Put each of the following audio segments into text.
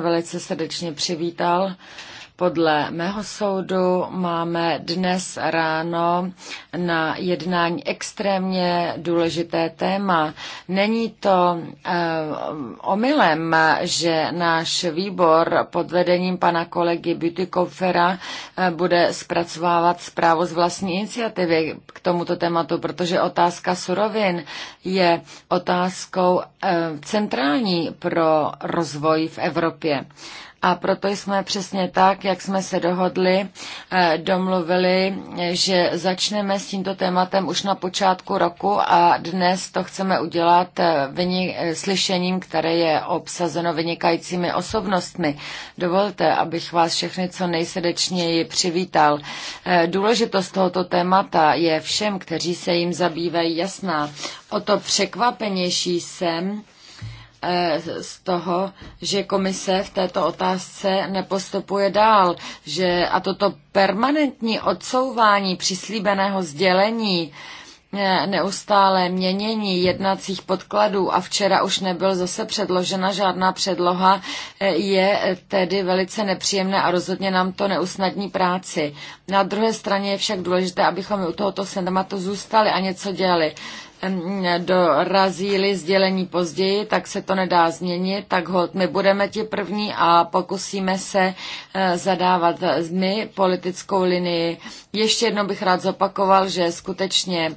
velice srdečně přivítal. Podle mého soudu máme dnes ráno na jednání extrémně důležité téma. Není to uh, omylem, že náš výbor pod vedením pana kolegy Bütikofera uh, eh, bude zpracovávat zprávu z vlastní iniciativy k tomuto tématu, protože otázka surovin je otázkou uh, centrální pro rozvoj v Evropě a proto jsme přesně tak, jak jsme se dohodli, eh, domluvili, že začneme s tímto tématem už na počátku roku a dnes to chceme udělat eh, eh, slyšením, které je obsazeno vynikajícími osobnostmi. Dovolte, abych vás všechny co nejsrdečněji přivítal. Důležitost tohoto témata je všem, kteří se jim zabývají jasná. O to překvapenější jsem, Eh, z toho, že komise v této otázce nepostupuje dál, že a toto permanentní odsouvání přislíbeného sdělení, eh, neustále měnění jednacích podkladů a včera už nebyl zase předložena žádná předloha, eh, je tedy velice nepříjemné a rozhodně nám to neusnadní práci. Na druhé straně je však důležité, abychom u tohoto tématu zůstali a něco dělali dorazí-li sdělení později, tak se to nedá změnit, tak hold, my budeme ti první a pokusíme se eh, zadávat eh, my politickou linii. Ještě jednou bych rád zopakoval, že skutečně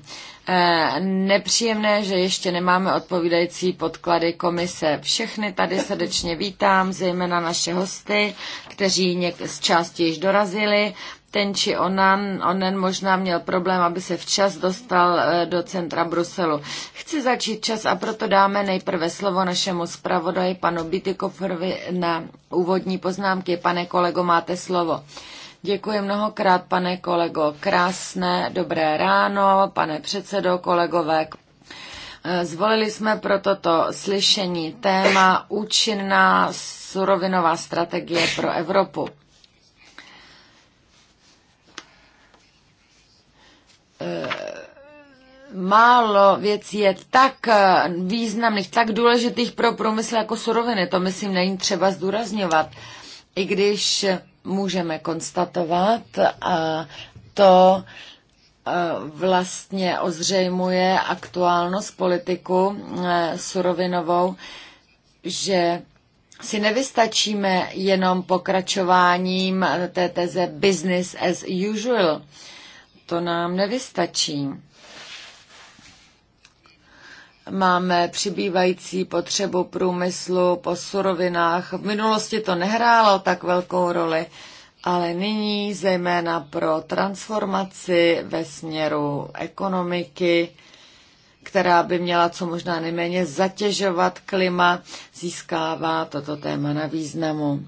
eh, nepříjemné, že ještě nemáme odpovídající podklady komise. Všechny tady srdečně vítám, zejména naše hosty, kteří někde z části již dorazili ten či onan, onen možná měl problém, aby se včas dostal eh, do centra Bruselu. Chci začít čas a proto dáme nejprve slovo našemu zpravodaji panu Bitykoferovi na úvodní poznámky. Pane kolego, máte slovo. Děkuji mnohokrát, pane kolego. Krásné, dobré ráno, pane předsedo, kolegové. Eh, zvolili jsme pro toto slyšení téma účinná surovinová strategie pro Evropu. málo věcí je tak eh, významných, tak důležitých pro průmysl jako suroviny. To myslím není třeba zdůrazňovat. I když můžeme konstatovat a to eh, vlastně ozřejmuje aktuálnost politiku eh, surovinovou, že si nevystačíme jenom pokračováním teze business as usual to nám nevystačí. Máme přibývající potřebu průmyslu po surovinách. V minulosti to nehrálo tak velkou roli, ale nyní zejména pro transformaci ve směru ekonomiky, která by měla co možná nejméně zatěžovat klima, získává toto téma na významu.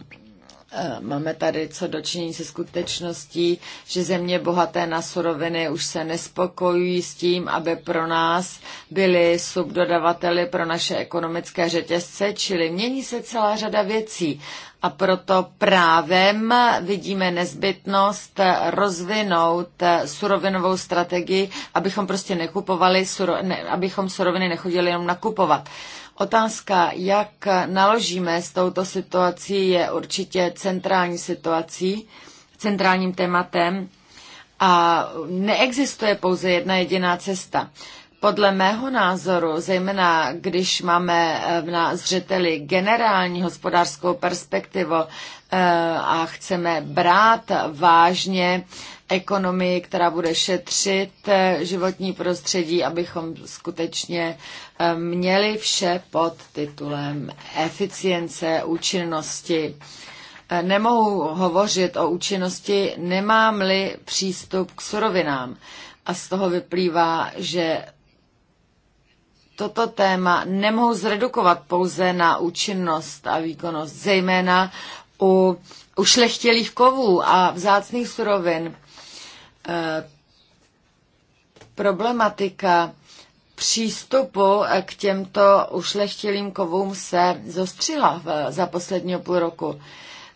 Eh, máme tady co dočinění se skutečností, že země bohaté na suroviny už se nespokojují s tím, aby pro nás byly subdodavateli pro naše ekonomické řetězce, čili mění se celá řada věcí. A proto právem vidíme nezbytnost rozvinout surovinovou strategii, abychom prostě nekupovali, suro, ne, abychom suroviny nechodili jenom nakupovat. Otázka, jak naložíme s touto situací, je určitě centrální situací, centrálním tématem a neexistuje pouze jedna jediná cesta. Podle mého názoru, zejména když máme eh, na zřeteli generální hospodářskou perspektivu eh, a chceme brát vážně ekonomii, která bude šetřit eh, životní prostředí, abychom skutečně měli vše pod titulem eficience, účinnosti. Nemohu hovořit o účinnosti, nemám-li přístup k surovinám. A z toho vyplývá, že toto téma nemohu zredukovat pouze na účinnost a výkonnost, zejména u ušlechtilých kovů a vzácných surovin. Eh, problematika přístupu k těmto ušlechtilým kovům se zostřila za posledního půl roku.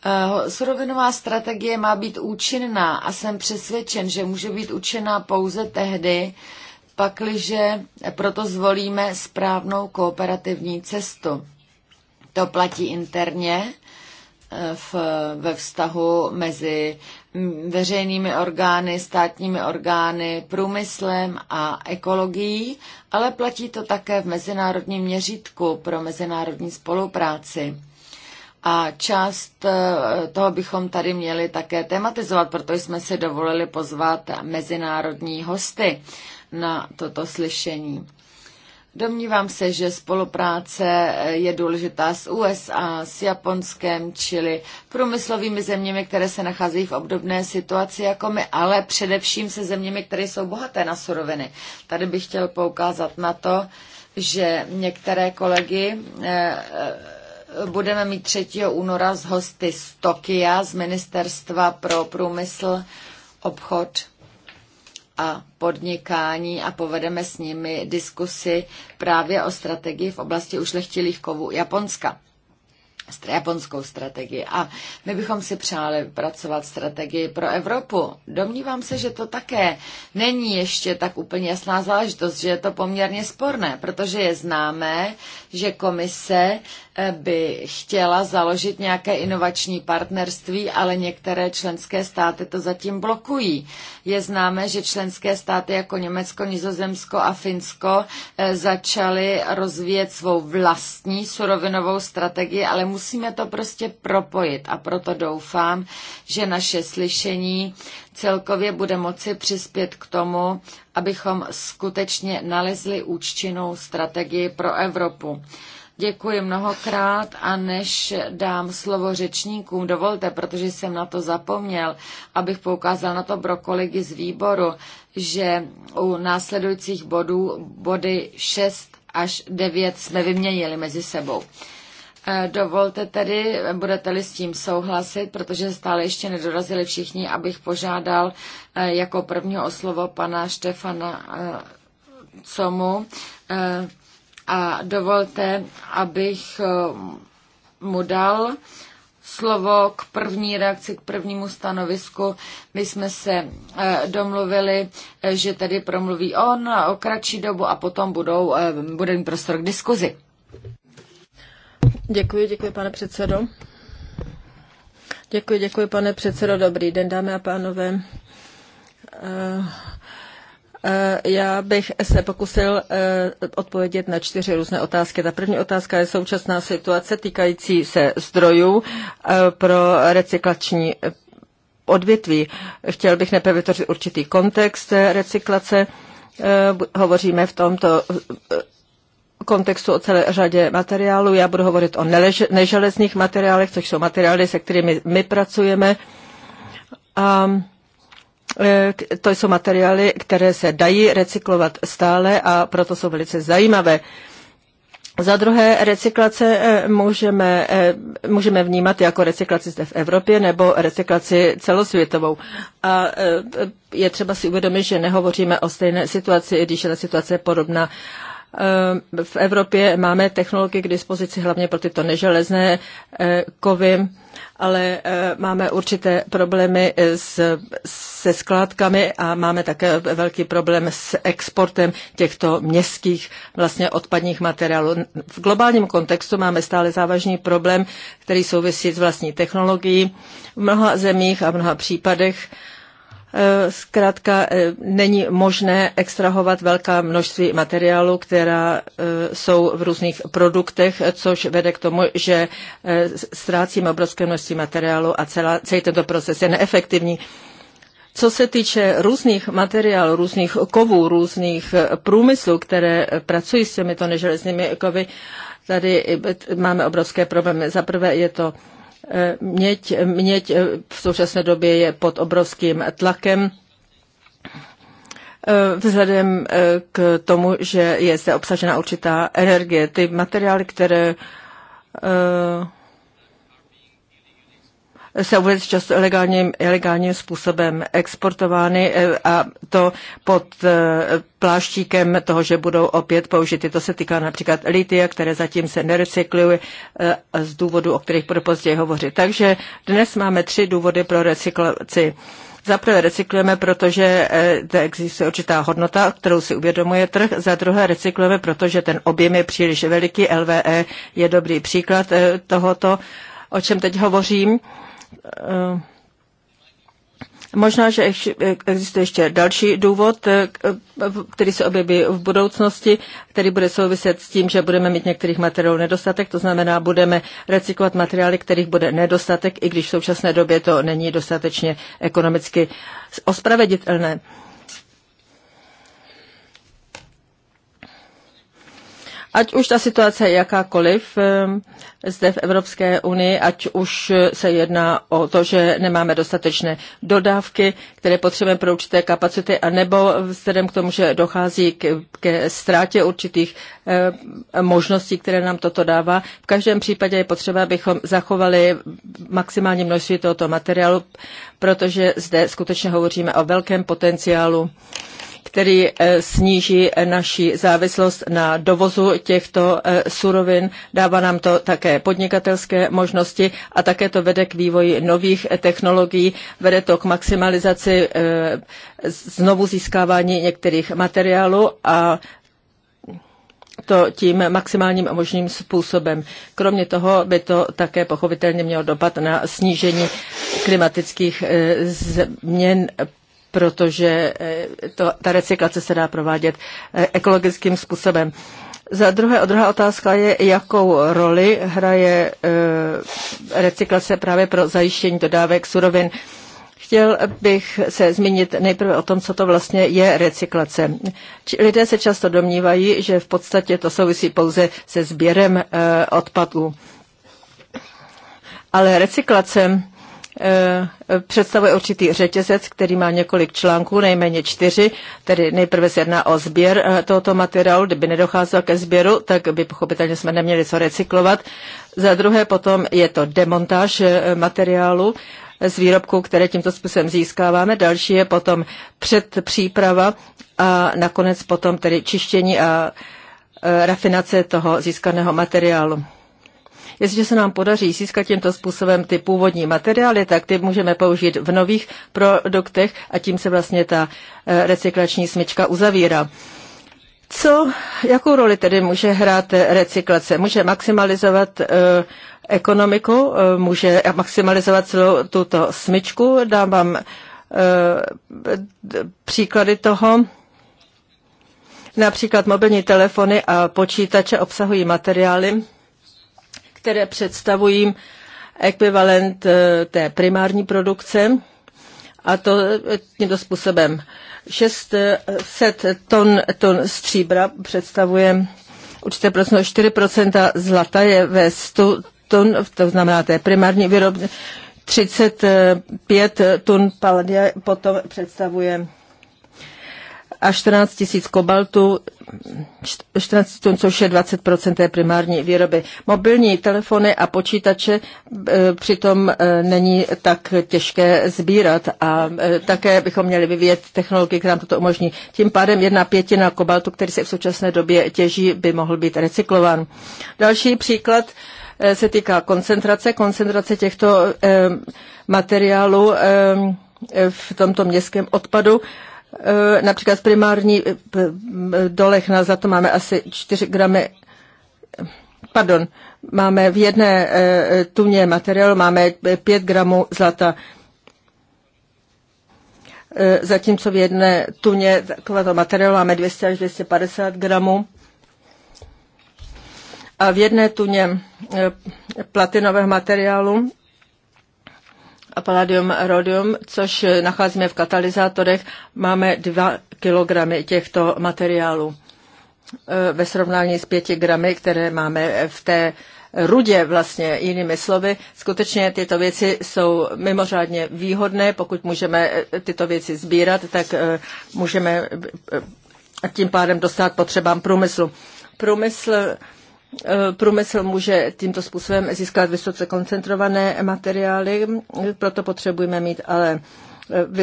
Eh, surovinová strategie má být účinná a jsem přesvědčen, že může být účinná pouze tehdy, pakliže proto zvolíme správnou kooperativní cestu. To platí interně eh, v, ve vztahu mezi veřejnými orgány, státními orgány, průmyslem a ekologií, ale platí to také v mezinárodním měřítku pro mezinárodní spolupráci. A část eh, toho bychom tady měli také tematizovat, protože jsme si dovolili pozvat mezinárodní hosty na toto slyšení. Domnívám se, že spolupráce je důležitá s USA, s Japonskem, čili průmyslovými zeměmi, které se nacházejí v obdobné situaci jako my, ale především se zeměmi, které jsou bohaté na suroviny. Tady bych chtěl poukázat na to, že některé kolegy eh, eh, budeme mít 3. února z hosty z Tokia, z Ministerstva pro průmysl, obchod a podnikání a povedeme s nimi diskusy právě o strategii v oblasti ušlechtilých kovů Japonska japonskou strategii. A my bychom si přáli pracovat strategii pro Evropu. Domnívám se, že to také není ještě tak úplně jasná záležitost, že je to poměrně sporné, protože je známé, že komise by chtěla založit nějaké inovační partnerství, ale některé členské státy to zatím blokují. Je známé, že členské státy jako Německo, Nizozemsko a Finsko eh, začaly rozvíjet svou vlastní surovinovou strategii, ale musíme to prostě propojit a proto doufám, že naše slyšení celkově bude moci přispět k tomu, abychom skutečně nalezli účinnou strategii pro Evropu. Děkuji mnohokrát a než dám slovo řečníkům, dovolte, protože jsem na to zapomněl, abych poukázal na to pro kolegy z výboru, že u následujících bodů body 6 až 9 jsme vyměnili mezi sebou. E, dovolte tedy, budete-li s tím souhlasit, protože stále ještě nedorazili všichni, abych požádal e, jako prvního o slovo pana Štefana e, Comu, a dovolte, abych eh, mu dal slovo k první reakci, k prvnímu stanovisku. My jsme se eh, domluvili, eh, že tedy promluví on o kratší dobu a potom budou, bude mít prostor k diskuzi. Děkuji, děkuji, pane předsedo. Děkuji, děkuji, pane předsedo. Dobrý den, dámy a pánové. Eh, já bych se pokusil eh, odpovědět na čtyři různé otázky. Ta první otázka je současná situace týkající se zdrojů eh, pro recyklační odvětví. Chtěl bych nejprve vytvořit určitý kontext recyklace. Hovoříme v tomto kontextu o celé řadě materiálů. Já budu hovořit o neželezných materiálech, což jsou materiály, se kterými my pracujeme. A Eh, to jsou materiály, které se dají recyklovat stále a proto jsou velice zajímavé. Za druhé, recyklace eh, můžeme, eh, můžeme vnímat jako recyklaci zde v Evropě nebo recyklaci celosvětovou. A je třeba si uvědomit, že nehovoříme o stejné situaci, i když je ta situace podobná Eh, v Evropě máme technologie k dispozici hlavně pro tyto neželezné eh, kovy, ale eh, máme určité problémy s, se skládkami a máme také velký problém s exportem těchto městských vlastně odpadních materiálů. V globálním kontextu máme stále závažný problém, který souvisí s vlastní technologií. V mnoha zemích a v mnoha případech Eh, zkrátka eh, není možné extrahovat velká množství materiálu, která eh, jsou v různých produktech, což vede k tomu, že ztrácíme obrovské množství materiálu a celá, celý tento proces je neefektivní. Co se týče různých materiálů, různých kovů, různých průmyslů, které pracují s těmito neželeznými kovy, tady máme obrovské problémy. Za prvé je to Měď, měď v současné době je pod obrovským tlakem vzhledem eh, k tomu, že je se obsažena určitá energie. Ty materiály, které eh, se vůbec často ilegálním, ilegálním způsobem exportovány eh, a to pod eh, pláštíkem toho, že budou opět použity. To se týká například litia, které zatím se nerecykluje eh, z důvodu, o kterých budu později hovořit. Takže dnes máme tři důvody pro recyklaci. Za prvé recyklujeme, protože existuje určitá hodnota, kterou si uvědomuje trh. Za druhé recyklujeme, protože ten objem je příliš veliký. LVE je dobrý příklad tohoto, o čem teď hovořím. Eh, možná, že existuje ještě další důvod, eh, eh, který se objeví v budoucnosti, který bude souviset s tím, že budeme mít některých materiálů nedostatek, to znamená, budeme recyklovat materiály, kterých bude nedostatek, i když v současné době to není dostatečně ekonomicky ospraveditelné. Ať už ta situace je jakákoliv eh, zde v Evropské unii, ať už se jedná o to, že nemáme dostatečné dodávky, které potřebujeme pro určité kapacity, anebo vzhledem k tomu, že dochází k, ke ztrátě určitých e, možností, které nám toto dává. V každém případě je potřeba, abychom zachovali maximální množství tohoto materiálu, protože zde skutečně hovoříme o velkém potenciálu který eh, sníží eh, naši závislost na dovozu těchto eh, surovin. Dává nám to také podnikatelské možnosti a také to vede k vývoji nových technologií, vede to k maximalizaci znovu získávání některých materiálů a to tím maximálním možným způsobem. Kromě toho by to také pochopitelně mělo dopad na snížení klimatických změn protože eh, to, ta recyklace se dá provádět eh, ekologickým způsobem. Za druhé, druhá otázka je, jakou roli hraje eh, recyklace právě pro zajištění dodávek surovin. Chtěl bych se zmínit nejprve o tom, co to vlastně je recyklace. Lidé se často domnívají, že v podstatě to souvisí pouze se sběrem odpadů. Ale recyklace Eh, představuje určitý řetězec, který má několik článků, nejméně čtyři, tedy nejprve se jedná o sběr eh, tohoto materiálu, kdyby nedocházelo ke sběru, tak by pochopitelně jsme neměli co recyklovat. Za druhé potom je to demontáž eh, materiálu, z výrobků, které tímto způsobem získáváme. Další je potom předpříprava a nakonec potom tedy čištění a rafinace toho získaného materiálu. Jestliže se nám podaří získat tímto způsobem ty původní materiály, tak ty můžeme použít v nových produktech a tím se vlastně ta eh, recyklační smyčka uzavírá. Co, jakou roli tedy může hrát recyklace? Může maximalizovat eh, ekonomiku, eh, může maximalizovat celou tuto smyčku. Dám vám příklady toho. Například mobilní telefony a počítače obsahují materiály, které představují ekvivalent eh, té primární produkce a to eh, tímto způsobem. 600 ton, ton stříbra představuje určité procento, 4% zlata je ve 100 tun, to znamená té primární výrobě, 35 tun paladia potom představuje a 14 tisíc kobaltu, 14 tun, což je 20 té primární výroby. Mobilní telefony a počítače e, přitom e, není tak těžké sbírat a e, také bychom měli vyvíjet technologii, která nám toto umožní. Tím pádem jedna pětina kobaltu, který se v současné době těží, by mohl být recyklován. Další příklad se týká koncentrace, koncentrace těchto materiálů v tomto městském odpadu. E, například v primární e, dolech na zlato máme asi 4 gramy, pardon, máme v jedné e, tuně materiál, máme 5 gramů zlata zatímco v jedné tuně takového materiálu máme 200 až 250 gramů. A v jedné tuně platinového materiálu a palladium rhodium, což nacházíme v katalyzátorech, máme 2 kilogramy těchto materiálů e, ve srovnání s 5 gramy, které máme v té rudě vlastně, jinými slovy. Skutečně tyto věci jsou mimořádně výhodné, pokud můžeme e, tyto věci sbírat, tak e, můžeme tím pádem dostat potřebám průmyslu. Průmysl E, průmysl může tímto způsobem získat vysoce koncentrované materiály, proto potřebujeme mít ale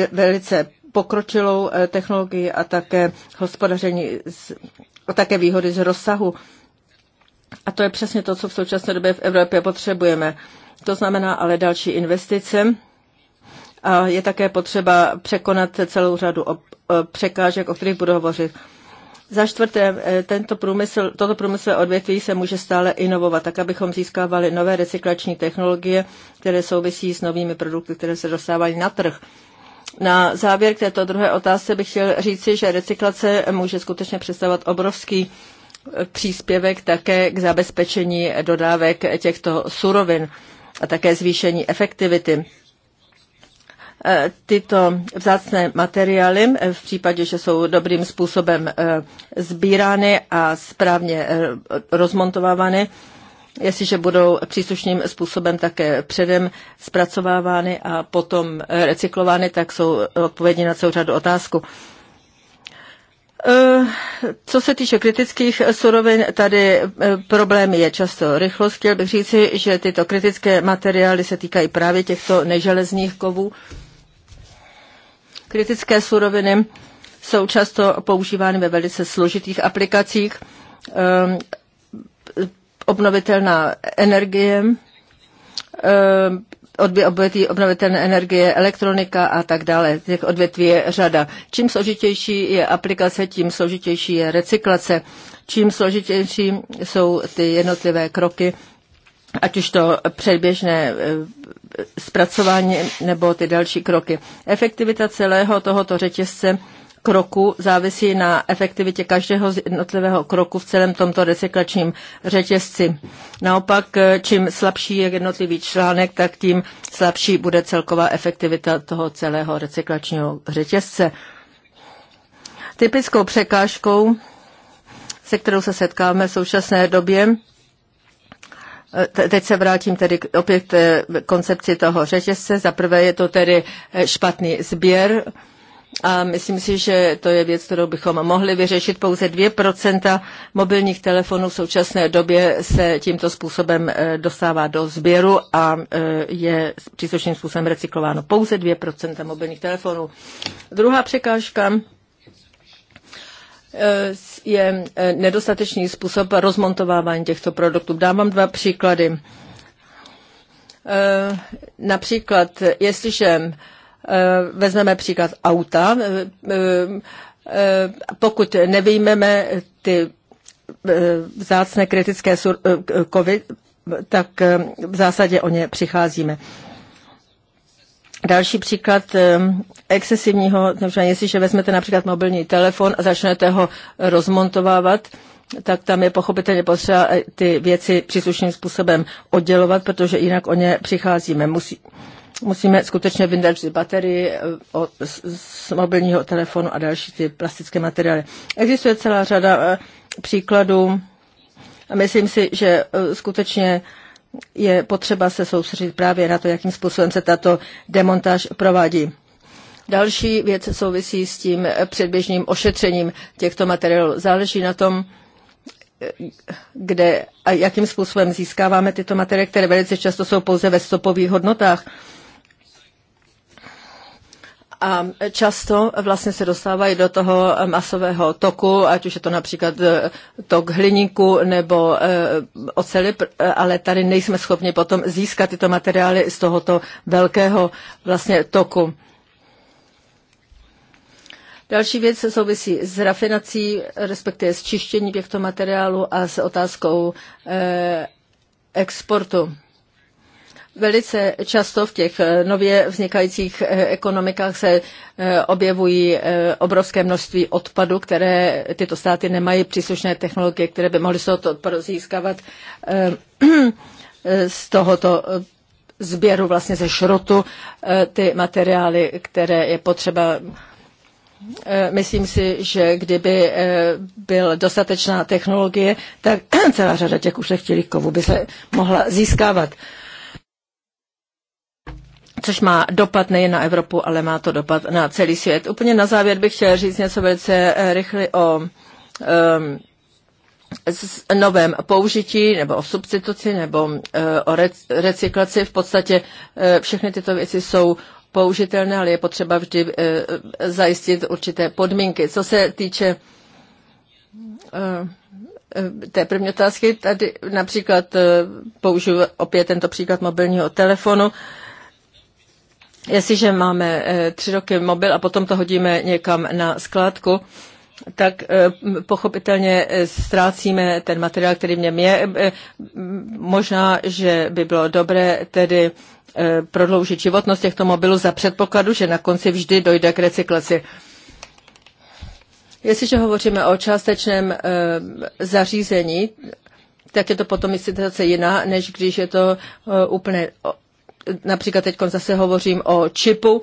e, velice pokročilou e, technologii a také hospodaření, a také výhody z rozsahu. A to je přesně to, co v současné době v Evropě potřebujeme. To znamená ale další investice. A je také potřeba překonat celou řadu překážek, o kterých budu hovořit. Za čtvrté, eh, tento průmysl, toto průmyslové odvětví se může stále inovovat, tak abychom získávali nové recyklační technologie, které souvisí s novými produkty, které se dostávají na trh. Na závěr k této druhé otázce bych chtěl říci, že recyklace může skutečně představovat obrovský eh, příspěvek také k zabezpečení dodávek těchto surovin a také zvýšení efektivity. Eh, tyto vzácné materiály eh, v případě, že jsou dobrým způsobem eh, sbírány a správně rozmontovávány, jestliže budou příslušným způsobem také předem zpracovávány a potom recyklovány, tak jsou odpovědi na celou řadu otázku. Co se týče kritických surovin, tady problém je často rychlost. Chtěl bych říci, že tyto kritické materiály se týkají právě těchto neželezných kovů. Kritické suroviny jsou často používány ve velice složitých aplikacích. Ehm, obnovitelná energie, ehm, odvětví obnovitelné energie, elektronika a tak dále. Těch odvětví je řada. Čím složitější je aplikace, tím složitější je recyklace. Čím složitější jsou ty jednotlivé kroky, ať už to předběžné eh, zpracování nebo ty další kroky. Efektivita celého tohoto řetězce kroku závisí na efektivitě každého jednotlivého kroku v celém tomto recyklačním řetězci. Naopak, eh, čím slabší je jednotlivý článek, tak tím slabší bude celková efektivita toho celého recyklačního řetězce. Typickou překážkou, se kterou se setkáme v současné době, Eh, teď se vrátím tedy opět k eh, koncepci toho řetězce. Za prvé je to tedy eh, špatný sběr a myslím si, že to je věc, kterou bychom mohli vyřešit. Pouze 2% mobilních telefonů v současné době se tímto způsobem dostává do sběru a je příslušným způsobem recyklováno. Pouze 2% mobilních telefonů. Druhá překážka Eh, je eh, nedostatečný způsob rozmontovávání těchto produktů. Dám vám dva příklady. Eh, například, jestliže vezmeme příklad auta, pokud nevyjmeme ty vzácné kritické kovy, tak v zásadě o ně přicházíme. Další příklad ehm, excesivního, jestliže vezmete například mobilní telefon a začnete ho rozmontovávat, tak tam je pochopitelně potřeba eh, ty věci příslušným způsobem oddělovat, protože jinak o ně přicházíme. Musí, musíme skutečně vyndat z baterii eh, od, z, z mobilního telefonu a další ty plastické materiály. Existuje celá řada eh, příkladů a myslím si, že skutečně uh, je potřeba se soustředit právě na to, jakým způsobem se tato demontáž provádí. Další věc souvisí s tím předběžným ošetřením těchto materiálů. Záleží na tom, kde a jakým způsobem získáváme tyto materiály, které velice často jsou pouze ve stopových hodnotách a často vlastně se dostávají do toho masového toku, ať už je to například e, tok hliníku nebo e, oceli, e, ale tady nejsme schopni potom získat tyto materiály z tohoto velkého vlastně toku. Další věc souvisí s rafinací, respektive s čištěním těchto materiálů a s otázkou exportu. Velice často v těch eh, nově vznikajících eh, ekonomikách se eh, objevují obrovské množství odpadu, které tyto státy nemají příslušné technologie, které by mohly se od odpadu získávat z tohoto sběru vlastně ze šrotu ty materiály, které je potřeba Myslím si, že kdyby byl dostatečná technologie, tak celá řada těch ušlechtilých kovů by se mohla získávat což má dopad nejen na Evropu, ale má to dopad na celý svět. Úplně na závěr bych chtěla říct něco velice eh, rychle o um, s novém použití nebo o substituci nebo uh, o recyklaci. V podstatě uh, všechny tyto věci jsou použitelné, ale je potřeba vždy uh, zajistit určité podmínky. Co se týče uh, té první otázky, tady například uh, použiju opět tento příklad mobilního telefonu. Uh, Jestliže máme eh, tři roky mobil a potom to hodíme někam na skládku, tak eh, pochopitelně eh, ztrácíme ten materiál, který v něm je. Možná, že by bylo dobré tedy prodloužit životnost těchto mobilů za předpokladu, že na konci vždy dojde k recyklaci. Jestliže hovoříme o částečném zařízení, tak je to potom i situace jiná, než když je to úplné například teď zase hovořím o čipu um,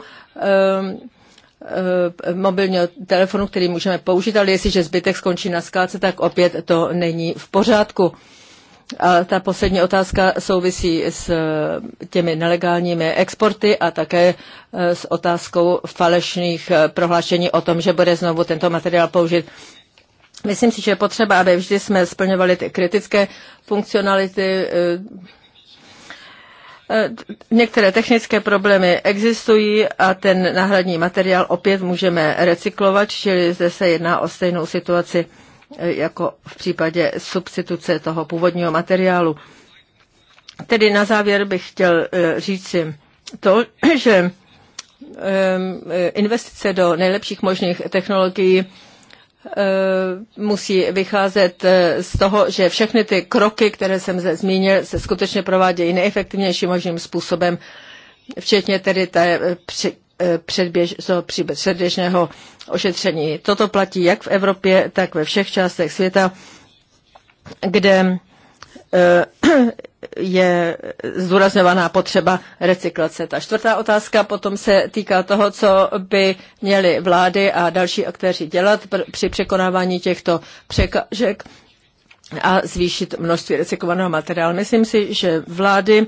um, mobilního telefonu, který můžeme použít, ale jestliže zbytek skončí na skládce, tak opět to není v pořádku. A ta poslední otázka souvisí s těmi nelegálními exporty a také eh, s otázkou falešných eh, prohlášení o tom, že bude znovu tento materiál použit. Myslím si, že je potřeba, aby vždy jsme splňovali ty kritické funkcionality, eh, Eh, některé technické problémy existují a ten náhradní materiál opět můžeme recyklovat, čili zde se jedná o stejnou situaci eh, jako v případě substituce toho původního materiálu. Tedy na závěr bych chtěl eh, říci to, že ehm, investice do nejlepších možných technologií Eh, musí vycházet eh, z toho, že všechny ty kroky, které jsem zde zmínil, se skutečně provádějí nejefektivnějším možným způsobem, včetně tedy té eh, předběž, předběžného ošetření. Toto platí jak v Evropě, tak ve všech částech světa, kde Eh, je zdůrazňovaná potřeba recyklace. Ta čtvrtá otázka potom se týká toho, co by měly vlády a další aktéři dělat při překonávání těchto překážek a zvýšit množství recyklovaného materiálu. Myslím si, že vlády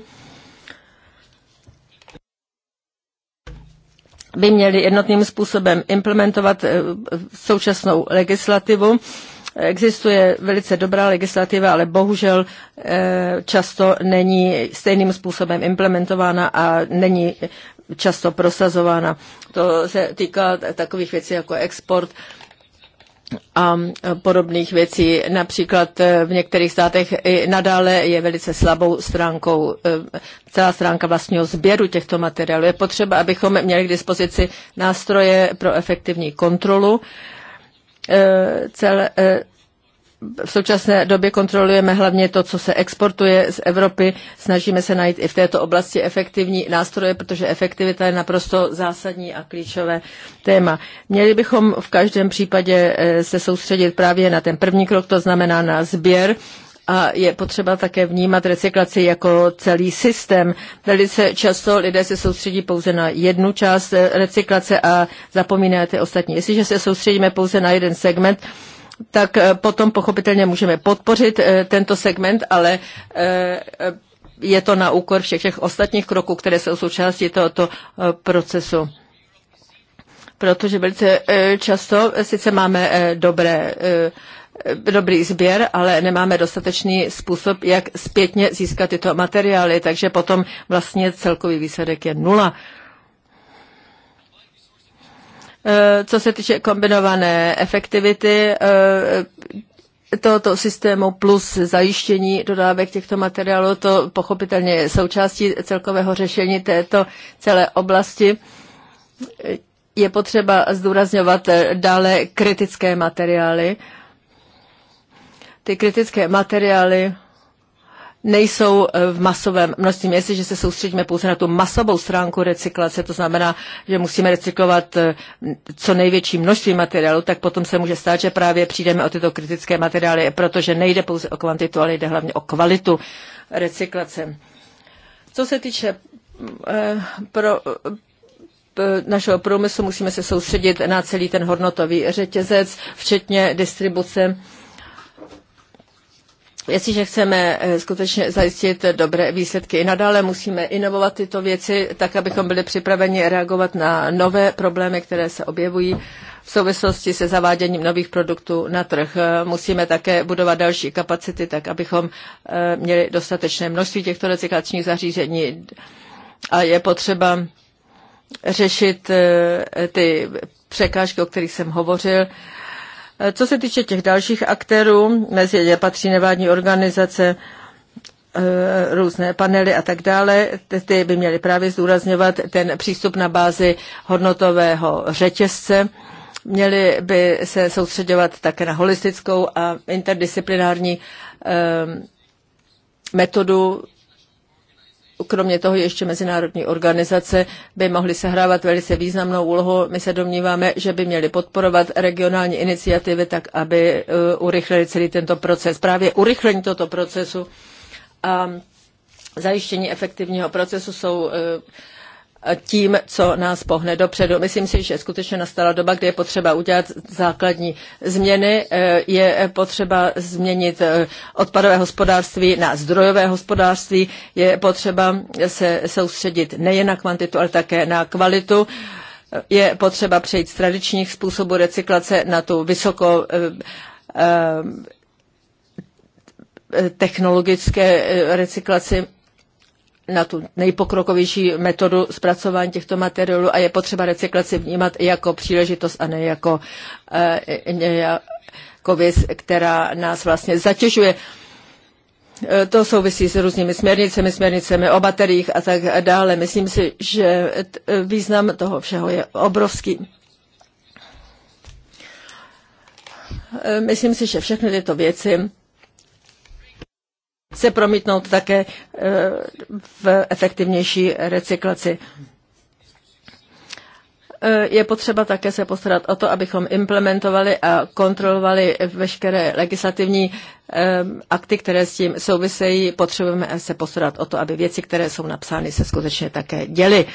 by měly jednotným způsobem implementovat eh, současnou legislativu Existuje velice dobrá legislativa, ale bohužel eh, často není stejným způsobem implementována a není často prosazována. To se týká takových věcí jako export a podobných věcí. Například eh, v některých státech i nadále je velice slabou stránkou eh, celá stránka vlastního sběru těchto materiálů. Je potřeba, abychom měli k dispozici nástroje pro efektivní kontrolu. Eh, celé, eh, v současné době kontrolujeme hlavně to, co se exportuje z Evropy. Snažíme se najít i v této oblasti efektivní nástroje, protože efektivita je naprosto zásadní a klíčové téma. Měli bychom v každém případě eh, se soustředit právě na ten první krok, to znamená na sběr a je potřeba také vnímat recyklaci jako celý systém. Velice často lidé se soustředí pouze na jednu část eh, recyklace a zapomínají ty ostatní. Jestliže se soustředíme pouze na jeden segment, tak eh, potom pochopitelně můžeme podpořit eh, tento segment, ale je to na úkor všech, těch ostatních kroků, které jsou součástí tohoto procesu protože velice často sice máme dobré dobrý sběr, ale nemáme dostatečný způsob, jak zpětně získat tyto materiály, takže potom vlastně celkový výsledek je nula. E, co se týče kombinované efektivity e, tohoto systému plus zajištění dodávek těchto materiálů, to pochopitelně je součástí celkového řešení této celé oblasti e, je potřeba zdůrazňovat dále kritické materiály ty kritické materiály nejsou eh, v masovém množství. Jestliže se soustředíme pouze na tu masovou stránku recyklace, to znamená, že musíme recyklovat eh, co největší množství materiálu, tak potom se může stát, že právě přijdeme o tyto kritické materiály, protože nejde pouze o kvantitu, ale jde hlavně o kvalitu recyklace. Co se týče eh, pro, našeho průmyslu, musíme se soustředit na celý ten hodnotový řetězec, včetně distribuce Jestliže chceme eh, skutečně zajistit dobré výsledky i nadále, musíme inovovat tyto věci tak, abychom byli připraveni reagovat na nové problémy, které se objevují v souvislosti se zaváděním nových produktů na trh. Eh, musíme také budovat další kapacity, tak abychom eh, měli dostatečné množství těchto recyklačních zařízení a je potřeba řešit ty překážky, o kterých jsem hovořil, co se týče těch dalších aktérů, mezi je patří nevádní organizace, eh, různé panely a tak dále, ty by měly právě zdůrazňovat ten přístup na bázi hodnotového řetězce. Měly by se soustředovat také na holistickou a interdisciplinární eh, metodu kromě toho ještě mezinárodní organizace by mohly sehrávat velice významnou úlohu. My se domníváme, že by měly podporovat regionální iniciativy tak, aby eh, urychlili celý tento proces. Právě urychlení tohoto procesu a zajištění efektivního procesu jsou eh, tím, co nás pohne dopředu. Myslím si, že skutečně nastala doba, kdy je potřeba udělat základní změny. Eh, je potřeba změnit eh, odpadové hospodářství na zdrojové hospodářství. Je potřeba se soustředit nejen na kvantitu, ale také na kvalitu. Eh, je potřeba přejít z tradičních způsobů recyklace na tu vysoko technologické recyklaci na tu nejpokrokovější metodu zpracování těchto materiálů a je potřeba recyklaci vnímat i jako příležitost a ne jako, eh, jako věc, která nás vlastně zatěžuje. Eh, to souvisí s různými směrnicemi, směrnicemi o bateriích a tak dále. Myslím si, že význam toho všeho je obrovský. Eh, myslím si, že všechny tyto věci se promítnout také eh, v efektivnější recyklaci. Eh, je potřeba také se postarat o to, abychom implementovali a kontrolovali veškeré legislativní eh, akty, které s tím souvisejí. Potřebujeme se postarat o to, aby věci, které jsou napsány, se skutečně také děly.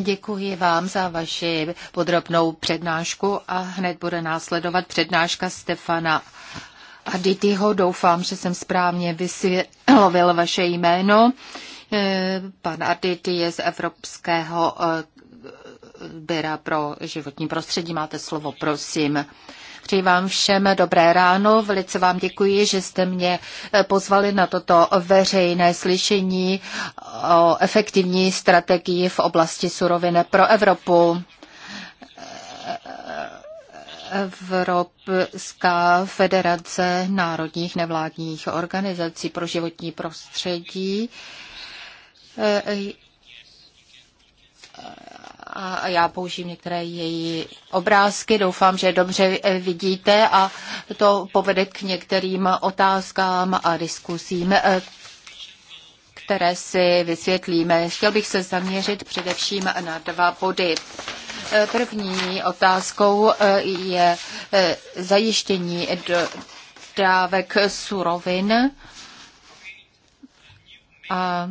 Děkuji vám za vaši podrobnou přednášku a hned bude následovat přednáška Stefana Adityho. Doufám, že jsem správně vysvětlil vaše jméno. Eh, Pan Adity je z Evropského eh, byra pro životní prostředí. Máte slovo, prosím. Přeji vám všem dobré ráno. Velice vám děkuji, že jste mě eh, pozvali na toto veřejné slyšení o efektivní strategii v oblasti surovin pro Evropu. Evropská federace národních nevládních organizací pro životní prostředí eh, a já použím některé její obrázky. Doufám, že dobře eh, vidíte a to povede k některým otázkám a diskusím, eh, které si vysvětlíme. Chtěl bych se zaměřit především na dva body. Eh, první otázkou je zajištění dávek surovin a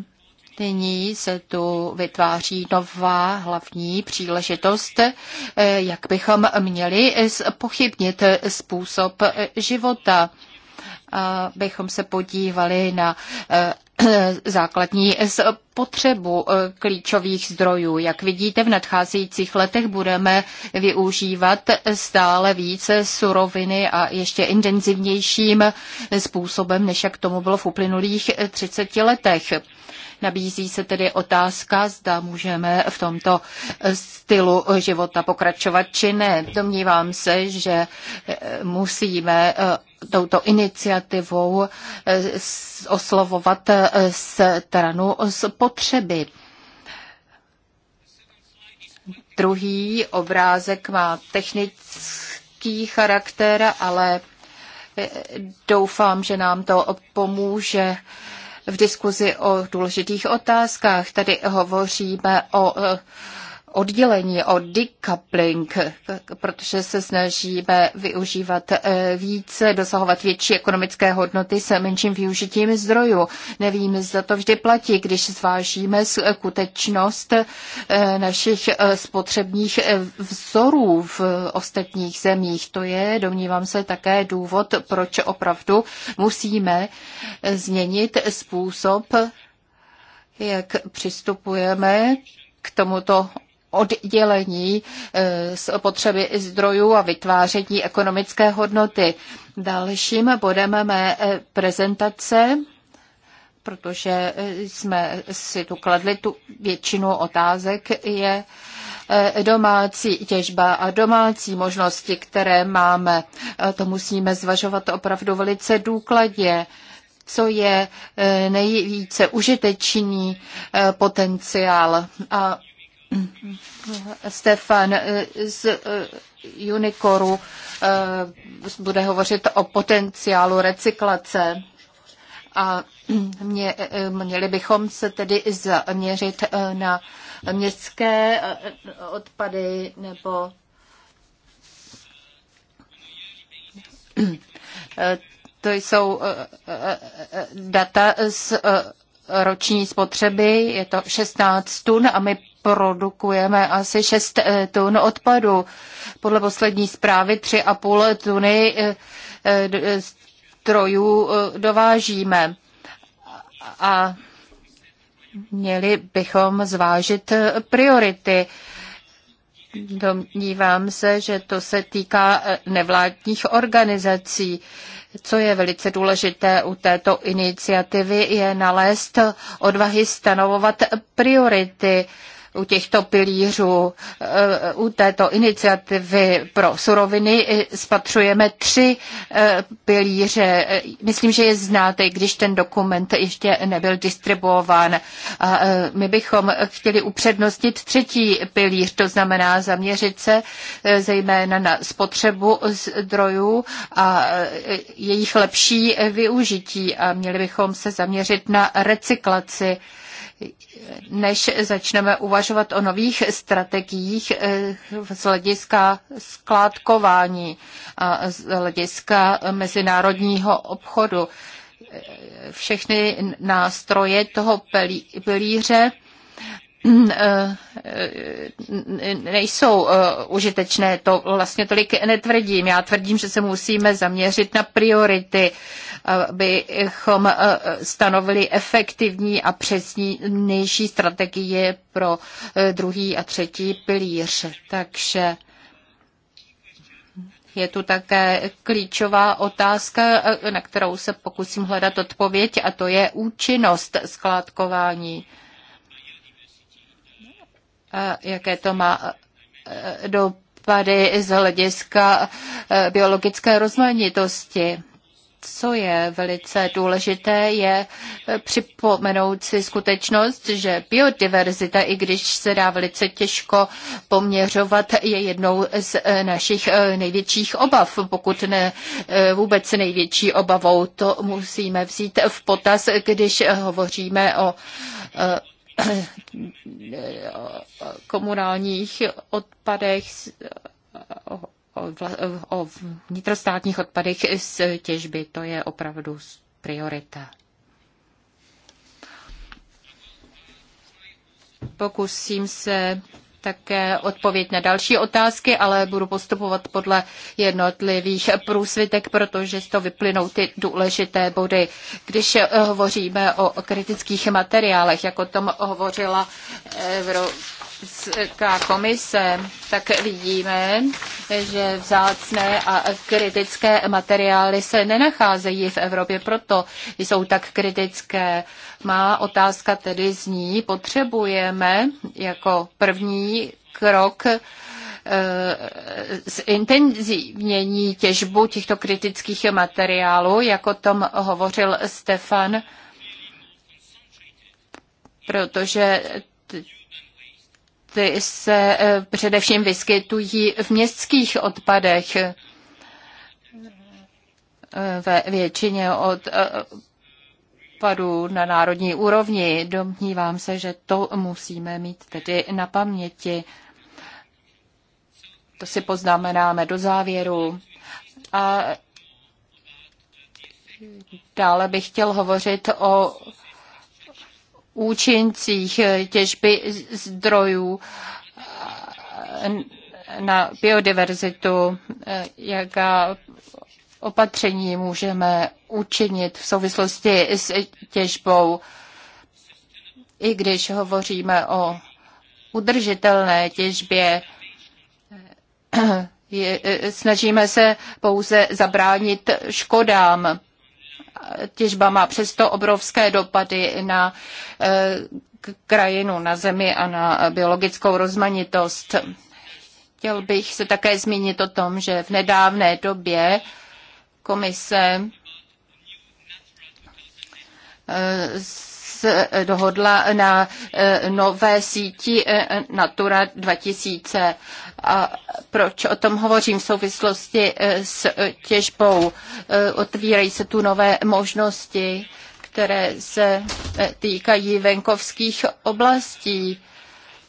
Nyní se tu vytváří nová hlavní příležitost, eh, jak bychom měli pochybnit způsob života. Bychom se podívali na eh, základní potřebu eh, klíčových zdrojů. Jak vidíte, v nadcházejících letech budeme využívat stále více suroviny a ještě intenzivnějším způsobem, než jak tomu bylo v uplynulých 30 letech. Nabízí se tedy otázka, zda můžeme v tomto stylu života pokračovat či ne. Domnívám se, že eh, musíme eh, touto iniciativou eh, oslovovat stranu z potřeby. Druhý obrázek má technický charakter, ale doufám, že nám to pomůže v diskuzi o důležitých otázkách. Tady hovoříme o eh, oddělení, o decoupling, protože se snažíme využívat eh, více, dosahovat větší ekonomické hodnoty se menším využitím zdrojů. Nevím, zda to vždy platí, když zvážíme skutečnost eh, našich eh, spotřebních vzorů v ostatních zemích. To je, domnívám se, také důvod, proč opravdu musíme změnit způsob, jak přistupujeme k tomuto oddělení eh, z potřeby zdrojů a vytváření ekonomické hodnoty. Dalším bodem mé eh, prezentace protože eh, jsme si tu kladli tu většinu otázek, je domácí těžba a domácí možnosti, které máme. To musíme zvažovat opravdu velice důkladně co je nejvíce užitečný potenciál. A Stefan eh, z eh, Unicoru eh, bude hovořit o potenciálu recyklace a mě, měli bychom se tedy zaměřit na městské odpady nebo to jsou data z roční spotřeby, je to 16 tun a my produkujeme asi 6 eh, tun odpadu. Podle poslední zprávy 3,5 tuny eh, eh, strojů dovážíme. A měli bychom zvážit priority. Domnívám se, že to se týká nevládních organizací. Co je velice důležité u této iniciativy, je nalézt odvahy stanovovat priority u těchto pilířů, eh, u této iniciativy pro suroviny spatřujeme tři eh, pilíře. Eh, myslím, že je znáte, když ten dokument ještě nebyl distribuován. A my bychom chtěli upřednostnit třetí pilíř, to znamená zaměřit se zejména na spotřebu zdrojů a jejich lepší využití a měli bychom se zaměřit na recyklaci než začneme uvažovat o nových strategiích eh, z hlediska skládkování a z hlediska mezinárodního obchodu. Všechny nástroje toho pilíře Mm, eh, eh, nejsou eh, užitečné, to vlastně tolik netvrdím. Já tvrdím, že se musíme zaměřit na priority, abychom stanovili efektivní a přesnější strategie pro druhý a třetí pilíř. Takže je tu také klíčová otázka, na kterou se pokusím hledat odpověď, a to je účinnost skládkování jaké to má e, dopady z hlediska e, biologické rozmanitosti. Co je velice důležité, je e, připomenout si skutečnost, že biodiverzita, i když se dá velice těžko poměřovat, je jednou z našich největších obav, pokud ne vůbec největší obavou. To musíme vzít v potaz, když hovoříme o komunálních odpadech, o vnitrostátních odpadech z těžby. To je opravdu priorita. Pokusím se také odpověď na další otázky, ale budu postupovat podle jednotlivých průsvitek, protože z toho vyplynou ty důležité body. Když hovoříme o kritických materiálech, jako o tom hovořila Evropa, Evropská komise, tak vidíme, že vzácné a kritické materiály se nenacházejí v Evropě, proto jsou tak kritické. Má otázka tedy zní, potřebujeme jako první krok eh, zintenzivnění těžbu těchto kritických materiálů, jak o tom hovořil Stefan, protože ty se eh, především vyskytují v městských odpadech. Eh, ve většině eh, odpadů na národní úrovni. Domnívám se, že to musíme mít tedy na paměti. To si poznamenáme do závěru. A dále bych chtěl hovořit o účincích eh, těžby zdrojů eh, na biodiverzitu, eh, jaká opatření můžeme učinit v souvislosti s těžbou, i když hovoříme o udržitelné těžbě, snažíme se pouze zabránit škodám těžba má přesto obrovské dopady na eh, krajinu, na zemi a na biologickou rozmanitost. Chtěl bych se také zmínit o tom, že v nedávné době komise eh, Eh, dohodla na eh, nové síti eh, Natura 2000. A proč o tom hovořím v souvislosti s těžbou? Otvírají se tu nové možnosti, které se týkají venkovských oblastí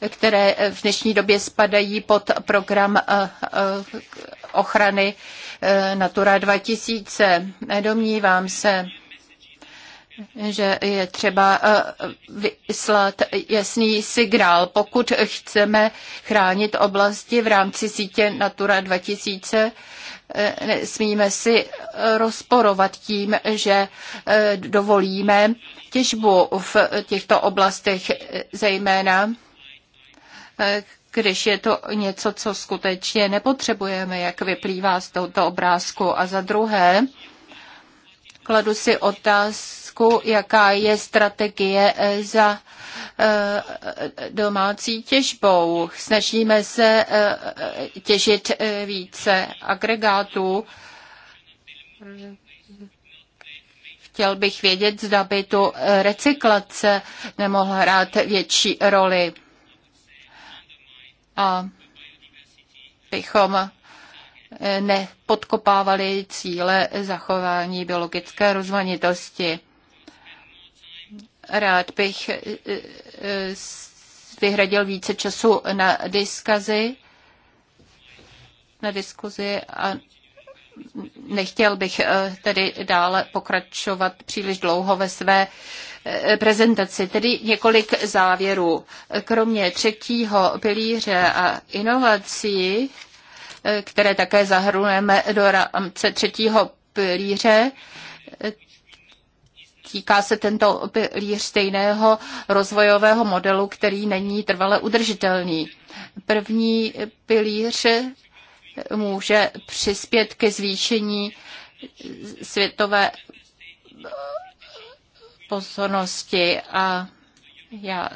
které v dnešní době spadají pod program ochrany Natura 2000. Domnívám se, že je třeba eh, vyslat jasný signál, pokud chceme chránit oblasti v rámci sítě Natura 2000, eh, nesmíme si rozporovat tím, že eh, dovolíme těžbu v těchto oblastech zejména, když je to něco, co skutečně nepotřebujeme, jak vyplývá z tohoto obrázku. A za druhé, Kladu si otázku, jaká je strategie eh, za eh, domácí těžbou. Snažíme se eh, těžit více agregátů. Chtěl bych vědět, zda by tu recyklace nemohla hrát větší roli. A bychom nepodkopávaly cíle zachování biologické rozmanitosti. Rád bych e, e, vyhradil více času na diskazi, na diskuzi a nechtěl bych e, tedy dále pokračovat příliš dlouho ve své prezentaci. Tedy několik závěrů. Kromě třetího pilíře a inovací které také zahrnujeme do rámce třetího pilíře. Týká se tento pilíř stejného rozvojového modelu, který není trvale udržitelný. První pilíř může přispět ke zvýšení světové pozornosti a já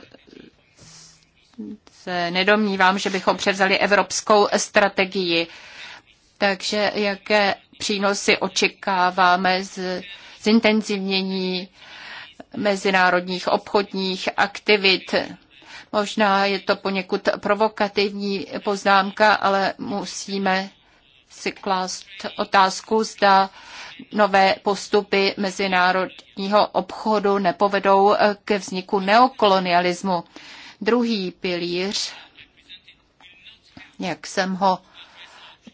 se nedomnívám, že bychom převzali evropskou strategii. Takže jaké přínosy očekáváme z zintenzivnění mezinárodních obchodních aktivit? Možná je to poněkud provokativní poznámka, ale musíme si klást otázku, zda nové postupy mezinárodního obchodu nepovedou ke vzniku neokolonialismu. Druhý pilíř, jak jsem ho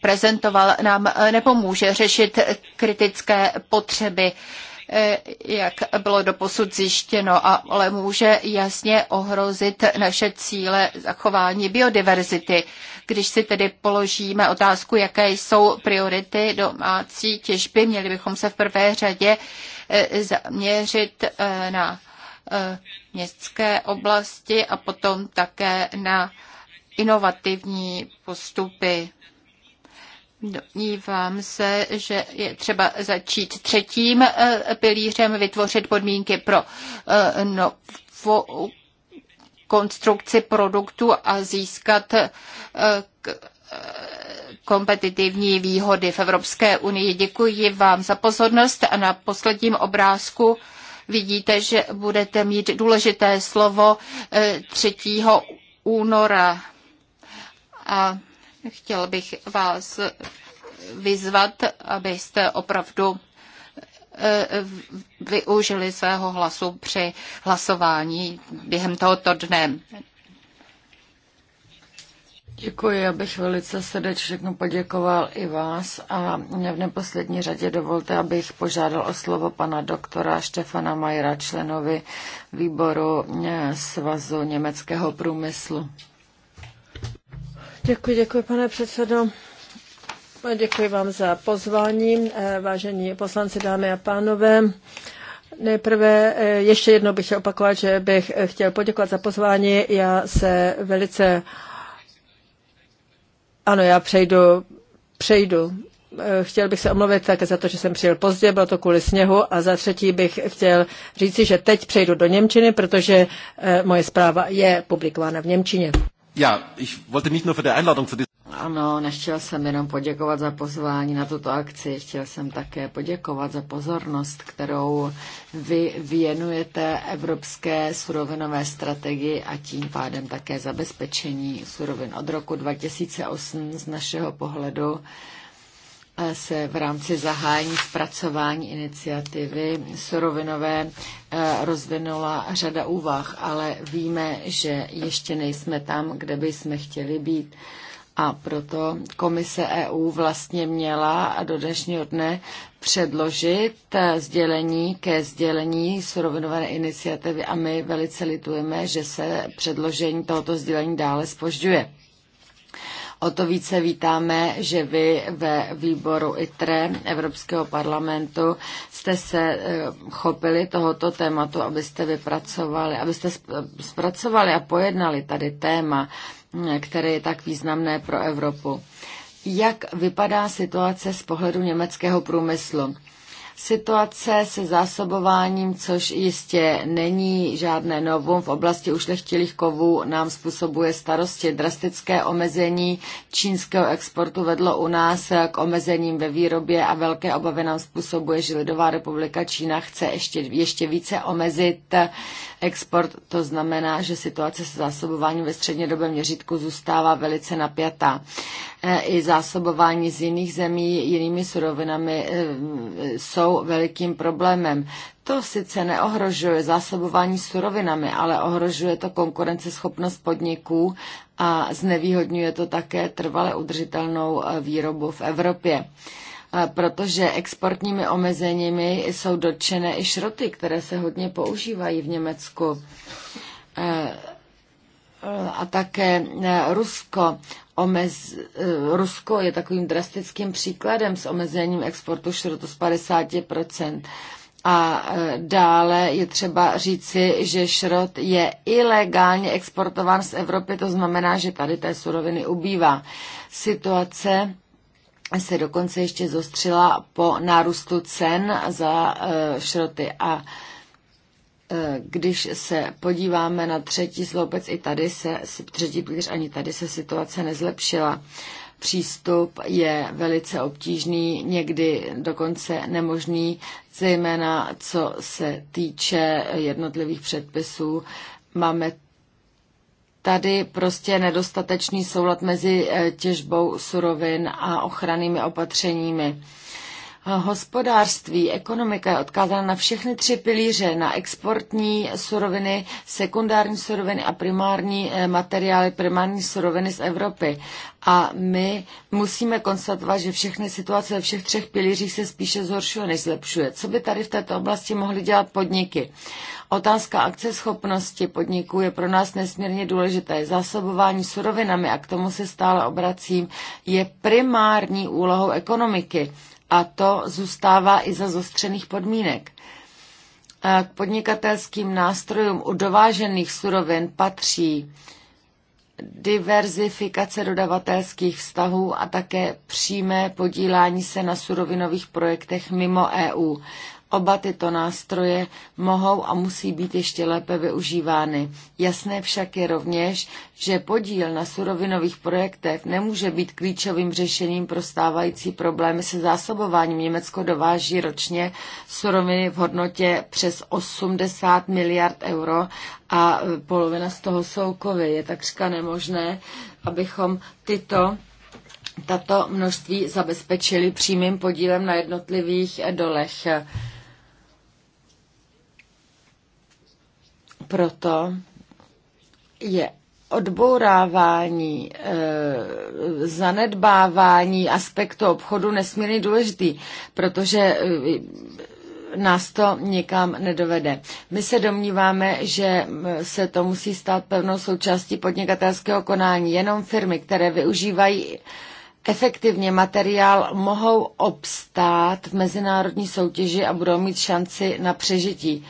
prezentoval, nám eh, nepomůže řešit kritické potřeby eh, jak bylo doposud zjištěno, ale může jasně ohrozit naše cíle zachování biodiverzity. Když si tedy položíme otázku, jaké jsou priority domácí těžby, měli bychom se v prvé řadě eh, zaměřit na Eh, městské oblasti a potom také na inovativní postupy. Domnívám se, že je třeba začít třetím eh, pilířem vytvořit podmínky pro eh, novou konstrukci produktu a získat kompetitivní výhody v Evropské unii. Děkuji vám za pozornost a na posledním obrázku vidíte, že budete mít důležité slovo 3. Eh, února. A chtěl bych vás vyzvat, abyste opravdu eh, využili svého hlasu při hlasování během tohoto dne. Děkuji, já bych velice srdečně poděkoval i vás a v neposlední řadě dovolte, abych požádal o slovo pana doktora Štefana Majera, členovi výboru eh, Svazu německého průmyslu. Děkuji, děkuji, pane předsedo. Děkuji vám za pozvání, eh, vážení poslanci, dámy a pánové. Nejprve eh, ještě jednou bych chtěl opakovat, že bych chtěl poděkovat za pozvání. Já se velice ano, já přejdu, přejdu eh, chtěl bych se omluvit také za to, že jsem přijel pozdě, bylo to kvůli sněhu a za třetí bych chtěl říci, že teď přejdu do Němčiny, protože eh, moje zpráva je publikována v Němčině. Ja, ich wollte nicht nur für die Einladung zu ano, nechtěl jsem jenom poděkovat za pozvání na tuto akci, chtěl jsem také poděkovat za pozornost, kterou vy věnujete evropské surovinové strategii a tím pádem také zabezpečení surovin. Od roku 2008 z našeho pohledu eh, se v rámci zahájení zpracování iniciativy surovinové eh, rozvinula řada úvah, ale víme, že ještě nejsme tam, kde by jsme chtěli být a proto komise EU vlastně měla a do dnešního dne předložit eh, sdělení ke sdělení surovinové iniciativy a my velice litujeme, že se předložení tohoto sdělení dále spožďuje. O to více vítáme, že vy ve výboru ITRE Evropského parlamentu jste se eh, chopili tohoto tématu, abyste vypracovali, abyste eh, zpracovali a pojednali tady téma které je tak významné pro Evropu. Jak vypadá situace z pohledu německého průmyslu? Situace se zásobováním, což jistě není žádné novum v oblasti ušlechtilých kovů, nám způsobuje starosti. Drastické omezení čínského exportu vedlo u nás k omezením ve výrobě a velké obavy nám způsobuje, že Lidová republika Čína chce ještě, ještě více omezit export. To znamená, že situace se zásobováním ve střednědobém měřítku zůstává velice napjatá. E, I zásobování z jiných zemí jinými surovinami e, jsou jsou velikým problémem. To sice neohrožuje zásobování surovinami, ale ohrožuje to konkurenceschopnost podniků a znevýhodňuje to také trvale udržitelnou eh, výrobu v Evropě eh, protože exportními omezeními jsou dotčené i šroty, které se hodně používají v Německu. Eh, a také Rusko omez, eh, Rusko je takovým drastickým příkladem s omezením exportu šrotu z 50%. A eh, dále je třeba říci, že šrot je ilegálně exportován z Evropy, to znamená, že tady té suroviny ubývá. Situace se dokonce ještě zostřila po nárůstu cen za eh, šroty a Eh, když se podíváme na třetí sloupec, i tady se, třetí pilíř, ani tady se situace nezlepšila. Přístup je velice obtížný, někdy dokonce nemožný, zejména co se týče jednotlivých předpisů. Máme tady prostě nedostatečný soulad mezi eh, těžbou surovin a ochrannými opatřeními Hospodářství, ekonomika je odkázána na všechny tři pilíře, na exportní suroviny, sekundární suroviny a primární eh, materiály, primární suroviny z Evropy. A my musíme konstatovat, že všechny situace ve všech třech pilířích se spíše zhoršuje, než zlepšuje. Co by tady v této oblasti mohly dělat podniky? Otázka schopnosti podniků je pro nás nesmírně důležitá. Zásobování surovinami, a k tomu se stále obracím, je primární úlohou ekonomiky a to zůstává i za zostřených podmínek. K podnikatelským nástrojům u dovážených surovin patří diverzifikace dodavatelských vztahů a také přímé podílání se na surovinových projektech mimo EU. Oba tyto nástroje mohou a musí být ještě lépe využívány. Jasné však je rovněž, že podíl na surovinových projektech nemůže být klíčovým řešením pro stávající problémy se zásobováním. Německo dováží ročně suroviny v hodnotě přes 80 miliard euro a polovina z toho jsou kovy. Je takřka nemožné, abychom tyto tato množství zabezpečili přímým podílem na jednotlivých dolech. Proto je odbourávání, eh, zanedbávání aspektu obchodu nesmírně důležitý, protože eh, nás to nikam nedovede. My se domníváme, že eh, se to musí stát pevnou součástí podnikatelského konání. Jenom firmy, které využívají efektivně materiál, mohou obstát v mezinárodní soutěži a budou mít šanci na přežití. Uh,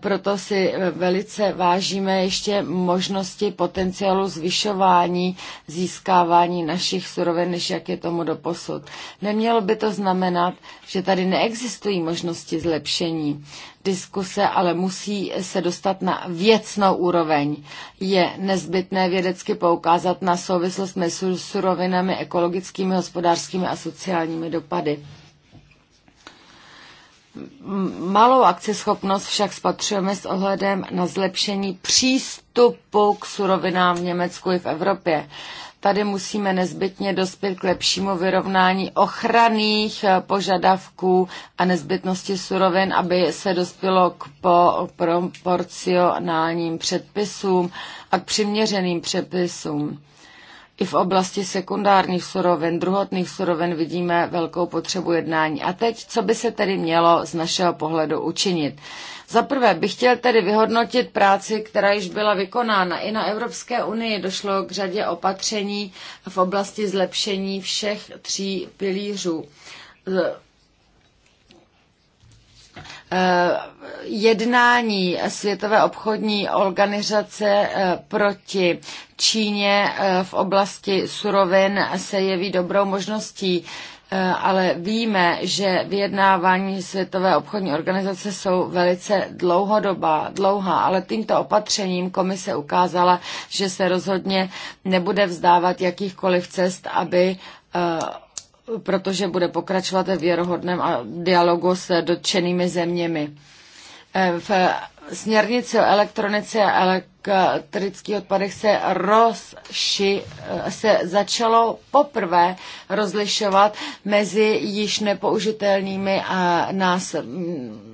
proto si velice vážíme ještě možnosti potenciálu zvyšování získávání našich surovin, než jak je tomu doposud. Nemělo by to znamenat, že tady neexistují možnosti zlepšení. Diskuse ale musí se dostat na věcnou úroveň. Je nezbytné vědecky poukázat na souvislost mezi surovinami, ekologickými, hospodářskými a sociálními dopady. Malou akceschopnost však spatřujeme s ohledem na zlepšení přístupu k surovinám v Německu i v Evropě. Tady musíme nezbytně dospět k lepšímu vyrovnání ochranných eh, požadavků a nezbytnosti surovin, aby se dospělo k proporcionálním předpisům a k přiměřeným předpisům. I v oblasti sekundárních surovin, druhotných surovin vidíme velkou potřebu jednání. A teď, co by se tedy mělo z našeho pohledu učinit? Za prvé bych chtěl tedy vyhodnotit práci, která již byla vykonána. I na Evropské unii došlo k řadě opatření v oblasti zlepšení všech tří pilířů Eh, jednání Světové obchodní organizace eh, proti Číně eh, v oblasti surovin se jeví dobrou možností, ale víme, že vyjednávání Světové obchodní organizace jsou velice dlouhodobá, dlouhá, ale tímto opatřením komise ukázala, že se rozhodně nebude vzdávat jakýchkoliv cest, aby protože bude pokračovat ve věrohodném dialogu s dotčenými zeměmi. Eh, v směrnici o elektronice a elektrických odpadech se, rozši, eh, se začalo poprvé rozlišovat mezi již nepoužitelnými a nás, mm,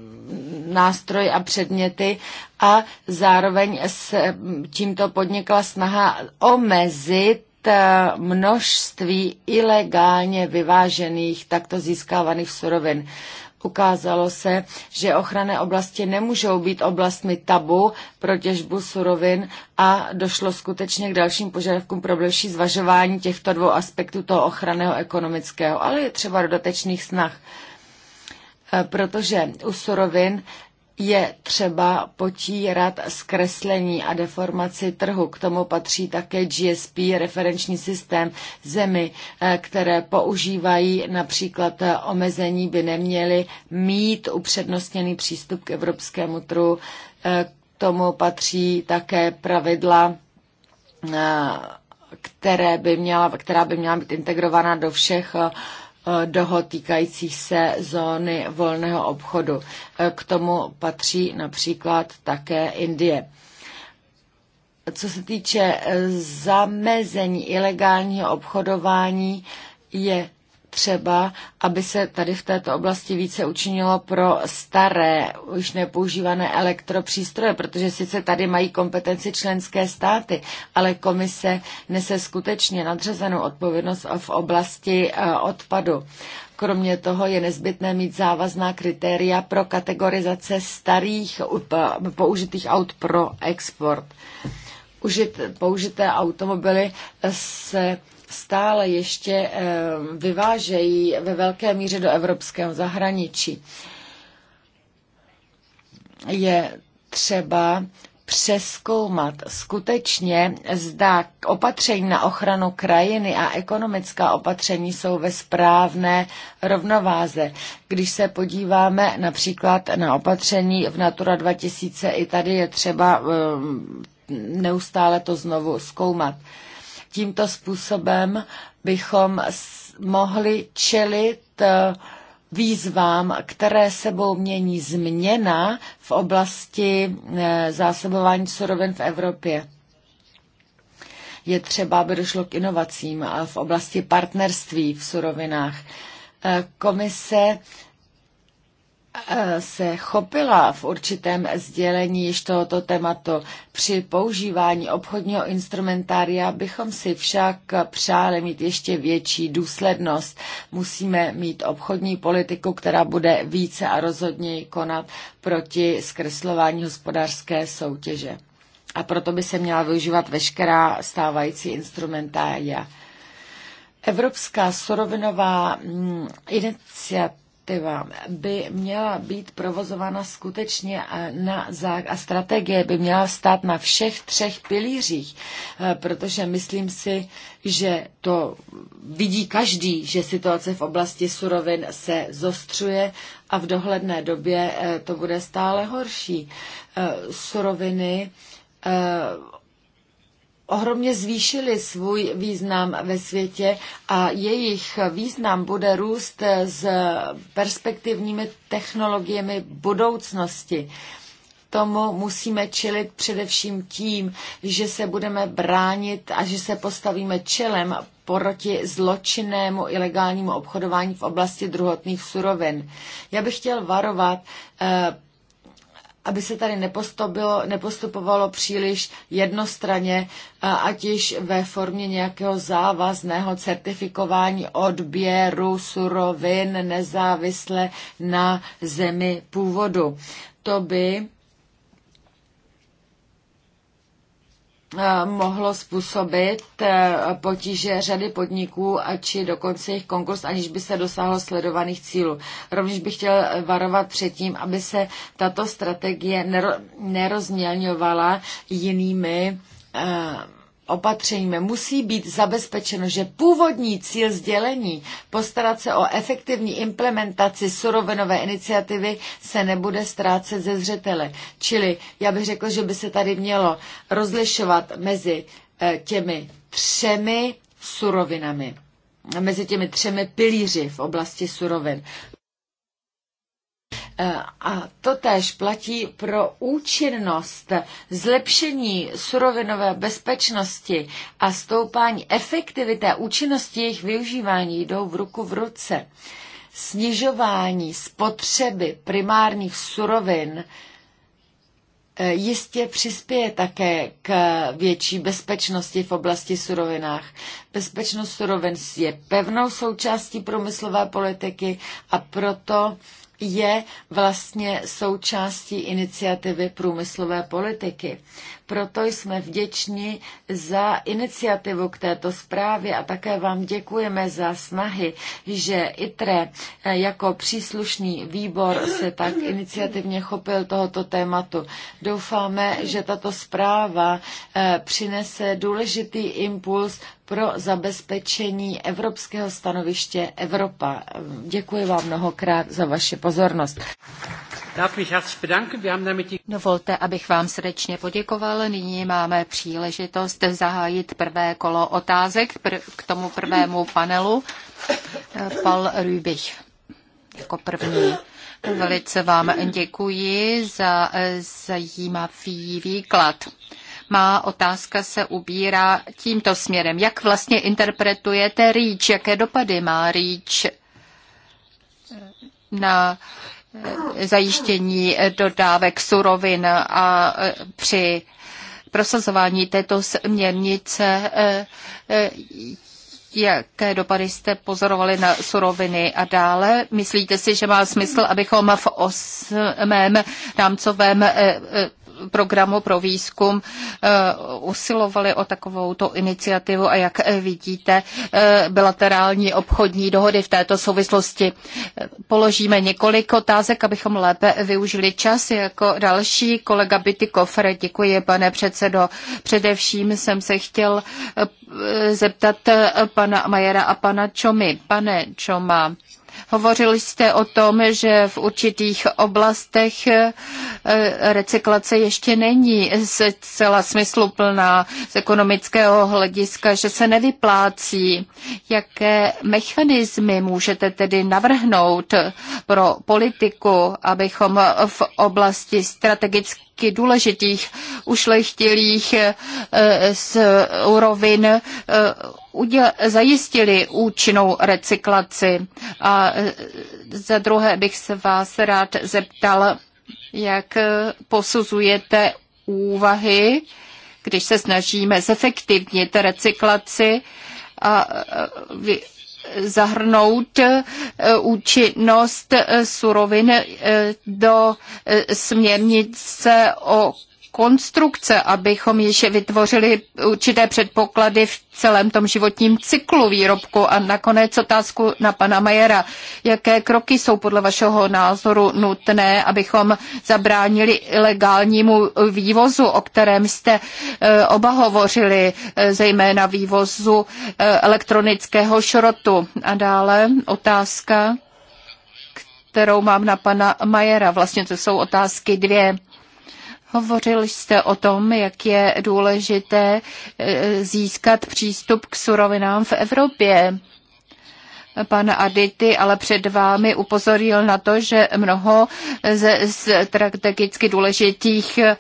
nástroj a předměty a zároveň s mm, tímto podnikla snaha omezit Eh, množství ilegálně vyvážených takto získávaných surovin. Ukázalo se, že ochranné oblasti nemůžou být oblastmi tabu pro těžbu surovin a došlo skutečně k dalším požadavkům pro blížší zvažování těchto dvou aspektů toho ochranného ekonomického, ale i třeba dodatečných snah eh, protože u surovin je třeba potírat zkreslení a deformaci trhu. K tomu patří také GSP, referenční systém zemi, eh, které používají například eh, omezení, by neměly mít upřednostněný přístup k evropskému trhu. Eh, k tomu patří také pravidla které by měla, která by měla být integrovaná do všech Eh, dohod týkajících se zóny volného obchodu. Eh, k tomu patří například také Indie. Co se týče eh, zamezení ilegálního obchodování, je třeba, aby se tady v této oblasti více učinilo pro staré, už nepoužívané elektropřístroje, protože sice tady mají kompetenci členské státy, ale komise nese skutečně nadřazenou odpovědnost v oblasti eh, odpadu. Kromě toho je nezbytné mít závazná kritéria pro kategorizace starých použitých aut pro export. použité automobily se stále ještě eh, vyvážejí ve velké míře do evropského zahraničí. Je třeba přeskoumat skutečně, zda opatření na ochranu krajiny a ekonomická opatření jsou ve správné rovnováze. Když se podíváme například na opatření v Natura 2000, i tady je třeba eh, neustále to znovu zkoumat. Tímto způsobem bychom mohli čelit eh, výzvám, které sebou mění změna v oblasti eh, zásobování surovin v Evropě. Je třeba, aby došlo k inovacím v oblasti partnerství v surovinách. Eh, komise se chopila v určitém sdělení již tohoto tématu. Při používání obchodního instrumentária bychom si však přáli mít ještě větší důslednost. Musíme mít obchodní politiku, která bude více a rozhodněji konat proti zkreslování hospodářské soutěže. A proto by se měla využívat veškerá stávající instrumentária. Evropská surovinová mm, iniciativa perspektiva by měla být provozována skutečně na zá- a strategie by měla stát na všech třech pilířích, eh, protože myslím si, že to vidí každý, že situace v oblasti surovin se zostřuje a v dohledné době eh, to bude stále horší. Eh, suroviny ohromně zvýšili svůj význam ve světě a jejich význam bude růst s perspektivními technologiemi budoucnosti. Tomu musíme čelit především tím, že se budeme bránit a že se postavíme čelem proti zločinnému ilegálnímu obchodování v oblasti druhotných surovin. Já bych chtěl varovat eh, aby se tady nepostupovalo příliš jednostraně, ať již ve formě nějakého závazného certifikování odběru surovin nezávisle na zemi původu. To by Eh, mohlo způsobit eh, potíže řady podniků a či dokonce jejich konkurs, aniž by se dosáhlo sledovaných cílů. Rovněž bych chtěl varovat před tím, aby se tato strategie nerozmělňovala jinými eh, opatřeními musí být zabezpečeno, že původní cíl sdělení postarat se o efektivní implementaci surovinové iniciativy se nebude ztrácet ze zřetele. Čili já bych řekl, že by se tady mělo rozlišovat mezi eh, těmi třemi surovinami mezi těmi třemi pilíři v oblasti surovin. Eh, a to též platí pro účinnost, zlepšení surovinové bezpečnosti a stoupání efektivity a účinnosti jejich využívání jdou v ruku v ruce. Snižování spotřeby primárních surovin eh, jistě přispěje také k větší bezpečnosti v oblasti surovinách. Bezpečnost surovin je pevnou součástí průmyslové politiky a proto je vlastně součástí iniciativy průmyslové politiky. Proto jsme vděční za iniciativu k této zprávě a také vám děkujeme za snahy, že ITRE eh, jako příslušný výbor se tak iniciativně chopil tohoto tématu. Doufáme, že tato zpráva eh, přinese důležitý impuls pro zabezpečení evropského stanoviště Evropa. Děkuji vám mnohokrát za vaši pozornost. Dovolte, abych vám srdečně poděkoval. Brusel. Nyní máme příležitost zahájit prvé kolo otázek k tomu prvému panelu. Pal Rübich jako první. Velice vám děkuji za eh, zajímavý výklad. Má otázka se ubírá tímto směrem. Jak vlastně interpretujete REACH? Jaké dopady má REACH eh, na eh, zajištění dodávek surovin a při prosazování této směrnice, eh, eh, jaké dopady jste pozorovali na suroviny a dále. Myslíte si, že má smysl, abychom v osmém rámcovém eh, programu pro výzkum eh, usilovali o takovouto iniciativu a jak eh, vidíte, eh, bilaterální obchodní dohody v této souvislosti. Položíme několik otázek, abychom lépe využili čas. Jako další kolega Bytykofr, děkuji pane předsedo. Především jsem se chtěl zeptat pana Majera a pana Čomy. Pane Čoma, Hovořil jste o tom, že v určitých oblastech eh, recyklace ještě není zcela smysluplná z ekonomického hlediska, že se nevyplácí. Jaké mechanismy můžete tedy navrhnout pro politiku, abychom v oblasti strategické výrobky důležitých ušlechtilých eh, z urovin eh, zajistili účinnou recyklaci. A eh, za druhé bych se vás rád zeptal, jak posuzujete úvahy, když se snažíme zefektivnit recyklaci a zahrnout eh, účinnost eh, surovin eh, do směrnice o konstrukce, abychom již vytvořili určité předpoklady v celém tom životním cyklu výrobku. A nakonec otázku na pana Majera. Jaké kroky jsou podle vašeho názoru nutné, abychom zabránili legálnímu vývozu, o kterém jste e, oba hovořili, e, zejména vývozu e, elektronického šrotu? A dále otázka kterou mám na pana Majera. Vlastně to jsou otázky dvě. Hovořil jste o tom, jak je důležité eh, získat přístup k surovinám v Evropě. Pan Adity ale před vámi upozoril na to, že mnoho ze strategicky důležitých eh,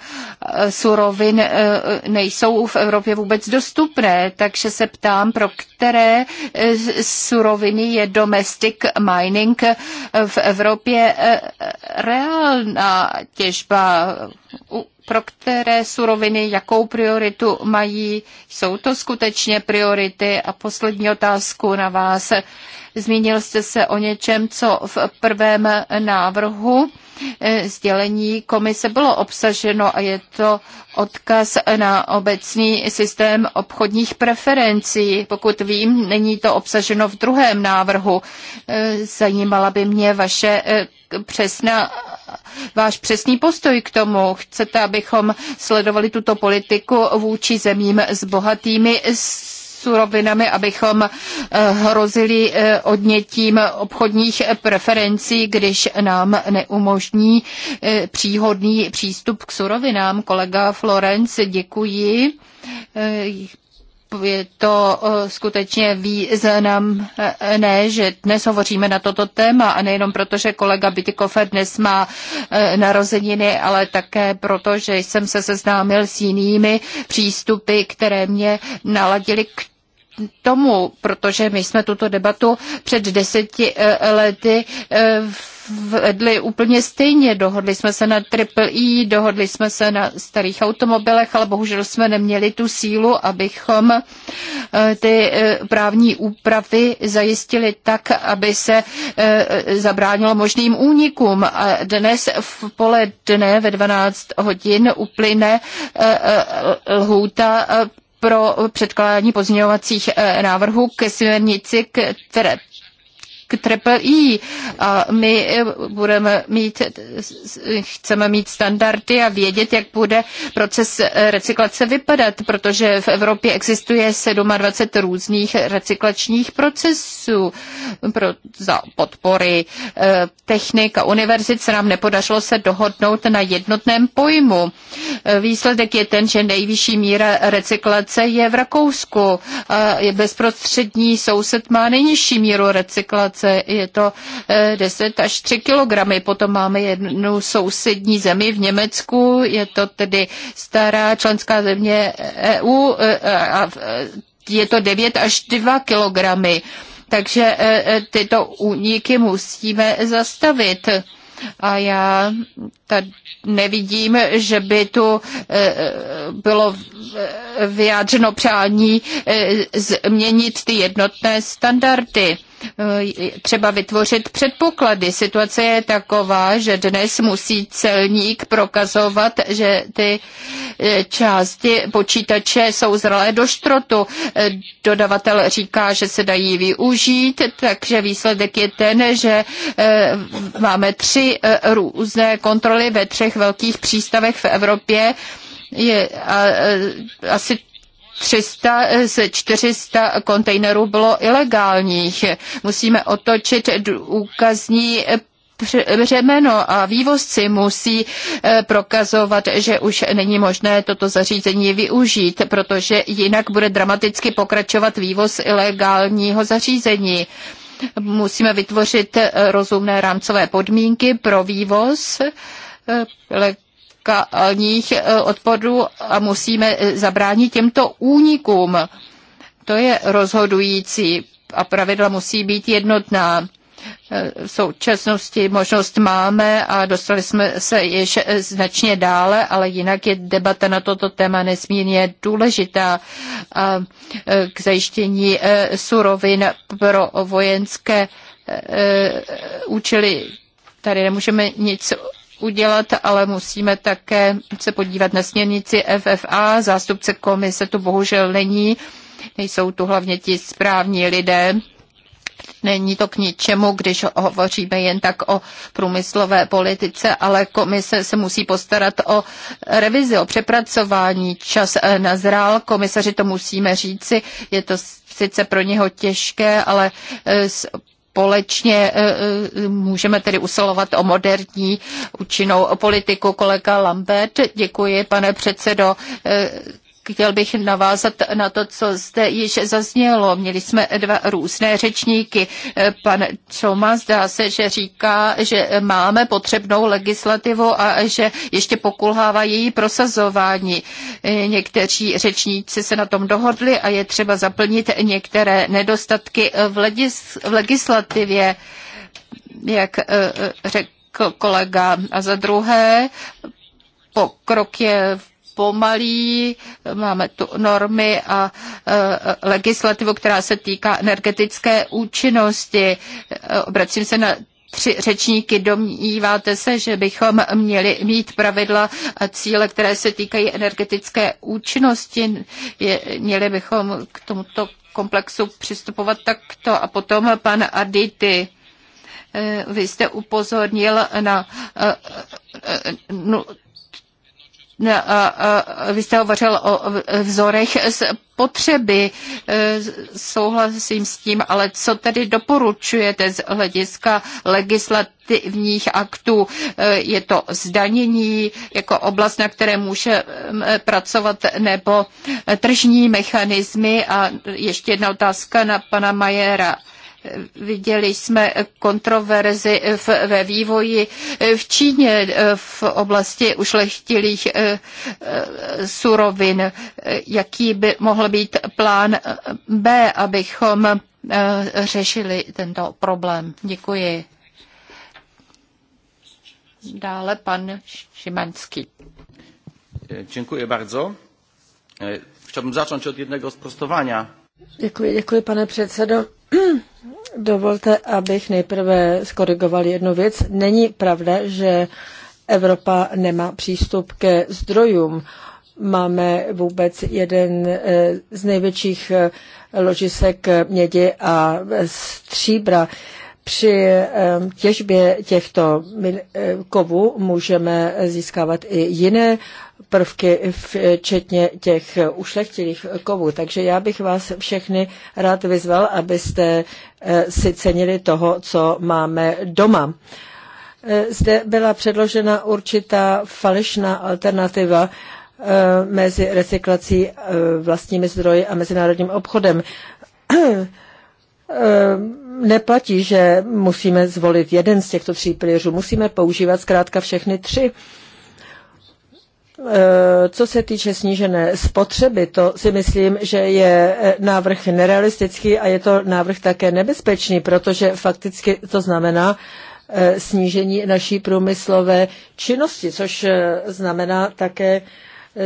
surovin eh, nejsou v Evropě vůbec dostupné, takže se ptám, pro které eh, suroviny je domestic mining v Evropě reálná těžba pro které suroviny jakou prioritu mají. Jsou to skutečně priority? A poslední otázku na vás. Zmínil jste se o něčem, co v prvém návrhu Eh, sdělení komise bylo obsaženo a je to odkaz na obecný systém obchodních preferencí. Pokud vím, není to obsaženo v druhém návrhu. Eh, zajímala by mě vaše eh, přesná, váš přesný postoj k tomu. Chcete, abychom sledovali tuto politiku vůči zemím s bohatými s surovinami, abychom eh, hrozili eh, odnětím obchodních preferencí, když nám neumožní eh, příhodný přístup k surovinám. Kolega Florence, děkuji je to eh, skutečně významné, eh, že dnes hovoříme na toto téma a nejenom proto, že kolega Bytikofer dnes má eh, narozeniny, ale také proto, že jsem se seznámil s jinými přístupy, které mě naladily k tomu, protože my jsme tuto debatu před deseti lety v vedli úplně stejně. Dohodli jsme se na Triple E, dohodli jsme se na starých automobilech, ale bohužel jsme neměli tu sílu, abychom eh, ty eh, právní úpravy zajistili tak, aby se eh, zabránilo možným únikům. A dnes v poledne ve 12 hodin uplyne lhůta pro předkládání pozměňovacích návrhů ke směrnici, které k triple I. E. A my eh, budeme mít, chceme mít standardy a vědět, jak bude proces eh, recyklace vypadat, protože v Evropě existuje 27 různých recyklačních procesů pro, za podpory eh, technik a univerzit se nám nepodařilo se dohodnout na jednotném pojmu. Výsledek je ten, že nejvyšší míra recyklace je v Rakousku. Je bezprostřední soused má nejnižší míru recyklace inflace. Je to 10 eh, až 3 kilogramy. Potom máme jednu sousední zemi v Německu, je to tedy stará členská země EU eh, e eh, a je to 9 až 2 kilogramy. Takže tyto úniky musíme zastavit. A já tady nevidím, že by tu bylo vyjádřeno přání změnit ty jednotné standardy. Eh, třeba vytvořit předpoklady. Situace je taková, že dnes musí celník prokazovat, že ty eh, části počítače jsou zralé do štrotu. Eh, dodavatel říká, že se dají využít, takže výsledek je ten, že máme tři různé kontroly ve třech velkých přístavech v Evropě je a, a, asi 300 eh, z 400 kontejnerů bylo ilegálních. Musíme otočit důkazní eh, břemeno a vývozci musí eh, prokazovat, že už není možné toto zařízení využít, protože jinak bude dramaticky pokračovat vývoz ilegálního zařízení. Musíme vytvořit rozumné rámcové podmínky pro vývoz fiskálních eh, odpadů a musíme eh, zabránit těmto únikům. To je rozhodující a pravidla musí být jednotná. Eh, v současnosti možnost máme a dostali jsme se již značně dále, ale jinak je debata na toto téma nesmírně důležitá a k zajištění surovin pro vojenské účely. Tady nemůžeme nic udělat, ale musíme také se podívat na směrnici FFA. Zástupce komise tu bohužel není, nejsou tu hlavně ti správní lidé. Není to k ničemu, když hovoříme jen tak o průmyslové politice, ale komise se musí postarat o revizi, o přepracování. Čas eh, nazrál, komisaři to musíme říci, je to sice pro něho těžké, ale eh, společně eh, eh, můžeme tedy usilovat o moderní účinnou politiku. Kolega Lambert, děkuji, pane předsedo. Eh, chtěl bych navázat na to, co zde již zaznělo. Měli jsme dva různé řečníky. Pan Čoma zdá se, že říká, že máme potřebnou legislativu a že ještě pokulhává její prosazování. Někteří řečníci se na tom dohodli a je třeba zaplnit některé nedostatky v, legis- v legislativě, jak eh, eh, řekl kolega. A za druhé, pokrok je v pomalí, máme tu normy a e, legislativu, která se týká energetické účinnosti. E, obracím se na tři řečníky. Domníváte se, že bychom měli mít pravidla a cíle, které se týkají energetické účinnosti? Je, měli bychom k tomuto komplexu přistupovat takto. A potom pan Adity, e, vy jste upozornil na No, vy jste hovořil o vzorech z potřeby. E, souhlasím s tím, ale co tedy doporučujete z hlediska legislativních aktů? E, je to zdanění jako oblast, na které může pracovat, nebo tržní mechanismy? A ještě jedna otázka na pana Majera. Viděli jsme kontroverzi v, ve vývoji v Číně v oblasti ušlechtilých eh, eh, surovin. Jaký by mohl být plán eh, B, abychom řešili tento problém? Děkuji. Dále pan Šimanský. Děkuji bardzo. bych začít od jednego prostování. Děkuji, děkuji, pane předsedo. Dovolte, abych nejprve skorigoval jednu věc. Není pravda, že Evropa nemá přístup ke zdrojům. Máme vůbec jeden eh, z největších eh, ložisek eh, mědi a stříbra při těžbě těchto kovů můžeme získávat i jiné prvky, včetně těch ušlechtilých kovů. Takže já bych vás všechny rád vyzval, abyste e, si cenili toho, co máme doma. E, zde byla předložena určitá falešná alternativa e, mezi recyklací vlastními zdroji a mezinárodním obchodem neplatí, že musíme zvolit jeden z těchto tří pilířů. Musíme používat zkrátka všechny tři. E, co se týče snížené spotřeby, to si myslím, že je e, návrh nerealistický a je to návrh také nebezpečný, protože fakticky to znamená e, snížení naší průmyslové činnosti, což znamená také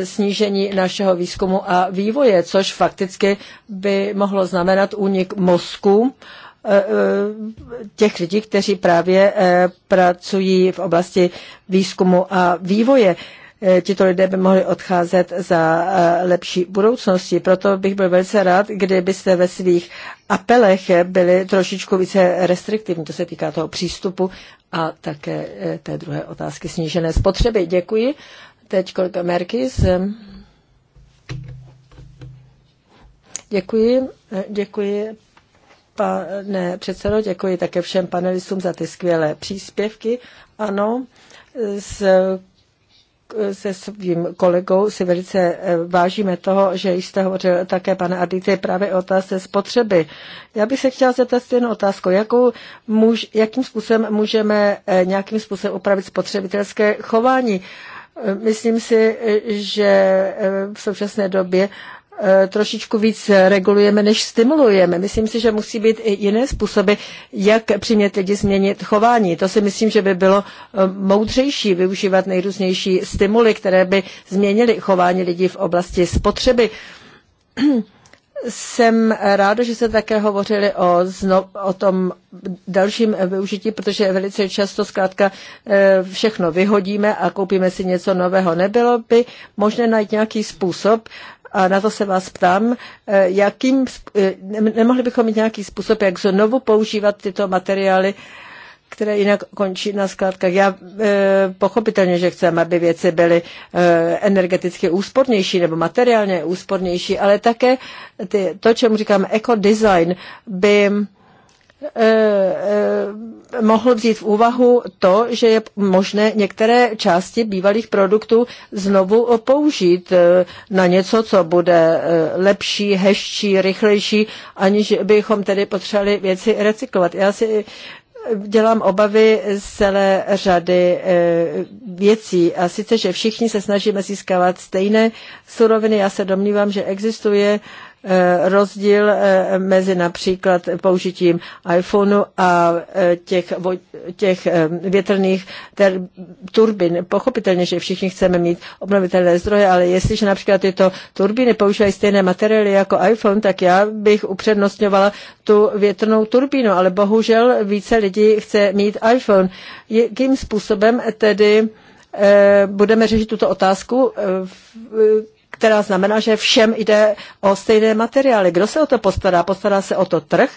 snížení našeho výzkumu a vývoje, což fakticky by mohlo znamenat únik mozku Eh, eh, těch lidí, kteří právě eh, pracují v oblasti výzkumu a vývoje. Tito lidé by mohli odcházet za lepší budoucnosti. Proto bych byl velice rád, kdybyste ve svých apelech byli trošičku více restriktivní. To se týká toho přístupu a také té druhé otázky snížené spotřeby. Děkuji. Teď kolega Merkis. Děkuji. Děkuji, Pane předsedo, děkuji také všem panelistům za ty skvělé příspěvky. Ano, s se svým kolegou si velice eh, vážíme toho, že jste hovořil také, pane Adity, právě o otázce spotřeby. Já bych se chtěla zeptat stejnou otázku, jakou muž, jakým způsobem můžeme eh, nějakým způsobem upravit spotřebitelské chování. Myslím si, eh, že v současné době Eh, trošičku víc regulujeme, než stimulujeme. Myslím si, že musí být i jiné způsoby, jak přimět lidi změnit chování. To si myslím, že by bylo eh, moudřejší využívat nejrůznější stimuly, které by změnily chování lidí v oblasti spotřeby. Jsem ráda, že se také hovořili o, zno, o tom dalším využití, protože velice často zkrátka eh, všechno vyhodíme a koupíme si něco nového. Nebylo by možné najít nějaký způsob, a na to se vás ptám, eh, jakým, eh, nemohli bychom mít nějaký způsob, jak znovu používat tyto materiály, které jinak končí na skládkách. Já e, pochopitelně, že chceme, aby věci byly e, energeticky úspornější nebo materiálně úspornější, ale také ty, to, čemu říkám ekodesign, by e, Eh, eh, mohl vzít v úvahu to, že je možné některé části bývalých produktů znovu použít eh, na něco, co bude lepší, hezčí, rychlejší, aniž bychom tedy potřebovali věci recyklovat. Já si dělám obavy z celé řady věcí. A sice, že všichni se snažíme získávat stejné suroviny, já se domnívám, že existuje Eh, rozdíl eh, mezi například použitím iPhoneu a eh, těch, těch větrných ter, turbin. Pochopitelně, že všichni chceme mít obnovitelné zdroje, ale jestliže například tyto turbíny používají stejné materiály jako iPhone, tak já bych upřednostňovala tu větrnou turbínu, ale bohužel více lidí chce mít iPhone. Jakým způsobem tedy budeme řešit tuto otázku která znamená, že všem jde o stejné materiály. Kdo se o to postará? Postará se o to trh.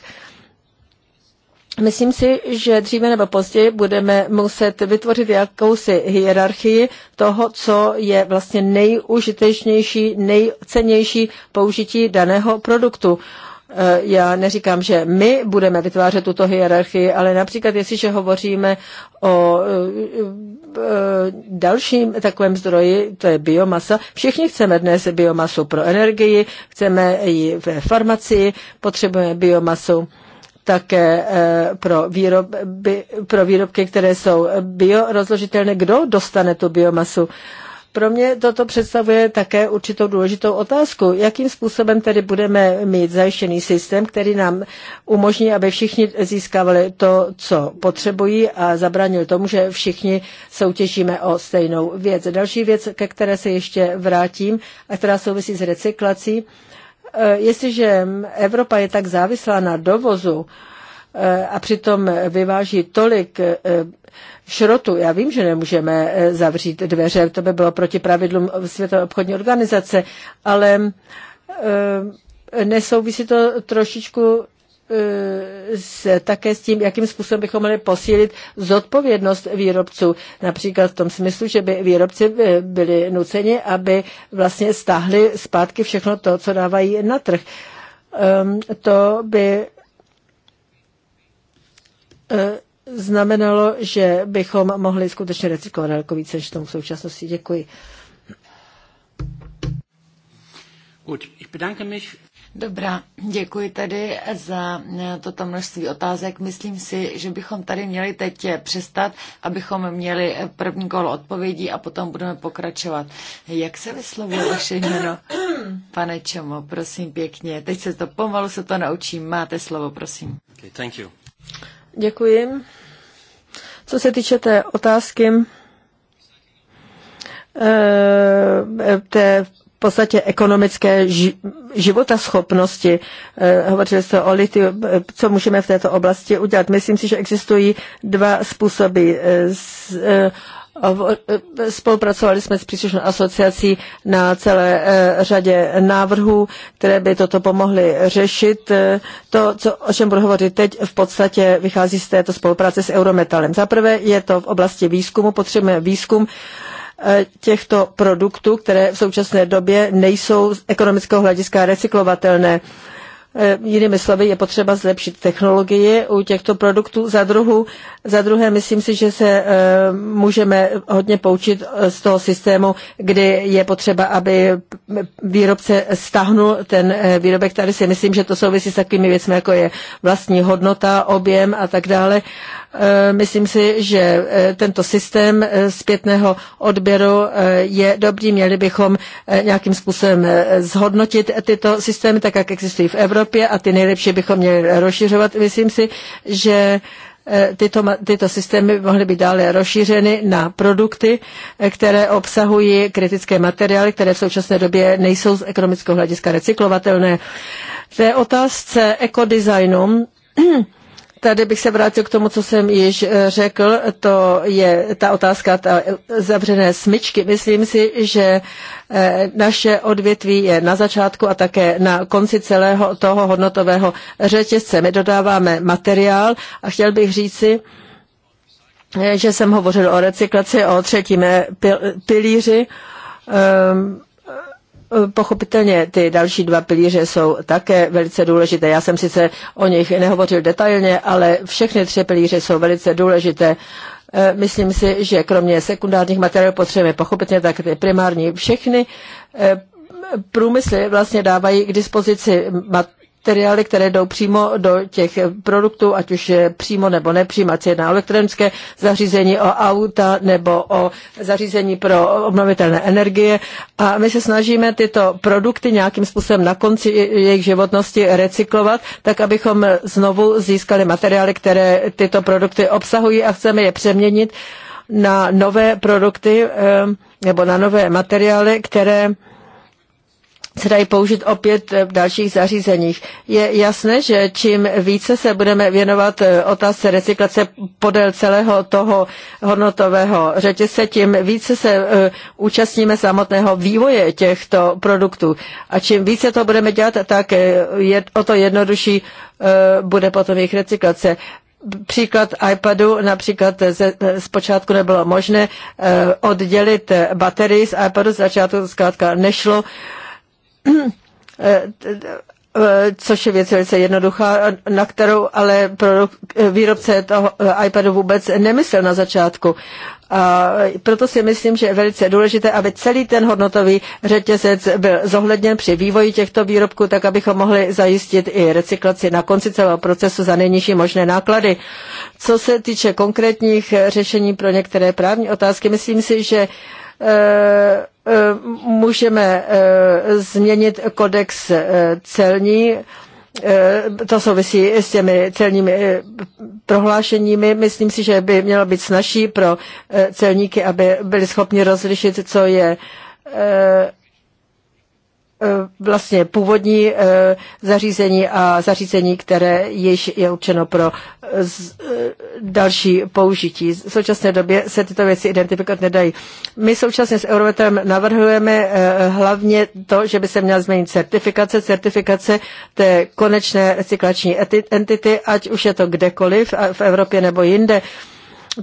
Myslím si, že dříve nebo později budeme muset vytvořit jakousi hierarchii toho, co je vlastně nejužitečnější, nejcennější použití daného produktu. Eh, já neříkám, že my budeme vytvářet tuto hierarchii, ale například, jestliže hovoříme o eh, Eh, dalším takovém zdroji, to je biomasa. Všichni chceme dnes biomasu pro energii, chceme ji ve farmacii, potřebujeme biomasu také eh, pro, výroby, pro výrobky, které jsou biorozložitelné. Kdo dostane tu biomasu? Pro mě toto představuje také určitou důležitou otázku, jakým způsobem tedy budeme mít zajištěný systém, který nám umožní, aby všichni získávali to, co potřebují a zabránil tomu, že všichni soutěžíme o stejnou věc. Další věc, ke které se ještě vrátím a která souvisí s recyklací, eh, jestliže Evropa je tak závislá na dovozu eh, a přitom vyváží tolik eh, šrotu. Já vím, že nemůžeme eh, zavřít dveře, to by bylo proti pravidlům Světové obchodní organizace, ale eh, nesouvisí to trošičku eh, s, také s tím, jakým způsobem bychom mohli posílit zodpovědnost výrobců. Například v tom smyslu, že by výrobci byli nuceni, aby vlastně stáhli zpátky všechno to, co dávají na trh. Um, to by znamenalo, že bychom mohli skutečně recyklovat daleko více, než tomu v současnosti. Děkuji. Dobrá, děkuji tedy za toto množství otázek. Myslím si, že bychom tady měli teď přestat, abychom měli první kolo odpovědí a potom budeme pokračovat. Jak se vyslovuje vaše jméno? Pane Čomo, prosím pěkně. Teď se to pomalu se to naučím. Máte slovo, prosím. Okay, thank you. Děkuji. Co se týče té otázky, eh, té v podstatě ekonomické životaschopnosti. Eh, hovořili jste o litiu, eh, co můžeme v této oblasti udělat. Myslím si, že existují dva způsoby. E, spolupracovali jsme s příslušnou asociací na celé e, řadě návrhů, které by toto pomohly řešit. E, to, co, o čem budu hovořit teď, v podstatě vychází z této spolupráce s Eurometalem. Za prvé je to v oblasti výzkumu, potřebujeme výzkum těchto produktů, které v současné době nejsou z ekonomického hlediska recyklovatelné. Eh, jinými slovy, je potřeba zlepšit technologie u těchto produktů. Za, druhu, za druhé, myslím si, že se eh, můžeme hodně poučit eh, z toho systému, kdy je potřeba, aby výrobce stahnul ten výrobek. Tady si myslím, že to souvisí s takovými věcmi, jako je vlastní hodnota, objem a tak dále. Eh, myslím si, že eh, tento systém eh, zpětného odběru je dobrý. Měli bychom nějakým způsobem zhodnotit tyto systémy, tak jak existují v Evropě a ty nejlepší bychom měli rozšiřovat. Myslím si, že tyto, tyto systémy by mohly být dále rozšířeny na produkty, které obsahují kritické materiály, které v současné době nejsou z ekonomického hlediska recyklovatelné. V té otázce ekodesignu Tady bych se vrátil k tomu, co jsem již eh, řekl, to je ta otázka ta eh, zavřené smyčky. Myslím si, že eh, naše odvětví je na začátku a také na konci celého toho hodnotového řetězce. My dodáváme materiál a chtěl bych říci, že jsem hovořil o recyklaci, o třetím pilíři. Ehm, Pochopitelně ty další dva pilíře jsou také velice důležité. Já jsem sice o nich nehovořil detailně, ale všechny tři pilíře jsou velice důležité. E, myslím si, že kromě sekundárních materiálů potřebujeme pochopitelně tak ty primární všechny e, průmysly vlastně dávají k dispozici materiály, které jdou přímo do těch produktů, ať už je přímo nebo nepřímo, ať se jedná o elektronické zařízení, o auta nebo o zařízení pro obnovitelné energie. A my se snažíme tyto produkty nějakým způsobem na konci jejich životnosti recyklovat, tak abychom znovu získali materiály, které tyto produkty obsahují a chceme je přeměnit na nové produkty eh, nebo na nové materiály, které se dají použít opět v dalších zařízeních. Je jasné, že čím více se budeme věnovat eh, otázce recyklace podél celého toho hodnotového řetězce, tím více se eh, účastníme samotného vývoje těchto produktů. A čím více to budeme dělat, tak eh, je, o to jednodušší bude potom jejich recyklace příklad iPadu, například ze, zpočátku nebylo možné oddělit baterii z iPadu, z začátku zkrátka nešlo. Eh, Eh, což je věc velice jednoduchá, na kterou ale výrobce toho eh, iPadu vůbec nemyslel na začátku. A proto si myslím, že je velice důležité, aby celý ten hodnotový řetězec byl zohledněn při vývoji těchto výrobků, tak abychom mohli zajistit i recyklaci na konci celého procesu za nejnižší možné náklady. Co se týče konkrétních řešení pro některé právní otázky, myslím si, že uh, Eh, eh, můžeme eh, změnit kodex celní, to souvisí s těmi celními prohlášeními. Myslím si, že by mělo být snažší pro celníky, aby byli schopni rozlišit, co je E, vlastně původní e, zařízení a zařízení, které již je určeno pro e, další použití. V současné době se tyto věci identifikovat nedají. My současně s Eurovetem navrhujeme hlavně to, že by se měla změnit certifikace, certifikace té konečné recyklační entity, ať už je to kdekoliv v Evropě nebo jinde.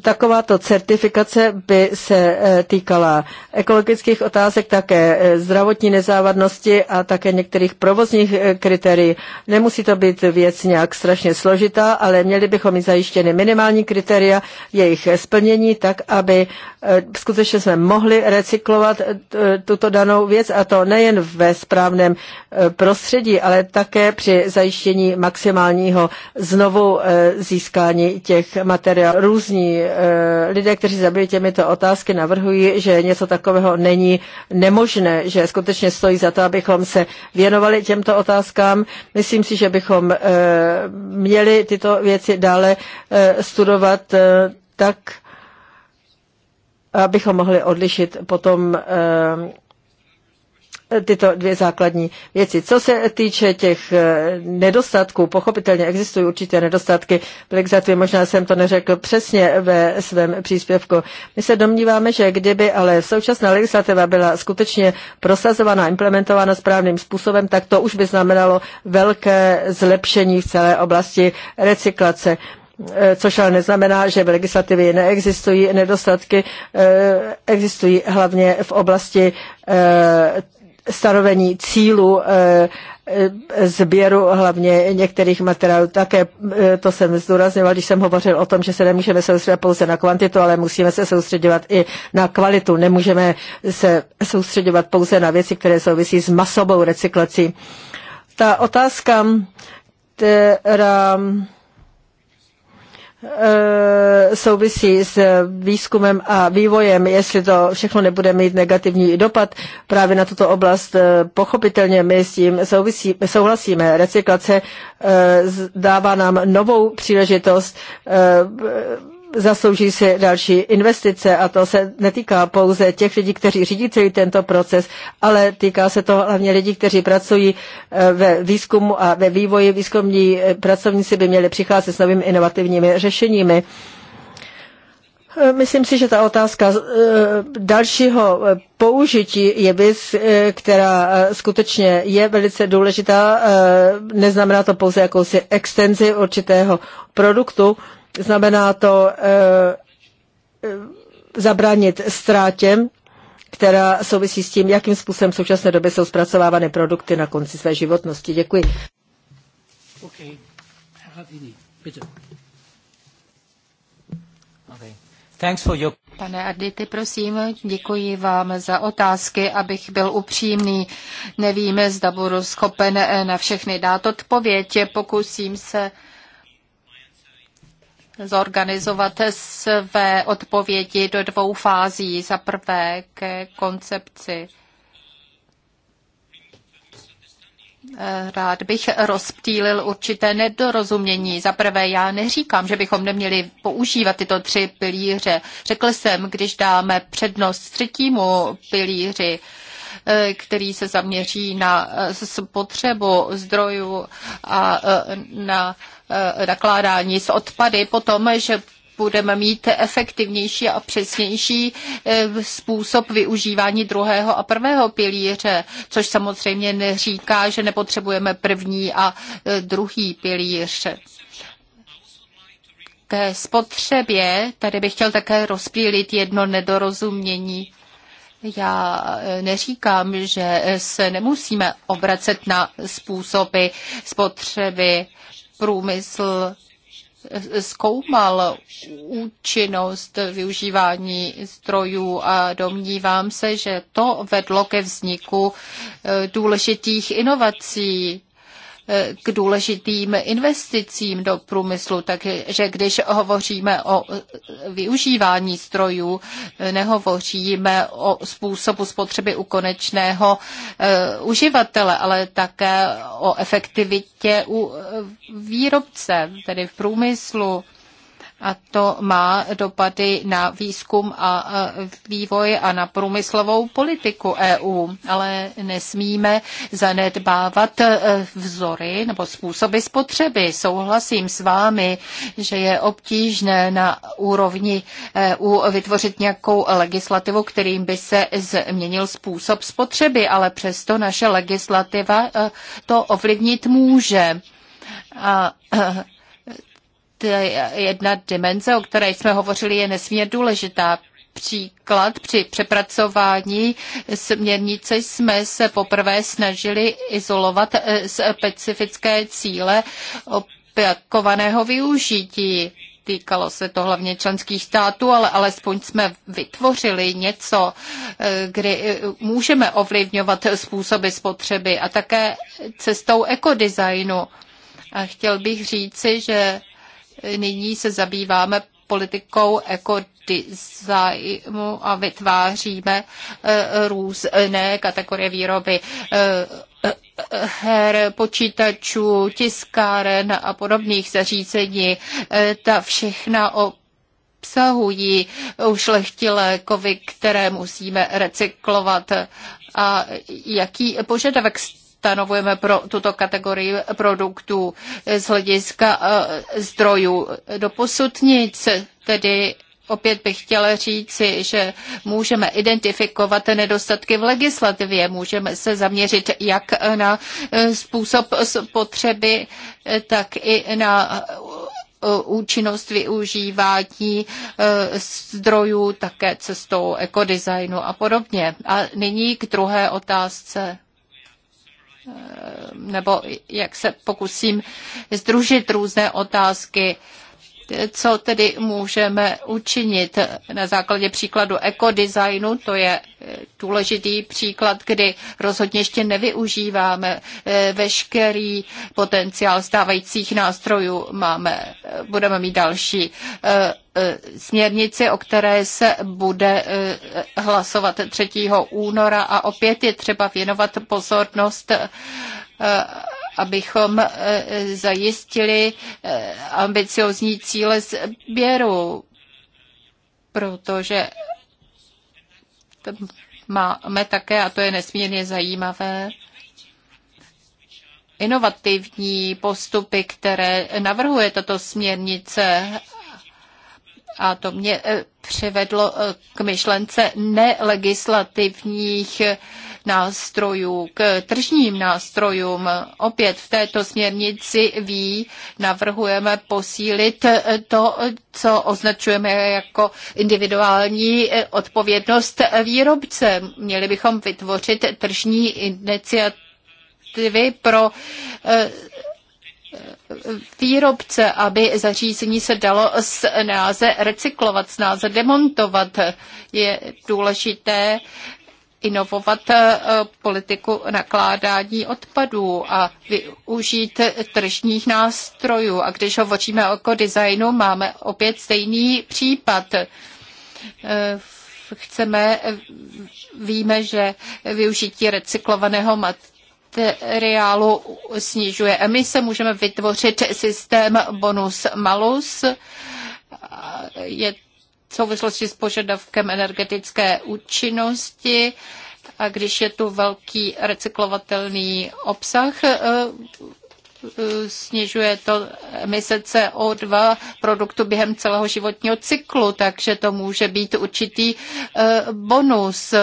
Takováto certifikace by se eh, týkala ekologických otázek, také eh, zdravotní nezávadnosti a také některých provozních eh, kritérií. Nemusí to být věc nějak strašně složitá, ale měli bychom mít zajištěny minimální kritéria jejich splnění, tak aby skutečně jsme mohli recyklovat tuto danou věc a to nejen ve správném prostředí, ale také při zajištění maximálního znovu získání těch materiálů. Různí Eh, lidé, kteří zabili těmito otázky, navrhují, že něco takového není nemožné, že skutečně stojí za to, abychom se věnovali těmto otázkám. Myslím si, že bychom eh, měli tyto věci dále eh, studovat tak, abychom mohli odlišit potom tyto dvě základní věci. Co se týče těch eh, nedostatků, pochopitelně existují určité nedostatky v legislativě, možná jsem to neřekl přesně ve svém příspěvku. My se domníváme, že kdyby ale současná legislativa byla skutečně prosazována, implementována správným způsobem, tak to už by znamenalo velké zlepšení v celé oblasti recyklace eh, což ale neznamená, že v legislativě neexistují nedostatky, eh, existují hlavně v oblasti stanovení cílu eh, eh, sběru hlavně některých materiálů. Také eh, to jsem zdůrazňoval, když jsem hovořil o tom, že se nemůžeme soustředit pouze na kvantitu, ale musíme se soustředovat i na kvalitu. Nemůžeme se soustředovat pouze na věci, které souvisí s masovou recyklací. Ta otázka, která Eh, souvisí s výzkumem a vývojem, jestli to všechno nebude mít negativní dopad právě na tuto oblast. Eh, pochopitelně my s tím souvisí, souhlasíme. Recyklace eh, dává nám novou příležitost zaslouží si další investice a to se netýká pouze těch lidí, kteří řídí celý tento proces, ale týká se to hlavně lidí, kteří pracují eh, ve výzkumu a ve vývoji. Výzkumní eh, pracovníci by měli přicházet s novými inovativními řešeními. Eh, myslím si, že ta otázka dalšího použití je věc, která skutečně je velice důležitá. Neznamená to pouze jakousi extenzi určitého produktu, Znamená to eh, eh, zabránit ztrátě, která souvisí s tím, jakým způsobem v současné době jsou zpracovávány produkty na konci své životnosti. Děkuji. Pane Adity, prosím, děkuji vám za otázky, abych byl upřímný. Nevíme, zda budu schopen eh, na všechny dát odpověď. Pokusím se zorganizovat své odpovědi do dvou fází. Za prvé ke koncepci. Rád bych rozptýlil určité nedorozumění. Za prvé, já neříkám, že bychom neměli používat tyto tři pilíře. Řekl jsem, když dáme přednost třetímu pilíři, Eh, který se zaměří na eh, spotřebu zdrojů a eh, na nakládání s odpady, potom, že budeme mít efektivnější a přesnější způsob využívání druhého a prvého pilíře, což samozřejmě neříká, že nepotřebujeme první a druhý pilíř. Ke spotřebě, tady bych chtěl také rozpílit jedno nedorozumění. Já eh, neříkám, že eh, se nemusíme obracet na způsoby spotřeby. Průmysl eh, zkoumal účinnost využívání zdrojů a domnívám se, že to vedlo ke vzniku důležitých inovací E, k důležitým investicím do průmyslu. Takže když hovoříme o e, využívání strojů, e, nehovoříme o způsobu spotřeby u konečného uživatele, ale také o efektivitě u výrobce, tedy v průmyslu a to má dopady na výzkum a vývoj a na průmyslovou politiku EU, ale nesmíme zanedbávat e, vzory nebo způsoby spotřeby. Souhlasím s vámi, že je obtížné na úrovni EU vytvořit nějakou legislativu, kterým by se změnil způsob spotřeby, ale přesto naše legislativa e, to ovlivnit může. A, e, jedna dimenze, o které jsme hovořili, je nesmírně důležitá. Příklad při přepracování směrnice jsme se poprvé snažili izolovat eh, specifické cíle opakovaného využití. Týkalo se to hlavně členských států, ale alespoň jsme vytvořili něco, eh, kdy eh, můžeme ovlivňovat způsoby spotřeby a také cestou ekodesignu. A chtěl bych říci, že nyní se zabýváme politikou ekodizajmu a vytváříme eh, různé kategorie výroby eh, eh, her, počítačů, tiskáren a podobných zařízení. Ta všechna o obsahují ušlechtilé kovy, které musíme recyklovat. A jaký požadavek stanovujeme pro tuto kategorii produktů z hlediska e, zdrojů. Doposud nic, tedy opět bych chtěla říci, že můžeme identifikovat nedostatky v legislativě, můžeme se zaměřit jak na e, způsob spotřeby, e, tak i na účinnost využívání zdrojů, také cestou ekodesignu a podobně. A nyní k druhé otázce nebo jak se pokusím združit různé otázky co tedy můžeme učinit na základě příkladu ekodesignu? To je eh, důležitý příklad, kdy rozhodně ještě nevyužíváme eh, veškerý potenciál stávajících nástrojů. Máme, eh, budeme mít další směrnici, o které se bude hlasovat 3. února a opět je třeba věnovat pozornost abychom eh, zajistili eh, ambiciozní cíle sběru, protože máme také, a to je nesmírně zajímavé, inovativní postupy, které navrhuje tato směrnice. A to mě eh, přivedlo k myšlence nelegislativních nástrojů k tržním nástrojům. Opět v této směrnici ví navrhujeme posílit to, co označujeme jako individuální odpovědnost výrobce. Měli bychom vytvořit tržní iniciativy pro eh, výrobce, aby zařízení se dalo náze recyklovat, náze demontovat. Je důležité inovovat eh, politiku nakládání odpadů a využít tržních nástrojů. A když hovoříme o designu, máme opět stejný případ. Eh, chceme, víme, že využití recyklovaného materiálu materiálu snižuje emise, můžeme vytvořit systém bonus-malus. Je v souvislosti s požadavkem energetické účinnosti a když je tu velký recyklovatelný obsah, eh, eh, snižuje to emise CO2 produktu během celého životního cyklu, takže to může být určitý eh, bonus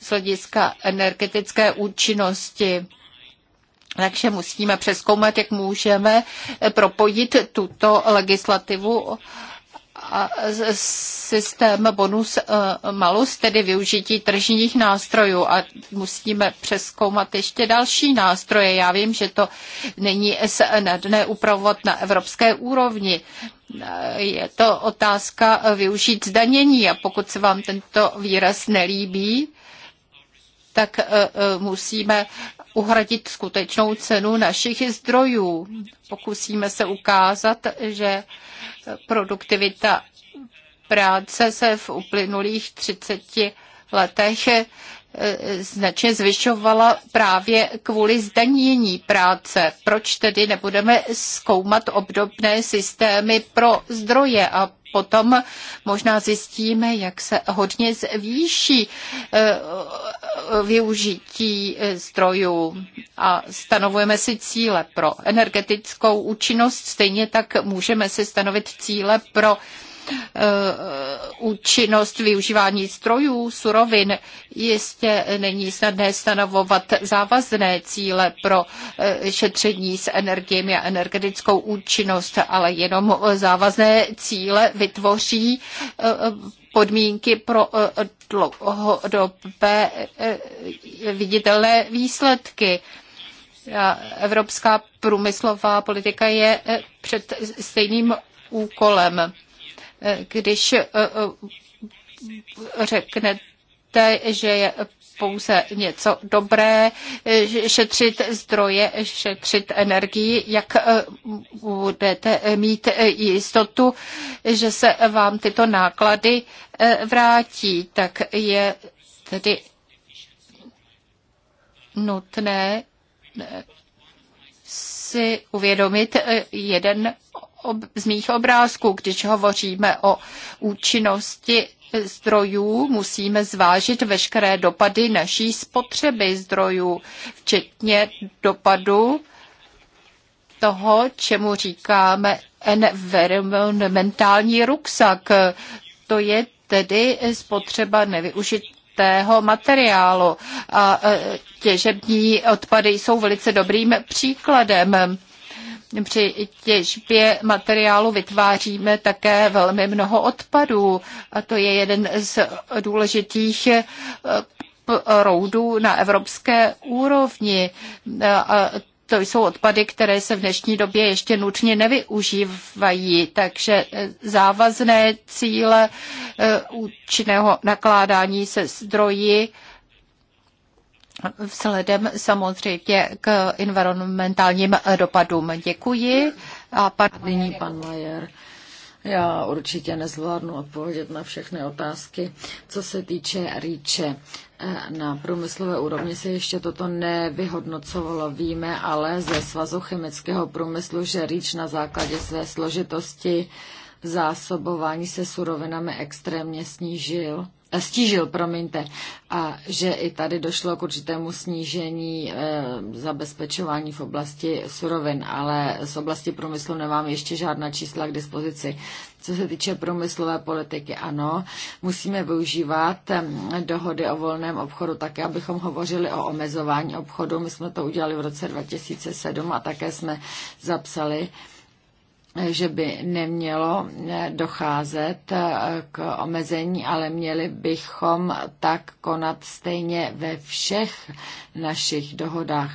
z hlediska energetické účinnosti. Takže musíme přeskoumat, jak můžeme propojit tuto legislativu systém bonus e, malus, tedy využití tržních nástrojů a musíme přeskoumat ještě další nástroje. Já vím, že to není snadné upravovat na evropské úrovni. Je to otázka využít zdanění a pokud se vám tento výraz nelíbí, tak eh, eh, musíme uhradit skutečnou cenu našich zdrojů. Pokusíme se ukázat, že produktivita práce se v uplynulých 30 letech eh, značně zvyšovala právě kvůli zdanění práce. Proč tedy nebudeme zkoumat obdobné systémy pro zdroje a potom možná zjistíme, jak se hodně zvýší eh, využití strojů eh, a stanovujeme si cíle pro energetickou účinnost, stejně tak můžeme si stanovit cíle pro Eh, eh, účinnost využívání strojů, surovin. Jistě není snadné stanovovat závazné cíle pro eh, šetření s energiemi a energetickou účinnost, ale jenom závazné cíle vytvoří podmínky pro dlouhodobé viditelné výsledky. Evropská průmyslová politika je před stejným úkolem když eh, eh, řeknete, že je pouze něco dobré, eh, šetřit zdroje, šetřit energii, jak budete mít jistotu, že se vám tyto náklady vrátí, tak je tedy nutné si uvědomit jeden ob- z mých obrázků. Když hovoříme o účinnosti zdrojů, musíme zvážit veškeré dopady naší spotřeby zdrojů, včetně dopadu toho, čemu říkáme environmentální ruksak. To je tedy spotřeba nevyužitého materiálu. A e, těžební odpady jsou velice dobrým příkladem. Při těžbě materiálu vytváříme také velmi mnoho odpadů a to je jeden z důležitých eh, proudů na evropské úrovni. A to jsou odpady, které se v dnešní době ještě nutně nevyužívají, takže eh, závazné cíle eh, účinného nakládání se zdroji vzhledem samozřejmě k environmentálním dopadům. Děkuji. A pan... Nyní pan Majer. Já určitě nezvládnu odpovědět na všechny otázky. Co se týče rýče, eh, na průmyslové úrovni se ještě toto nevyhodnocovalo. Víme ale ze svazu chemického průmyslu, že rýč na základě své složitosti zásobování se surovinami extrémně snížil Eh, stížil, promiňte, a že i tady došlo k určitému snížení e, zabezpečování v oblasti surovin, ale z oblasti průmyslu nemám ještě žádná čísla k dispozici. Co se týče průmyslové politiky, ano, musíme využívat eh, dohody o volném obchodu také, abychom hovořili o omezování obchodu. My jsme to udělali v roce 2007 a také jsme zapsali, e, že by nemělo eh, docházet eh, k omezení, ale měli bychom tak konat stejně ve všech našich dohodách.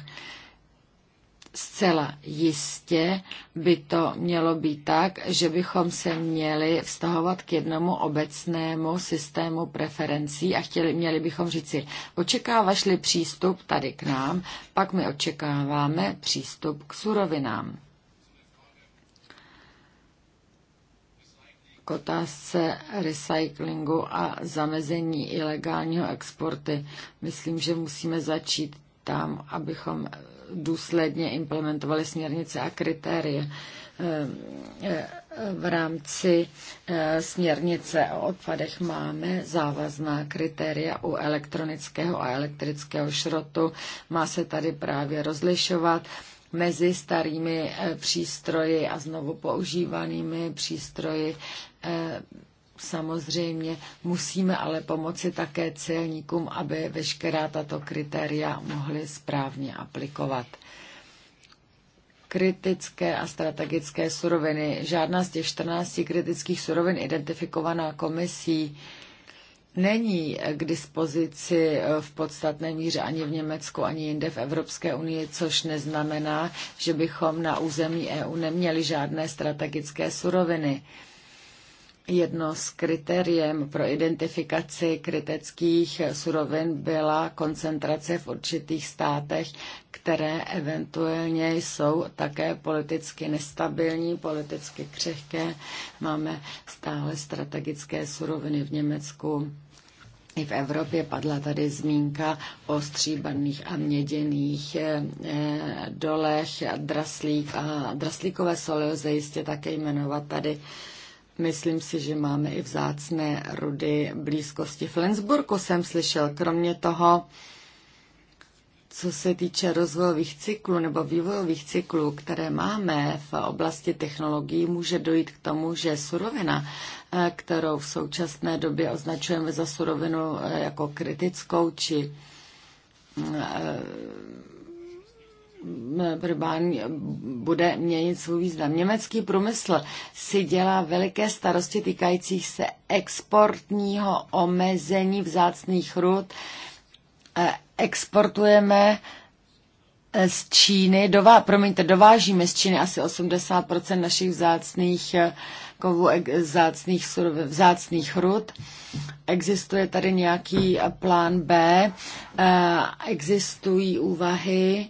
Zcela jistě by to mělo být tak, že bychom se měli vztahovat k jednomu obecnému systému preferencí a chtěli, měli bychom říci, očekávašli li přístup tady k nám, pak my očekáváme přístup k surovinám. k otázce recyklingu a zamezení ilegálního exporty. Myslím, že musíme začít tam, abychom důsledně implementovali směrnice a kritérie eh, eh, v rámci eh, směrnice o odpadech máme závazná kritéria u elektronického a elektrického šrotu. Má se tady právě rozlišovat mezi starými přístroji a znovu používanými přístroji Eh, samozřejmě musíme ale pomoci také celníkům, aby veškerá tato kritéria mohly správně aplikovat. Kritické a strategické suroviny. Žádná z těch 14 kritických surovin identifikovaná komisí není k dispozici v podstatné míře ani v Německu, ani jinde v Evropské unii, což neznamená, že bychom na území EU neměli žádné strategické suroviny. Jedno z kritériem pro identifikaci kritických surovin byla koncentrace v určitých státech, které eventuálně jsou také politicky nestabilní, politicky křehké. Máme stále strategické suroviny v Německu. I v Evropě padla tady zmínka o stříbrných a měděných eh, dolech, draslík a draslíkové soli lze jistě také jmenovat tady Myslím si, že máme i vzácné rudy blízkosti Flensburku, jsem slyšel. Kromě toho, co se týče rozvojových cyklů nebo vývojových cyklů, které máme v oblasti technologií, může dojít k tomu, že surovina, eh, kterou v současné době označujeme za surovinu eh, jako kritickou či mm, eh, Brbán eh, bude měnit svůj význam. Německý průmysl si dělá veliké starosti týkajících se exportního omezení vzácných rud. Eh, exportujeme eh, z Číny, dová, promiňte, dovážíme z Číny asi 80% našich vzácných kovů, vzácných, vzácných rud. Existuje tady nějaký plán B, existují úvahy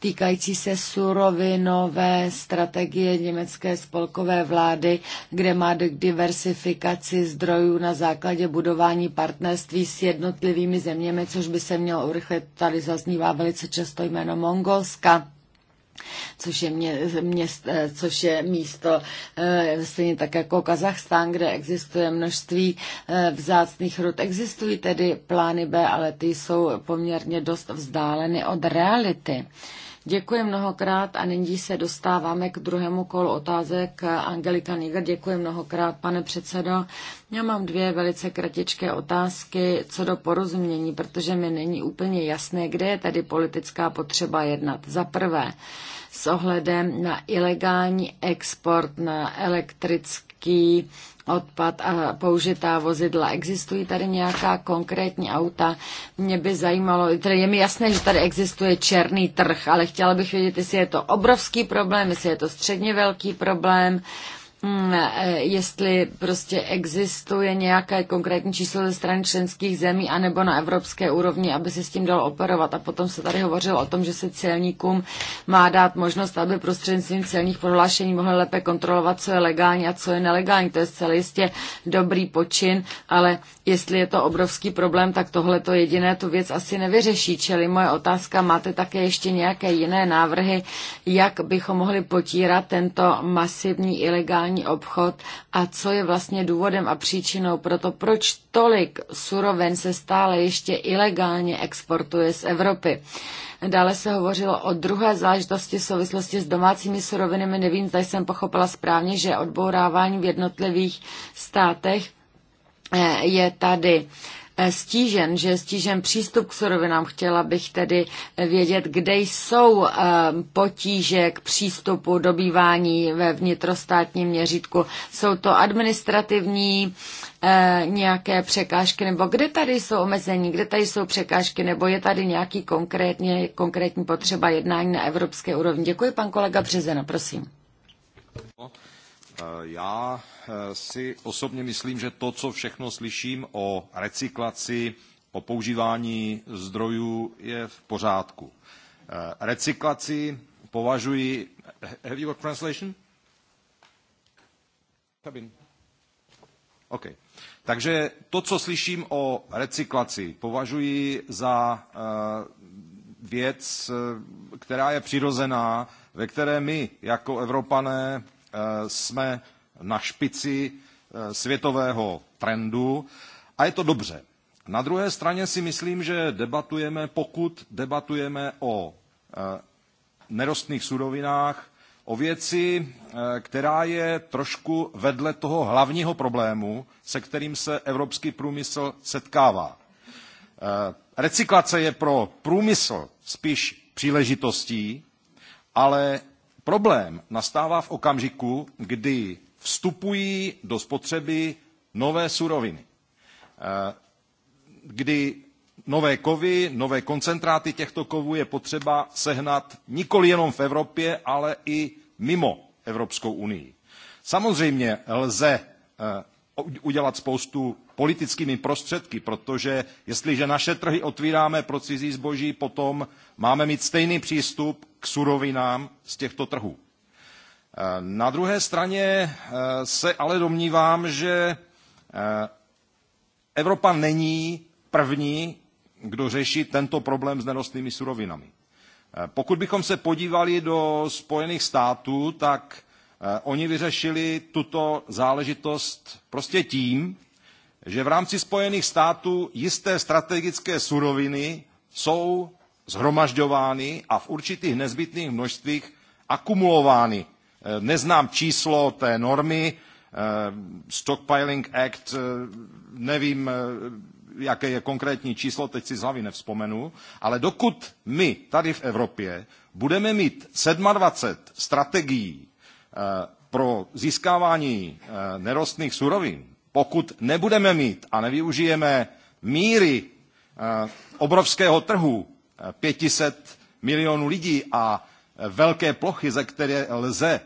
týkající se surovinové strategie německé spolkové vlády, kde má k diversifikaci zdrojů na základě budování partnerství s jednotlivými zeměmi, což by se mělo urychlit. Tady zaznívá velice často jméno Mongolska což je, mě, mě, eh, což je místo eh, stejně tak jako Kazachstán, kde existuje množství eh, vzácných rud. Existují tedy plány B, ale ty jsou poměrně dost vzdáleny od reality. Děkuji mnohokrát a nyní se dostáváme k druhému kolu otázek. Angelika Niger, děkuji mnohokrát, pane předsedo. Já mám dvě velice kratičké otázky co do porozumění, protože mi není úplně jasné, kde je tady politická potřeba jednat. Za prvé, s ohledem na ilegální export na elektrický odpad a použitá vozidla. Existují tady nějaká konkrétní auta? Mě by zajímalo, tedy je mi jasné, že tady existuje černý trh, ale chtěla bych vědět, jestli je to obrovský problém, jestli je to středně velký problém Mm, e, jestli prostě existuje nějaké konkrétní číslo ze strany členských zemí anebo na evropské úrovni, aby se s tím dalo operovat. A potom se tady hovořilo o tom, že se celníkům má dát možnost, aby prostřednictvím celních prohlášení mohli lépe kontrolovat, co je legální a co je nelegální. To je zcela jistě dobrý počin, ale jestli je to obrovský problém, tak tohle to jediné tu věc asi nevyřeší. Čili moje otázka, máte také ještě nějaké jiné návrhy, jak bychom mohli potírat tento masivní ilegální globální obchod a co je vlastně důvodem a příčinou pro to, proč tolik surovin se stále ještě ilegálně exportuje z Evropy. Dále se hovořilo o druhé záležitosti v souvislosti s domácími surovinami. Nevím, zda jsem pochopila správně, že odbourávání v jednotlivých státech eh, je tady Eh, stížen, že je stížen přístup k surovinám. Chtěla bych tedy vědět, kde jsou eh, potíže k přístupu dobývání ve vnitrostátním měřítku. Jsou to administrativní eh, nějaké překážky, nebo kde tady jsou omezení, kde tady jsou překážky, nebo je tady nějaký konkrétně, konkrétní potřeba jednání na evropské úrovni. Děkuji, pan kolega Březena, prosím. No, Eh, já eh, si osobně myslím, že to, co všechno slyším o recyklaci, o používání zdrojů, je v pořádku. Eh, recyklaci považuji... Have you got translation? Kabin. OK. Takže to, co slyším o recyklaci, považuji za věc, která je přirozená, ve které my jako Evropané Eh, jsme na špici eh, světového trendu a je to dobře. Na druhé straně si myslím, že debatujeme, pokud debatujeme o eh, nerostných surovinách, o věci, která je trošku vedle toho hlavního problému, se kterým se evropský průmysl setkává. Recyklace je pro průmysl spíš příležitostí, ale Problém nastává v okamžiku, kdy vstupují do spotřeby nové suroviny, eh, kdy nové kovy, nové koncentráty těchto kovů je potřeba sehnat nikoli jenom v Evropě, ale i mimo Evropskou unii. Samozřejmě lze eh, udělat spoustu politickými prostředky, protože jestliže naše trhy otvíráme pro cizí zboží, potom máme mít stejný přístup k surovinám z těchto trhů. Eh, na druhé straně eh, se ale domnívám, že eh, Evropa není první, kdo řeší tento problém s nerostnými surovinami. Pokud bychom se podívali do Spojených států, tak oni vyřešili tuto záležitost prostě tím, že v rámci Spojených států jisté strategické suroviny jsou zhromažďovány a v určitých nezbytných množstvích akumulovány. E, neznám číslo té normy, e, Stockpiling Act, e, nevím, jaké je konkrétní číslo, teď si z hlavy nevzpomenu, ale dokud my tady v Evropě budeme mít 27 strategií pro získávání nerostných surovin, pokud nebudeme mít a nevyužijeme míry obrovského trhu 500 milionů lidí a e, velké plochy, ze které lze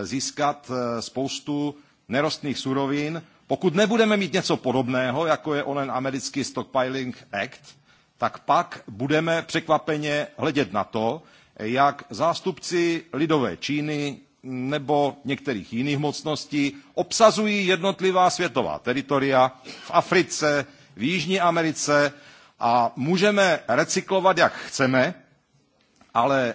e, získat e, spoustu nerostných surovin, pokud nebudeme mít něco podobného, jako je onen americký Stockpiling Act, tak pak budeme překvapeně hledět na to, jak zástupci lidové Číny nebo některých jiných mocností obsazují jednotlivá světová teritoria v Africe, v Jižní Americe a můžeme recyklovat, jak chceme, ale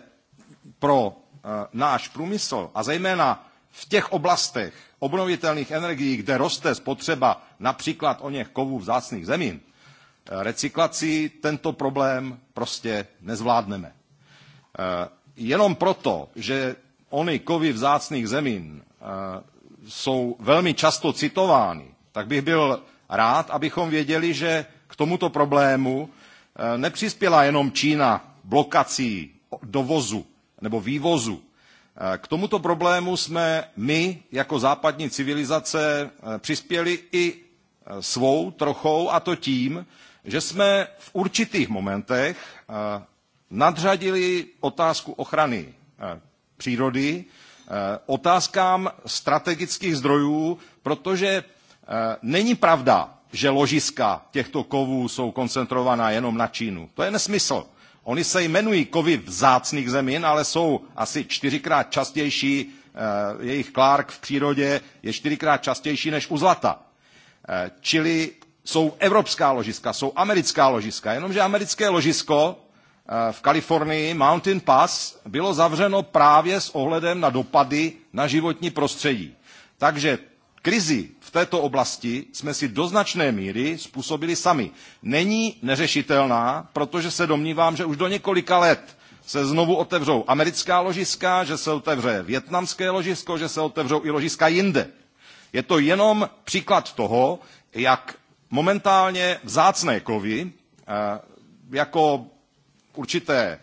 pro eh, náš průmysl a zejména v těch oblastech obnovitelných energií, kde roste spotřeba například o něch kovů vzácných zemin, eh, recyklací tento problém prostě nezvládneme. Eh, jenom proto, že ony kovy vzácných zemin jsou velmi často citovány, tak bych byl rád, abychom věděli, že k tomuto problému eh, nepřispěla jenom Čína blokací dovozu nebo vývozu. Eh, k tomuto problému jsme my jako západní civilizace eh, přispěli i svou trochou a to tím, že jsme v určitých momentech nadřadili otázku ochrany přírody otázkám strategických zdrojů, protože není pravda, že ložiska těchto kovů jsou koncentrovaná jenom na Čínu. To je nesmysl. Oni se jmenují kovy vzácných zemin, ale jsou asi čtyřikrát častější, eh, jejich klárk v přírodě je čtyřikrát častější než u zlata. Eh, čili jsou evropská ložiska, jsou americká ložiska, jenomže americké ložisko eh, v Kalifornii, Mountain Pass, bylo zavřeno právě s ohledem na dopady na životní prostředí. Takže krizi v této oblasti jsme si do značné míry způsobili sami. Není neřešitelná, protože se domnívám, že už do několika let se znovu otevřou americká ložiska, že se otevře větnamské ložisko, že se otevřou i ložiska jinde. Je to jenom příklad toho, jak momentálně vzácné kovy eh, jako určité,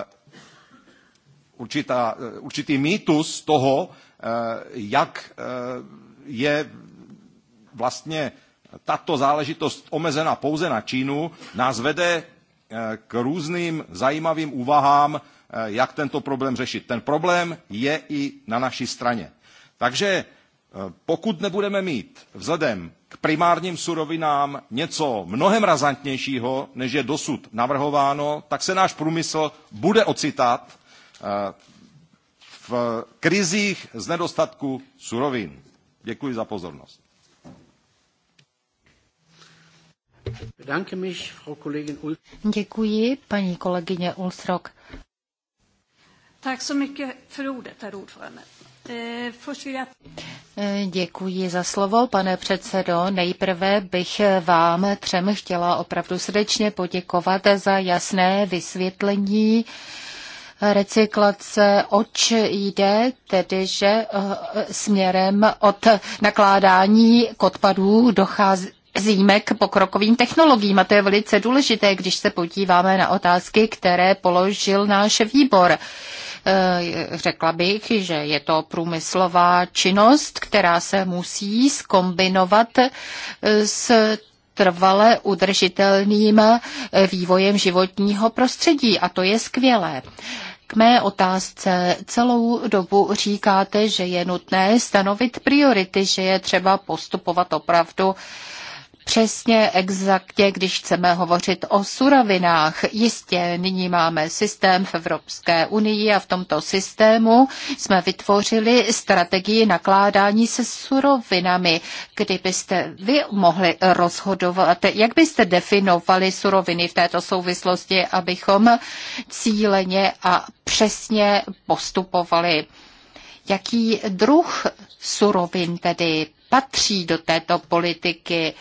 eh, určitá, eh, určitý mýtus toho, jak je vlastně tato záležitost omezena pouze na Čínu nás vede eh, k různým zajímavým úvahám, eh, jak tento problém řešit. Ten problém je i na naší straně. Takže eh, pokud nebudeme mít vzhledem k primárním surovinám něco mnohem razantnějšího, než je dosud navrhováno, tak se náš průmysl bude ocitat v krizích z nedostatku surovin. Děkuji za pozornost. Děkuji, paní kolegyně Ulsrok. Eh, eh, děkuji za slovo, pane předsedo. Nejprve bych vám třem chtěla opravdu srdečně poděkovat za jasné vysvětlení recyklace, oč jde, tedy že eh, směrem od nakládání k odpadů dochází zímek pokrokovým technologiím a to je velice důležité, když se podíváme na otázky, které položil náš výbor. Eh, řekla bych, že je to průmyslová činnost, která se musí skombinovat eh, s trvale udržitelným eh, vývojem životního prostředí a to je skvělé. K mé otázce celou dobu říkáte, že je nutné stanovit priority, že je třeba postupovat opravdu přesně, exaktně, když chceme hovořit o surovinách. Jistě, nyní máme systém v Evropské unii a v tomto systému jsme vytvořili strategii nakládání se surovinami. Kdybyste vy mohli rozhodovat, jak byste definovali suroviny v této souvislosti, abychom cíleně a přesně postupovali? Jaký druh surovin tedy patří do této politiky?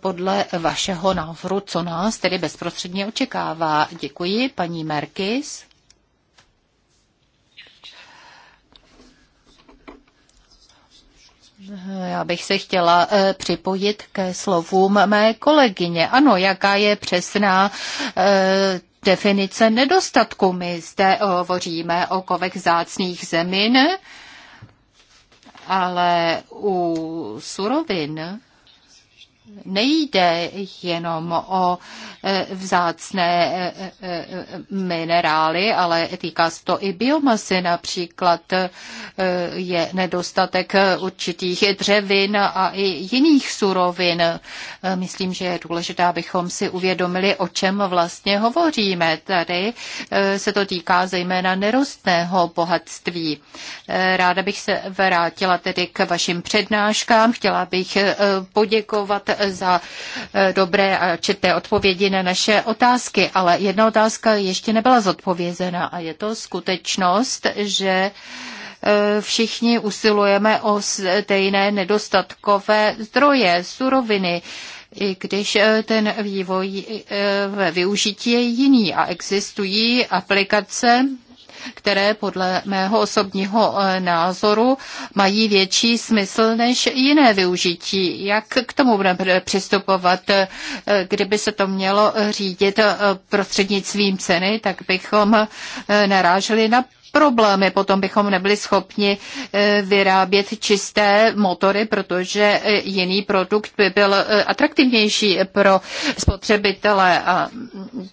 podle vašeho názoru, co nás tedy bezprostředně očekává. Děkuji, paní Merkis. Já bych se chtěla eh, připojit ke slovům mé kolegyně. Ano, jaká je přesná eh, definice nedostatku? My zde hovoříme o kovech zácných zemin, ale u surovin nejde jenom o e, vzácné e, e, minerály, ale týká se to i biomasy. Například je nedostatek určitých dřevin a i jiných surovin. Myslím, že je důležité, abychom si uvědomili, o čem vlastně hovoříme. Tady se to týká zejména nerostného bohatství. Ráda bych se vrátila tedy k vašim přednáškám. Chtěla bych poděkovat za eh, dobré a četné odpovědi na naše otázky, ale jedna otázka ještě nebyla zodpovězena a je to skutečnost, že eh, všichni usilujeme o stejné nedostatkové zdroje, suroviny, i když eh, ten vývoj ve využití je jiný a existují aplikace, které podle mého osobního eh, názoru mají větší smysl než jiné využití. Jak k tomu budeme přistupovat? Eh, kdyby se to mělo eh, řídit prostřednictvím ceny, tak bychom naráželi na problémy. Potom bychom nebyli schopni vyrábět čisté motory, protože jiný produkt by byl atraktivnější pro spotřebitele. A mm,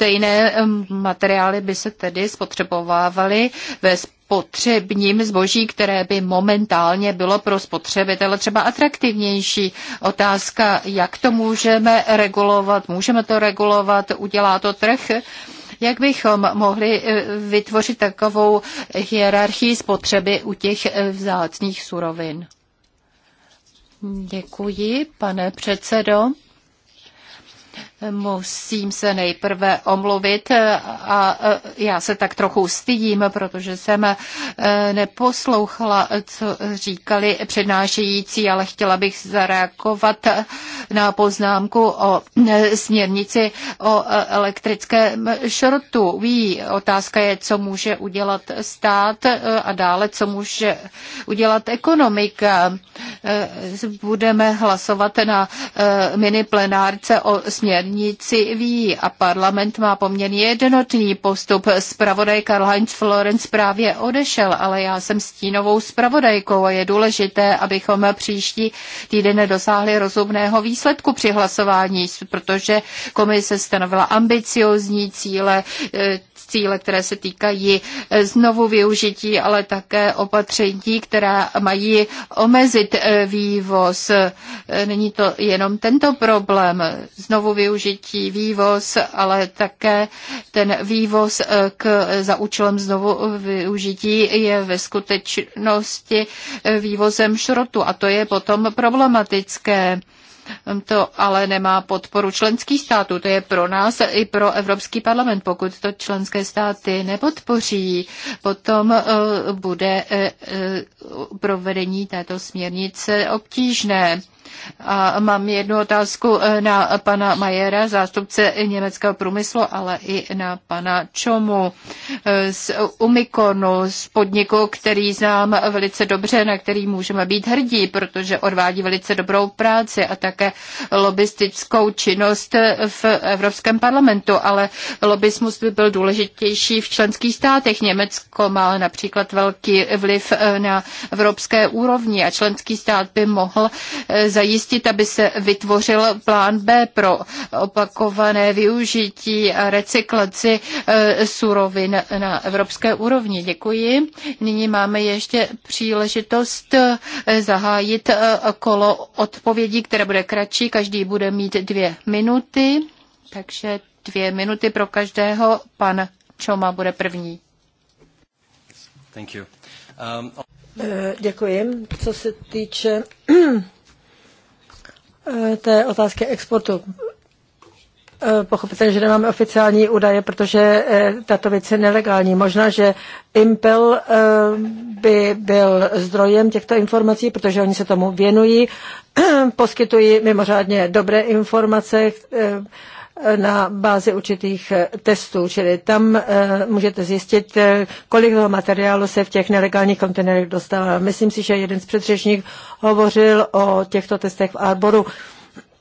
Stejné materiály by se tedy spotřebovávaly ve spotřebním zboží, které by momentálně bylo pro spotřebitele třeba atraktivnější. Otázka, jak to můžeme regulovat, můžeme to regulovat, udělá to trh. Jak bychom mohli e, vytvořit takovou hierarchii spotřeby u těch e, vzácných surovin? Děkuji, pane předsedo. Musím se nejprve omluvit a já se tak trochu stydím, protože jsem e, neposlouchala, co říkali přednášející, ale chtěla bych zareagovat na poznámku o e, směrnici o e, elektrickém šrotu. Ví, otázka je, co může udělat stát a dále, co může udělat ekonomika. Budeme hlasovat na mini plenárce o směrnici právníci ví a parlament má poměrně jednotný postup. Spravodaj Karl-Heinz Florence právě odešel, ale já jsem stínovou spravodajkou a je důležité, abychom příští týden dosáhli rozumného výsledku při hlasování, protože komise stanovila ambiciozní cíle eh, cíle, které se týkají eh, znovu využití, ale také opatření, která mají omezit eh, vývoz. Eh, není to jenom tento problém, znovu využití, vývoz, ale také ten vývoz k, za účelem znovu využití je ve skutečnosti vývozem šrotu a to je potom problematické. To ale nemá podporu členských států. To je pro nás i pro Evropský parlament. Pokud to členské státy nepodpoří, potom eh, bude eh, eh, provedení této směrnice obtížné. A mám jednu otázku eh, na pana Majera, zástupce německého průmyslu, ale i na pana Čomu eh, z Umikonu, z podniku, který znám velice dobře, na který můžeme být hrdí, protože odvádí velice dobrou práci a také lobistickou činnost v Evropském parlamentu, ale lobismus by byl důležitější v členských státech. Německo má například velký vliv eh, na evropské úrovni a členský stát by mohl za zajistit, aby se vytvořil plán B pro opakované využití a recyklaci eh, surovin na evropské úrovni. Děkuji. Nyní máme ještě příležitost eh, zahájit eh, kolo odpovědí, které bude kratší. Každý bude mít dvě minuty, takže dvě minuty pro každého. Pan Čoma bude první. Thank you. Um... Děkuji. Co se týče Eh, té otázky exportu. Eh, pochopitelně, že nemáme oficiální údaje, protože eh, tato věc je nelegální. Možná, že Impel by byl zdrojem těchto informací, protože oni se tomu věnují, poskytují mimořádně dobré informace, na bázi určitých eh, testů, čili tam eh, můžete zjistit, eh, kolik toho materiálu se v těch nelegálních kontejnerech dostává. Myslím si, že jeden z předřečník hovořil o těchto testech v Arboru.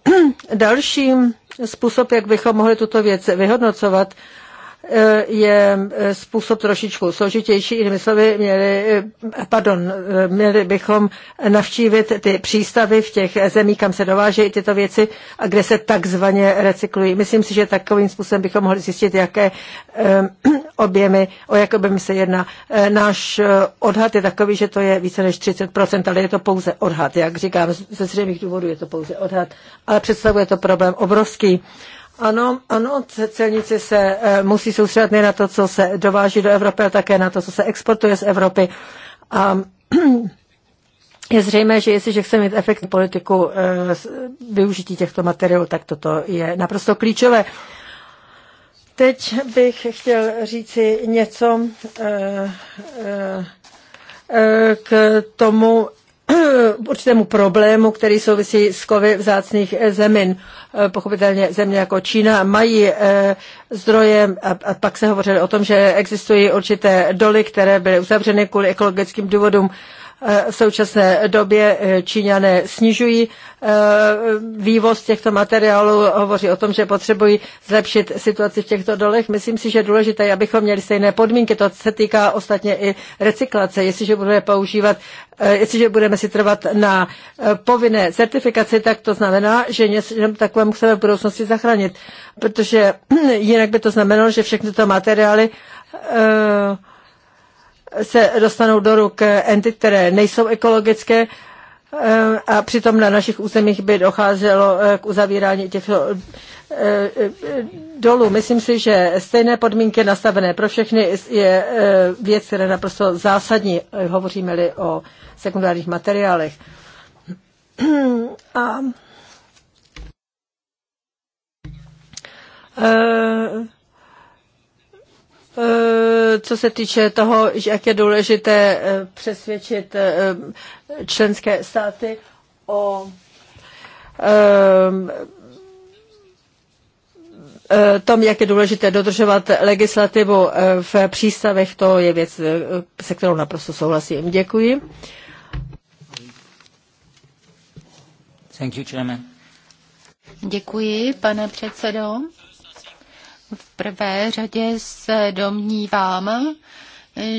Další způsob, jak bychom mohli tuto věc vyhodnocovat, Eh, je eh, způsob trošičku složitější. Jinými slovy, měli, eh, pardon, měli bychom navštívit ty přístavy v těch zemích, kam se dovážejí tyto věci a kde se takzvaně recyklují. Myslím si, že takovým způsobem bychom mohli zjistit, jaké objemy, o jaké objemy se jedná. Náš odhad je takový, že to je více než 30%, ale je to pouze odhad. Jak říkám, ze zřejmých důvodů je to pouze odhad, ale představuje to problém obrovský. Ano, ano, celníci se eh, musí soustředit nejen na to, co se dováží do Evropy, ale také na to, co se exportuje z Evropy. A je zřejmé, že jestliže chceme mít efektní politiku eh, využití těchto materiálů, tak toto je naprosto klíčové. Teď bych chtěl říci něco eh, k tomu určitému problému, který souvisí s kovy vzácných zemin. Eh, pochopitelně země jako Čína mají eh, zdroje a pak se hovořilo o tom, že existují určité doly, které byly uzavřeny kvůli ekologickým důvodům. V současné době eh, Číňané snižují eh, vývoz těchto materiálů, hovoří o tom, že potřebují zlepšit situaci v těchto dolech. Myslím si, že je důležité, abychom měli stejné podmínky. To se týká ostatně i recyklace. Jestliže budeme používat, eh, jestliže budeme si trvat na povinné certifikaci, tak to znamená, že něco takové musíme v budoucnosti zachránit. Protože jinak by to znamenalo, že všechny tyto materiály uh, se dostanou do ruk entit, které nejsou ekologické eh, a přitom na našich územích by docházelo eh, k uzavírání těchto eh, dolů. Myslím si, že stejné podmínky nastavené pro všechny je věc, která je naprosto zásadní, hovoříme-li o sekundárních materiálech. A Uh, Eh, co se týče toho, jak je důležité eh, přesvědčit eh, členské státy o tom, jak je důležité dodržovat legislativu v přístavech, to je věc, se kterou naprosto souhlasím. Děkuji. Thank you, Děkuji, pane předsedo. V prvé řadě se domnívám,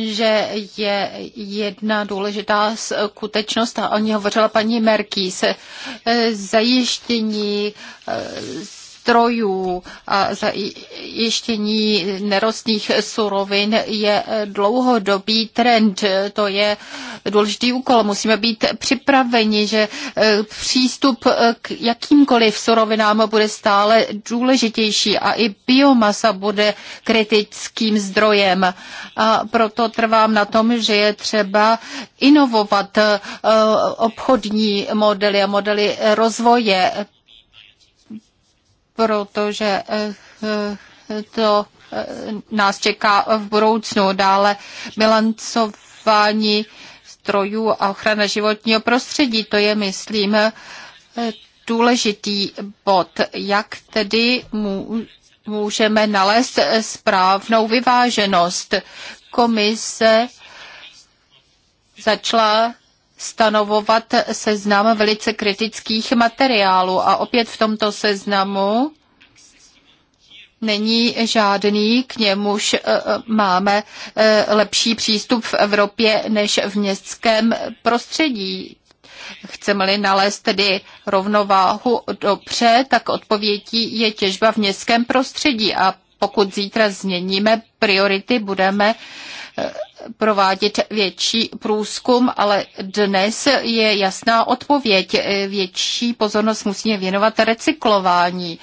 že je jedna důležitá skutečnost, a o ní hovořila paní Merký, se zajištění zdrojů zajištění nerostných surovin je dlouhodobý trend. To je důležitý úkol. Musíme být připraveni, že eh, přístup eh, k jakýmkoliv surovinám bude stále důležitější a i biomasa bude kritickým zdrojem. A proto trvám na tom, že je třeba inovovat eh, obchodní modely a modely rozvoje protože eh, to eh, nás čeká v budoucnu. Dále bilancování strojů a ochrana životního prostředí. To je, myslím, důležitý bod. Jak tedy můžeme nalézt správnou vyváženost? Komise začala stanovovat seznam velice kritických materiálů a opět v tomto seznamu není žádný, k němuž eh, eh, máme eh, lepší přístup v Evropě než v městském prostředí. Chceme-li nalézt tedy rovnováhu dobře, tak odpovědí je těžba v městském prostředí a pokud zítra změníme priority, budeme provádět větší průzkum, ale dnes je jasná odpověď. Větší pozornost musíme věnovat recyklování.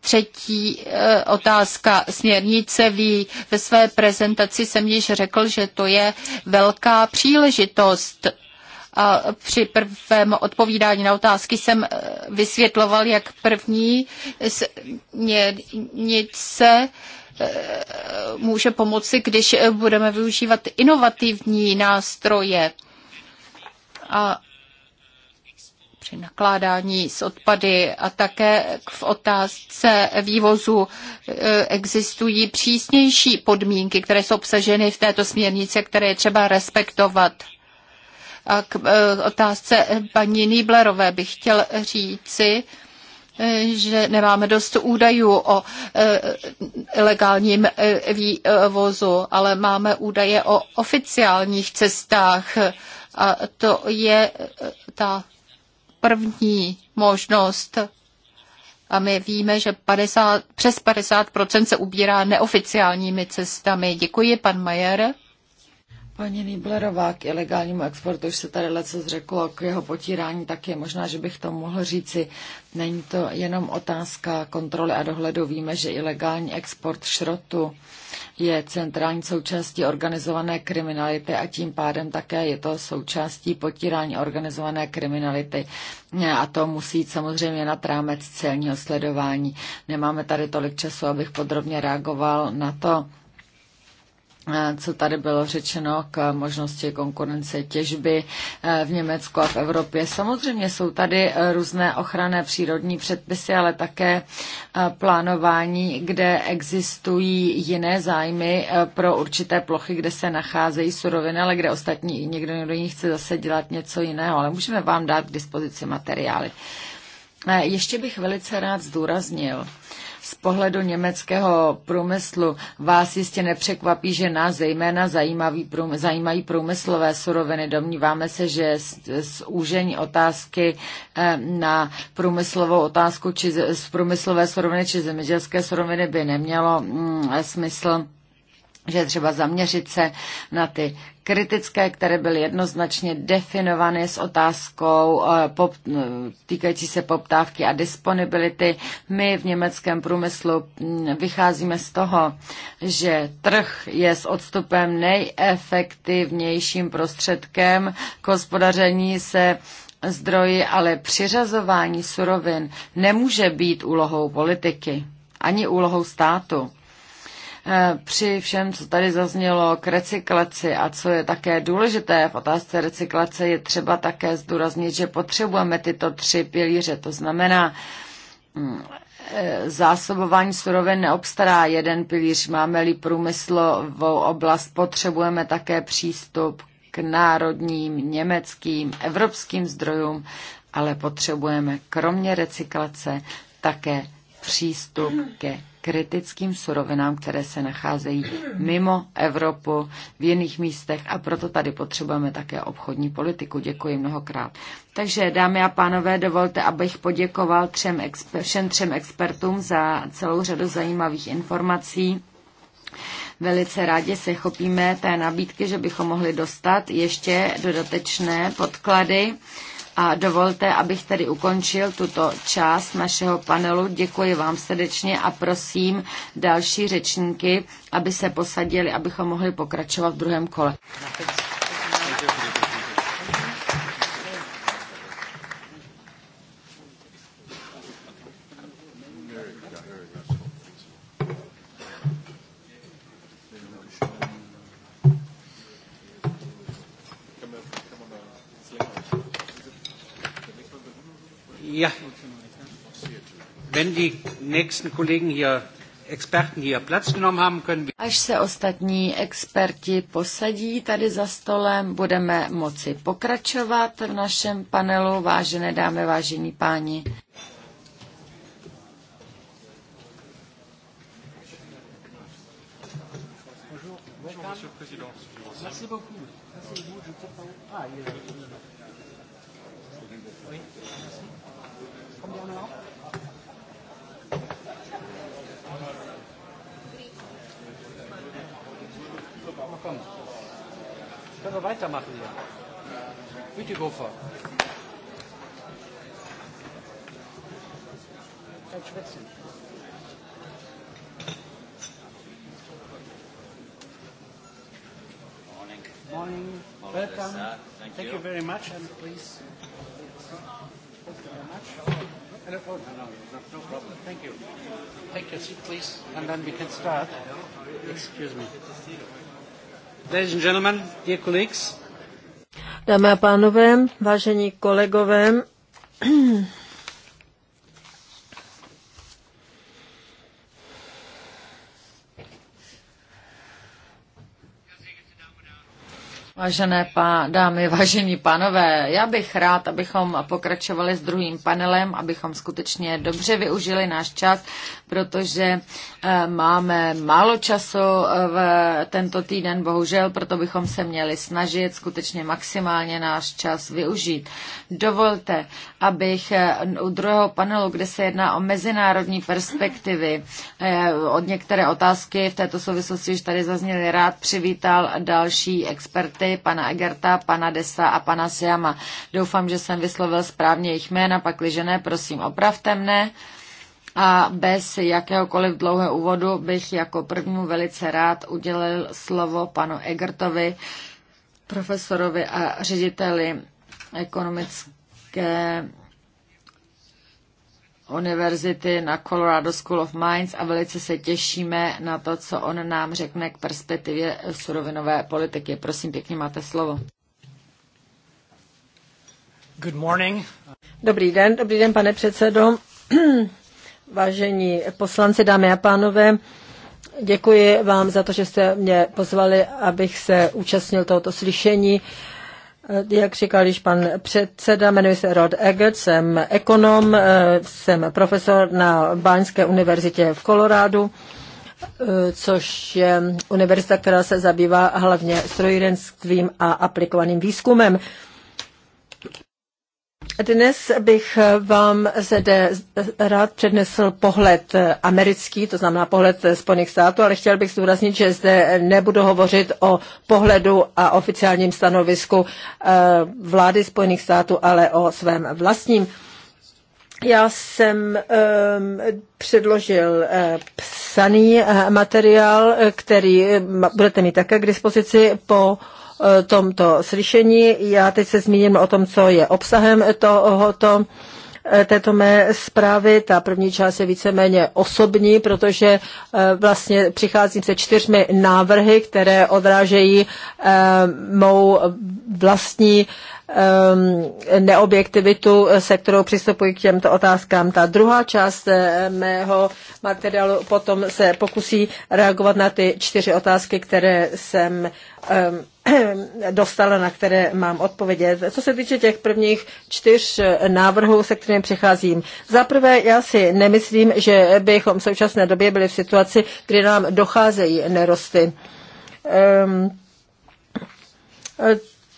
Třetí eh, otázka. Směrnice ví. Ve své prezentaci jsem již řekl, že to je velká příležitost a při prvém odpovídání na otázky jsem eh, vysvětloval, jak první směrnice Eh, může pomoci, když budeme využívat inovativní nástroje a při nakládání s odpady a také v otázce vývozu eh, existují přísnější podmínky, které jsou obsaženy v této směrnici, které je třeba respektovat. A k eh, otázce paní Nýblerové bych chtěl říci, že nemáme dost údajů o e, legálním e, vývozu, ale máme údaje o oficiálních cestách. A to je e, ta první možnost. A my víme, že 50, přes 50 se ubírá neoficiálními cestami. Děkuji, pan Majer. Paní Nýblerová, k ilegálnímu exportu už se tady leco zřeklo, k jeho potírání taky možná, že bych to mohl říci. Není to jenom otázka kontroly a dohledu. Víme, že ilegální export šrotu je centrální součástí organizované kriminality a tím pádem také je to součástí potírání organizované kriminality. A to musí jít samozřejmě na rámec celního sledování. Nemáme tady tolik času, abych podrobně reagoval na to, Eh, co tady bylo řečeno k možnosti konkurence těžby eh, v Německu a v Evropě. Samozřejmě jsou tady eh, různé ochranné přírodní předpisy, ale také plánování, kde existují jiné zájmy pro určité plochy, kde se nacházejí suroviny, ale kde ostatní někdo, někdo jiný chce zase dělat něco jiného. Ale můžeme vám dát k dispozici materiály. Ještě bych velice rád zdůraznil, z pohledu německého průmyslu vás jistě nepřekvapí, že nás zejména zajímavý prům, zajímají průmyslové suroviny. Domníváme se, že úžení otázky eh, na průmyslovou otázku či z průmyslové suroviny či zemědělské suroviny by nemělo mm, smysl že třeba zaměřit se na ty kritické, které byly jednoznačně definovány s otázkou eh, pop, eh, týkající se poptávky a disponibility. My v německém průmyslu hm, vycházíme z toho, že trh je s odstupem nejefektivnějším prostředkem k hospodaření se zdroji, ale přiřazování surovin nemůže být úlohou politiky ani úlohou státu. Eh, při všem, co tady zaznělo k recyklaci a co je také důležité v otázce recyklace, je třeba také zdůraznit, že potřebujeme tyto tři pilíře. To znamená, mm, eh, zásobování surovin neobstará jeden pilíř. Máme-li průmyslovou oblast, potřebujeme také přístup k národním, německým, evropským zdrojům, ale potřebujeme kromě recyklace také přístup ke kritickým surovinám, které se nacházejí mimo Evropu, v jiných místech a proto tady potřebujeme také obchodní politiku. Děkuji mnohokrát. Takže, dámy a pánové, dovolte, abych poděkoval třem exper- všem třem expertům za celou řadu zajímavých informací velice rádi se chopíme té nabídky, že bychom mohli dostat ještě dodatečné podklady. A dovolte, abych tedy ukončil tuto část našeho panelu. Děkuji vám srdečně a prosím další řečníky, aby se posadili, abychom mohli pokračovat v druhém kole. Ja, wenn die nächsten Kollegen hier Až se ostatní experti posadí tady za stolem, budeme moci pokračovat v našem panelu, vážené dámy, vážení páni. Merci beaucoup. Merci beaucoup. Je ah, Können wir weitermachen hier? Bütikofer. Kein Schwitzen. Morning. Morning. Welcome. Thank, Thank you. you very much and please. Thank you very much. No, no, no problem. Thank you. Take your seat, please, and then we can start. Excuse me. Ladies and gentlemen, dear colleagues. Dámy a pánové, vážení kolegové, Vážené pá, dámy, vážení pánové, já bych rád, abychom pokračovali s druhým panelem, abychom skutečně dobře využili náš čas, protože eh, máme málo času eh, v tento týden, bohužel, proto bychom se měli snažit skutečně maximálně náš čas využít. Dovolte, abych eh, u druhého panelu, kde se jedná o mezinárodní perspektivy, od některé otázky v této souvislosti už tady zazněly, rád přivítal další experty zpravodaji, pana Egerta, pana Desa a pana Siama. Doufám, že jsem vyslovil správně jejich jména, pakliže ne, prosím, opravte mne. A bez jakéhokoliv dlouhého úvodu bych jako prvnímu velice rád udělil slovo panu Egertovi, profesorovi a řediteli ekonomické univerzity na Colorado School of Mines a velice se těšíme na to, co on nám řekne k perspektivě surovinové politiky. Prosím, pěkně máte slovo. Good morning. Dobrý den, dobrý den, pane předsedo. Vážení poslanci, dámy a pánové, děkuji vám za to, že jste mě pozvali, abych se účastnil tohoto slyšení. Uh, Eh, jak říkal již pan předseda, jmenuji se Rod Eggert, jsem ekonom, eh, jsem profesor na Báňské univerzitě v Kolorádu, eh, což je univerzita, která se zabývá hlavně strojírenstvím a aplikovaným výzkumem. Dnes bych vám zde rád přednesl pohled americký, to znamená pohled Spojených států, ale chtěl bych zdůraznit, že zde nebudu hovořit o pohledu a oficiálním stanovisku eh, vlády Spojených států, ale o svém vlastním. Já jsem um, předložil uh, psaný uh, materiál, který budete mít také k dispozici po uh, Eh, tomto slyšení. Já teď se zmíním o tom, co je obsahem tohoto eh, této mé zprávy. Ta první část je víceméně osobní, protože eh, vlastně přicházím se čtyřmi návrhy, které odrážejí mou vlastní Ehm, neobjektivitu, eh, se kterou přistupuji k těmto otázkám. Ta druhá část eh, mého materiálu potom se pokusí reagovat na ty čtyři otázky, které jsem ehm, dostala, na které mám odpovědět. Co se týče těch prvních čtyř eh, návrhů, se kterými přicházím. Za prvé, já si nemyslím, že bychom v současné době byli v situaci, kdy nám docházejí nerosty. Um,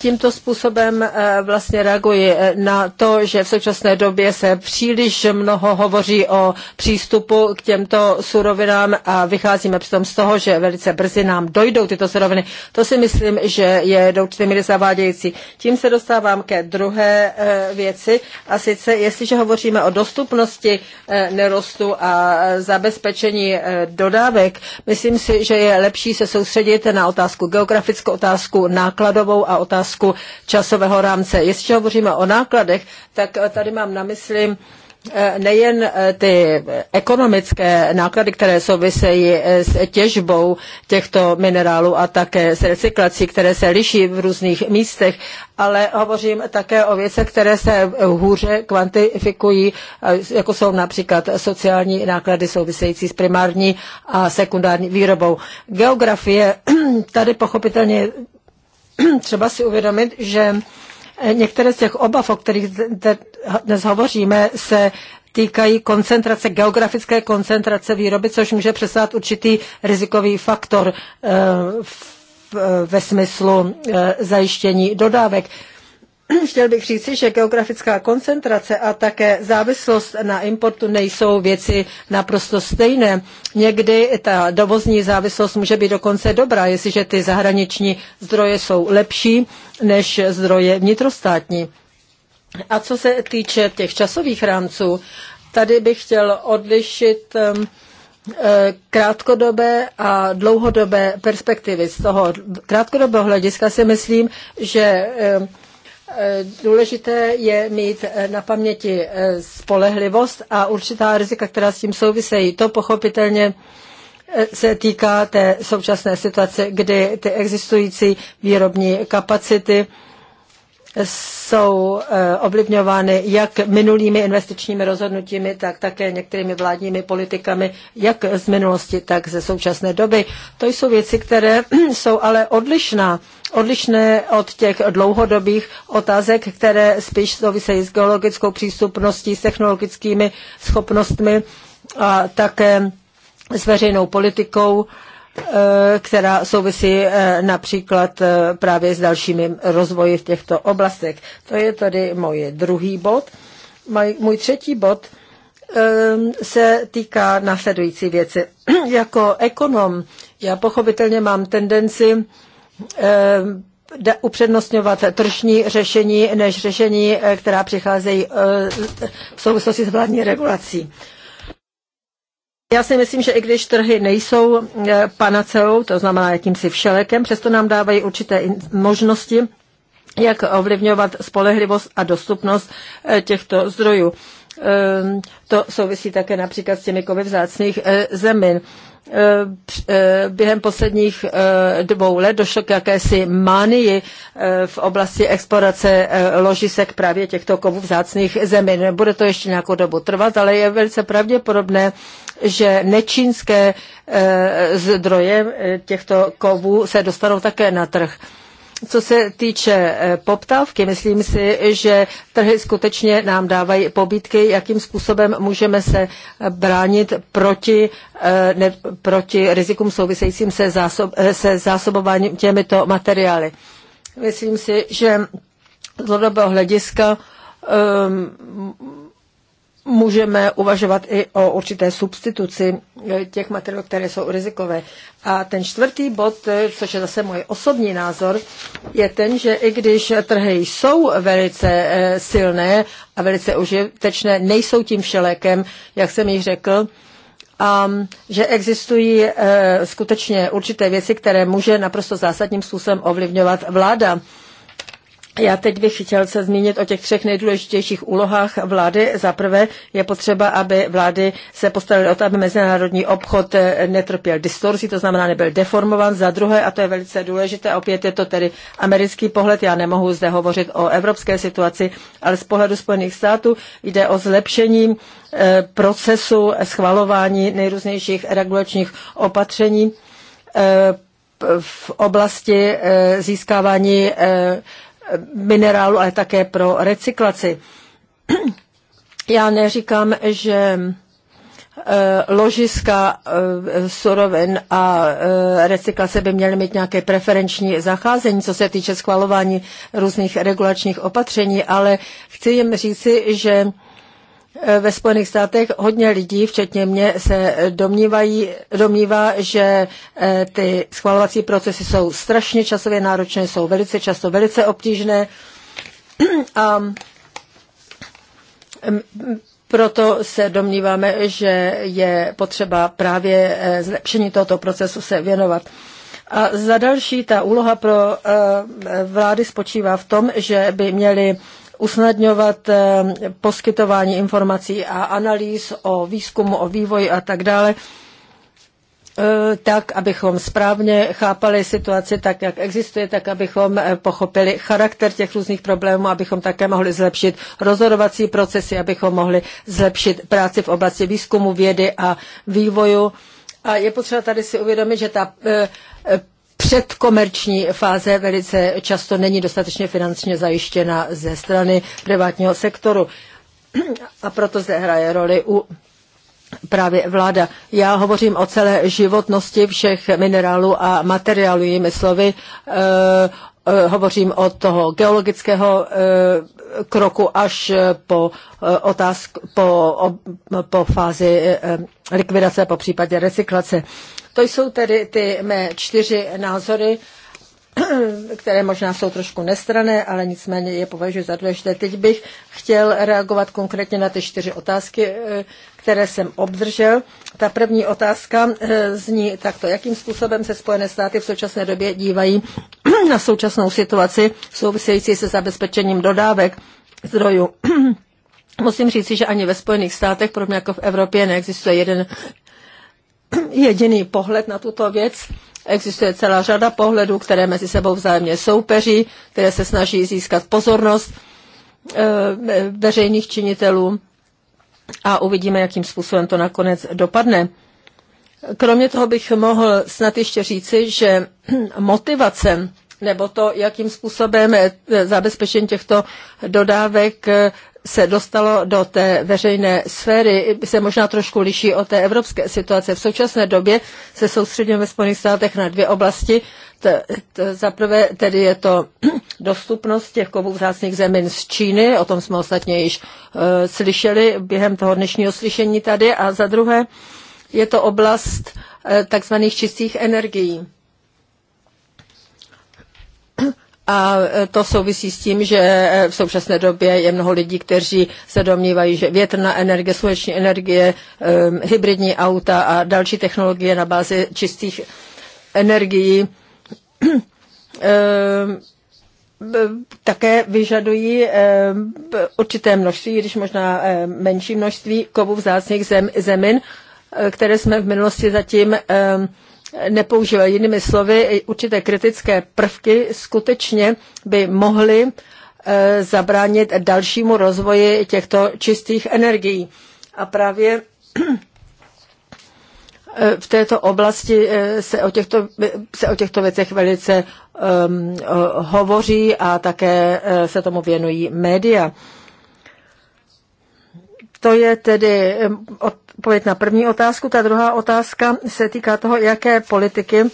Tímto způsobem eh, vlastně reaguji eh, na to, že v současné době se příliš mnoho hovoří o přístupu k těmto surovinám a vycházíme přitom z toho, že velice brzy nám dojdou tyto suroviny. To si myslím, že je do určité míry zavádějící. Tím se dostávám ke druhé eh, věci a sice, jestliže hovoříme o dostupnosti nerostu a zabezpečení dodávek, myslím si, že je lepší se soustředit na otázku geografickou, otázku nákladovou a otázku otázku časového rámce. Jestliže hovoříme o nákladech, tak eh, tady mám na mysli eh, nejen eh, ty ekonomické náklady, které souvisejí s těžbou těchto minerálů a také s recyklací, které se liší v různých místech, ale hovořím také o věcech, které se hůře kvantifikují, jako jsou například sociální náklady související s primární a sekundární výrobou. Geografie tady pochopitelně třeba si uvědomit, že eh, některé z těch obav, o kterých dnes hovoříme, se týkají koncentrace, geografické koncentrace výroby, což může přesát určitý rizikový faktor eh, ve smyslu eh, zajištění dodávek. Chtěl bych říci, že geografická koncentrace a také závislost na importu nejsou věci naprosto stejné. Někdy ta dovozní závislost může být dokonce dobrá, jestliže ty zahraniční zdroje jsou lepší než zdroje vnitrostátní. A co se týče těch časových rámců, tady bych chtěl odlišit um, eh, krátkodobé a dlouhodobé perspektivy. Z toho krátkodobého hlediska si myslím, že eh, Eh, důležité je mít eh, na paměti eh, spolehlivost a určitá rizika, která s tím souvisejí. To pochopitelně se týká té současné situace, kdy ty existující výrobní kapacity jsou ovlivňovány jak minulými investičními rozhodnutími, tak také některými vládními politikami, jak z minulosti, tak ze současné doby. To jsou věci, které jsou ale odlišná odlišné od těch dlouhodobých otázek, které spíš souvisejí s geologickou přístupností, s technologickými schopnostmi a také s veřejnou politikou, eh, která souvisí eh, například eh, právě s dalšími rozvoji v těchto oblastech. To je tady můj druhý bod. Můj třetí bod se týká následující věci. Jako ekonom já pochopitelně mám tendenci Eh, upřednostňovat tržní řešení než řešení, eh, která přicházejí eh, v souvislosti s vládní regulací. Já si myslím, že i když trhy nejsou panaceou, to znamená jakýmsi všelekem, přesto nám dávají určité možnosti, jak ovlivňovat spolehlivost a dostupnost těchto zdrojů. Ehm, to souvisí také například s těmi kovy vzácných zemin. Eh, během posledních eh, dvou let došlo k jakési manii eh, v oblasti explorace ložisek právě těchto kovů vzácných zemin. Bude to ještě nějakou dobu trvat, ale je velice pravděpodobné, že nečínské zdroje těchto kovů se dostanou také na trh. Co se týče e, poptávky, myslím si, že trhy skutečně nám dávají pobídky, jakým způsobem můžeme se e, bránit proti, e, ne, proti rizikům souvisejícím se, zásob, se zásobováním těmito materiály. Myslím si, že z dlouhodobého hlediska um, můžeme uvažovat i o určité substituci eh, těch materiálů, které jsou rizikové. A ten čtvrtý bod, eh, což je zase můj osobní názor, je ten, že i když trhy jsou velice eh, silné a velice užitečné, nejsou tím všelékem, jak jsem již řekl, a um, že existují skutečně určité věci, které může naprosto zásadním způsobem ovlivňovat vláda. Já teď bych chtěl se zmínit o těch třech nejdůležitějších úlohách vlády. Za prvé je potřeba, aby vlády se postavily o to, aby mezinárodní obchod eh, netrpěl distorzí, to znamená nebyl deformovan. Za druhé, a to je velice důležité, opět je to tedy americký pohled, já nemohu zde hovořit o evropské situaci, ale z pohledu Spojených států jde o zlepšení eh, procesu schvalování nejrůznějších regulačních opatření eh, v oblasti získávání minerálu, ale také pro recyklaci. Já neříkám, že eh, ložiska eh, surovin a eh, recyklace by měly mít nějaké preferenční zacházení, co se týče schvalování různých regulačních opatření, ale chci jim říci, že Eh, ve Spojených státech hodně lidí, včetně mě, se domnívají, domnívá, že eh, ty schvalovací procesy jsou strašně časově náročné, jsou velice často velice obtížné a mm, proto se domníváme, že je potřeba právě eh, zlepšení tohoto procesu se věnovat. A za další ta úloha pro vlády spočívá v tom, že by měly usnadňovat eh, poskytování informací a analýz o výzkumu, o vývoji a tak dále eh, tak, abychom správně chápali situaci tak, jak existuje, tak, abychom eh, pochopili charakter těch různých problémů, abychom také mohli zlepšit rozhodovací procesy, abychom mohli zlepšit práci v oblasti výzkumu, vědy a vývoju. A je potřeba tady si uvědomit, že ta předkomerční fáze velice často není dostatečně finančně zajištěna ze strany privátního sektoru. A proto zde hraje roli u právě vláda. Já hovořím o celé životnosti všech minerálů a materiálů, jimi slovy eh, Eh, hovořím od toho geologického eh, kroku až eh, po otázku, po, po fázi likvidace, po případě recyklace. To jsou tedy ty mé čtyři názory, které možná jsou trošku nestrané, ale nicméně je považuji za důležité. Teď bych chtěl reagovat konkrétně na ty čtyři otázky, které jsem obdržel. Ta první otázka eh, zní takto, jakým způsobem se Spojené státy v současné době dívají na současnou situaci související se zabezpečením dodávek zdrojů. Musím říci, že ani ve Spojených státech, podobně jako v Evropě, neexistuje jeden jediný pohled na tuto věc. Existuje celá řada pohledů, které mezi sebou vzájemně soupeří, které se snaží získat pozornost eh, veřejných činitelů a uvidíme, jakým způsobem to nakonec dopadne. Kromě toho bych mohl snad ještě říci, že motivace nebo to, jakým způsobem eh, zabezpečení těchto dodávek eh, se dostalo do té veřejné sféry, se možná trošku liší od té evropské situace. V současné době se soustředíme ve Spojených státech na dvě oblasti. Za prvé tedy je to dostupnost těch kovů vzácných zemin z Číny, o tom jsme ostatně již e, slyšeli během toho dnešního slyšení tady. A za druhé je to oblast e, takzvaných čistých energií. A e, to souvisí s tím, že e, v současné době je mnoho lidí, kteří se domnívají, že větrná energie, sluneční energie, e, hybridní auta a další technologie na bázi čistých energií Ehm, také vyžadují ehm, určité množství, když možná ehm, menší množství kovů vzácných zem, zemin, eh, které jsme v minulosti zatím nepoužívali. Jinými slovy, určité kritické prvky skutečně by mohly eh, zabránit dalšímu rozvoji těchto čistých energií. A právě Eh, v této oblasti eh, se o těchto, eh, se o těchto věcech velice um, hovoří a také se tomu věnují média. To je tedy ehm, odpověď na první otázku. Ta druhá otázka se týká toho, jaké politiky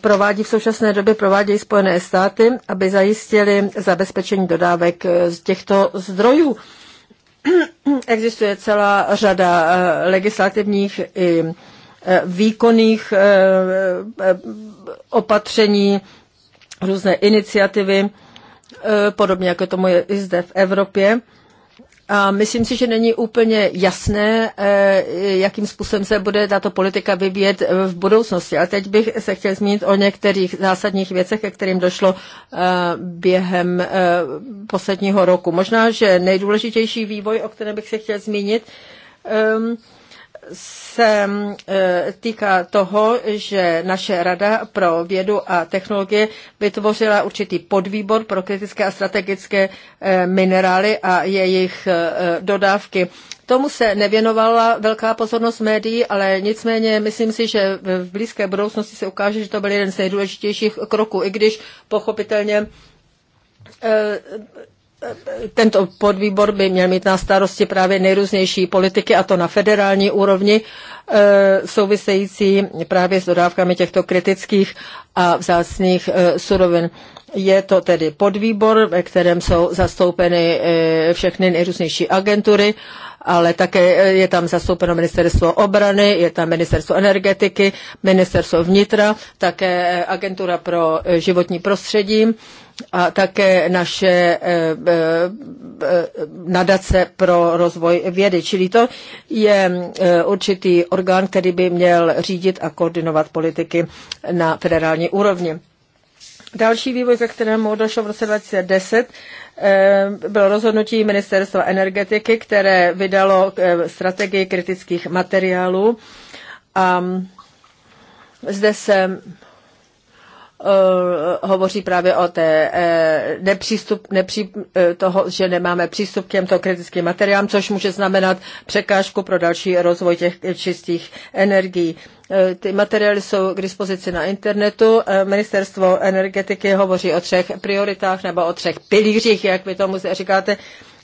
provádí v současné době provádějí Spojené státy, aby zajistili zabezpečení dodávek z těchto zdrojů. Existuje celá řada legislativních i Eh, výkonných eh, eh, opatření, různé iniciativy, podobně jako tomu je i zde v Evropě. A myslím si, že není úplně jasné, jakým způsobem se bude tato politika vyvíjet v budoucnosti. A teď bych se chtěl zmínit o některých zásadních věcech, ke kterým došlo během posledního roku. Možná, že nejdůležitější vývoj, o kterém bych se chtěl zmínit, ehm, se e, týká toho, že naše Rada pro vědu a technologie vytvořila určitý podvýbor pro kritické a strategické e, minerály a jejich e, dodávky. Tomu se nevěnovala velká pozornost médií, ale nicméně myslím si, že v blízké budoucnosti se ukáže, že to byl jeden z nejdůležitějších kroků, i když pochopitelně tento podvýbor by měl mít na starosti právě nejrůznější politiky, a to na federální úrovni, e, související právě s dodávkami těchto kritických a vzácných e, surovin. Je to tedy podvýbor, ve kterém jsou zastoupeny e, všechny nejrůznější agentury, ale také je tam zastoupeno ministerstvo obrany, je tam ministerstvo energetiky, ministerstvo vnitra, také agentura pro životní prostředí a také naše eh, eh, eh, nadace pro rozvoj vědy. Čili to je určitý orgán, který by měl řídit a koordinovat politiky na federální úrovni. Další vývoj, ke kterému došlo v roce 2010, bylo rozhodnutí Ministerstva energetiky, které vydalo strategii kritických materiálů. A zde se Eh, hovoří právě o té eh, nepřístup, nepří, eh, toho, že nemáme přístup k těmto kritickým materiálům, což může znamenat překážku pro další rozvoj těch čistých energií. Ty materiály jsou k dispozici na internetu. Ministerstvo energetiky hovoří o třech prioritách nebo o třech pilířích, jak vy tomu říkáte,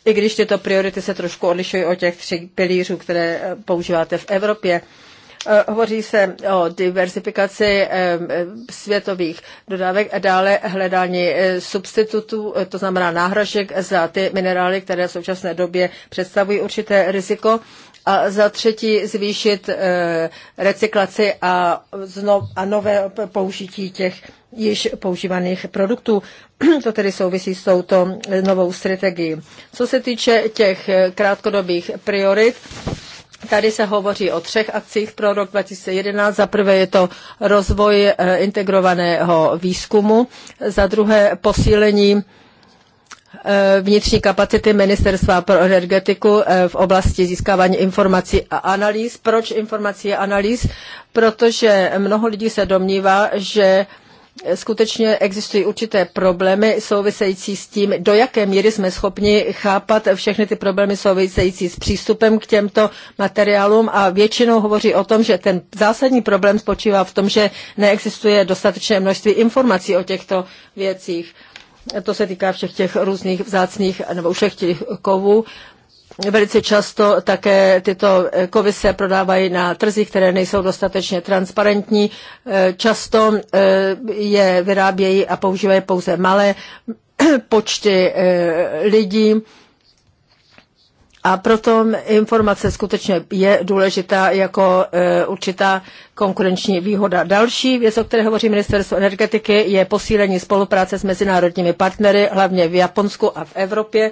i když tyto priority se trošku odlišují od těch tří pilířů, které používáte v Evropě. Eh, hovoří se o diversifikaci světových dodávek a dále hledání eh, substitutů, eh, to znamená náhražek za ty minerály, které v současné době představují určité riziko a za třetí zvýšit recyklaci a, znov, a nové použití těch již používaných produktů. To tedy souvisí s touto novou strategií. Co se týče těch krátkodobých priorit, Tady se hovoří o třech akcích pro rok 2011. Za prvé je to rozvoj eh, integrovaného výzkumu, za druhé posílení eh, vnitřní kapacity Ministerstva pro energetiku eh, v oblasti získávání informací a analýz. Proč informací a analýz? Protože mnoho lidí se domnívá, že skutečně existují určité problémy související s tím, do jaké míry jsme schopni chápat všechny ty problémy související s přístupem k těmto materiálům a většinou hovoří o tom, že ten zásadní problém spočívá v tom, že neexistuje dostatečné množství informací o těchto věcích. To se týká všech těch různých vzácných nebo všech těch kovů. Velice často také tyto kovy se prodávají na trzích, které nejsou dostatečně transparentní. E, často e, je vyrábějí a používají pouze malé počty e, lidí. A proto informace skutečně je důležitá jako určitá konkurenční výhoda. Další věc, o které hovoří Ministerstvo energetiky, je posílení spolupráce s mezinárodními partnery, hlavně v Japonsku a v Evropě.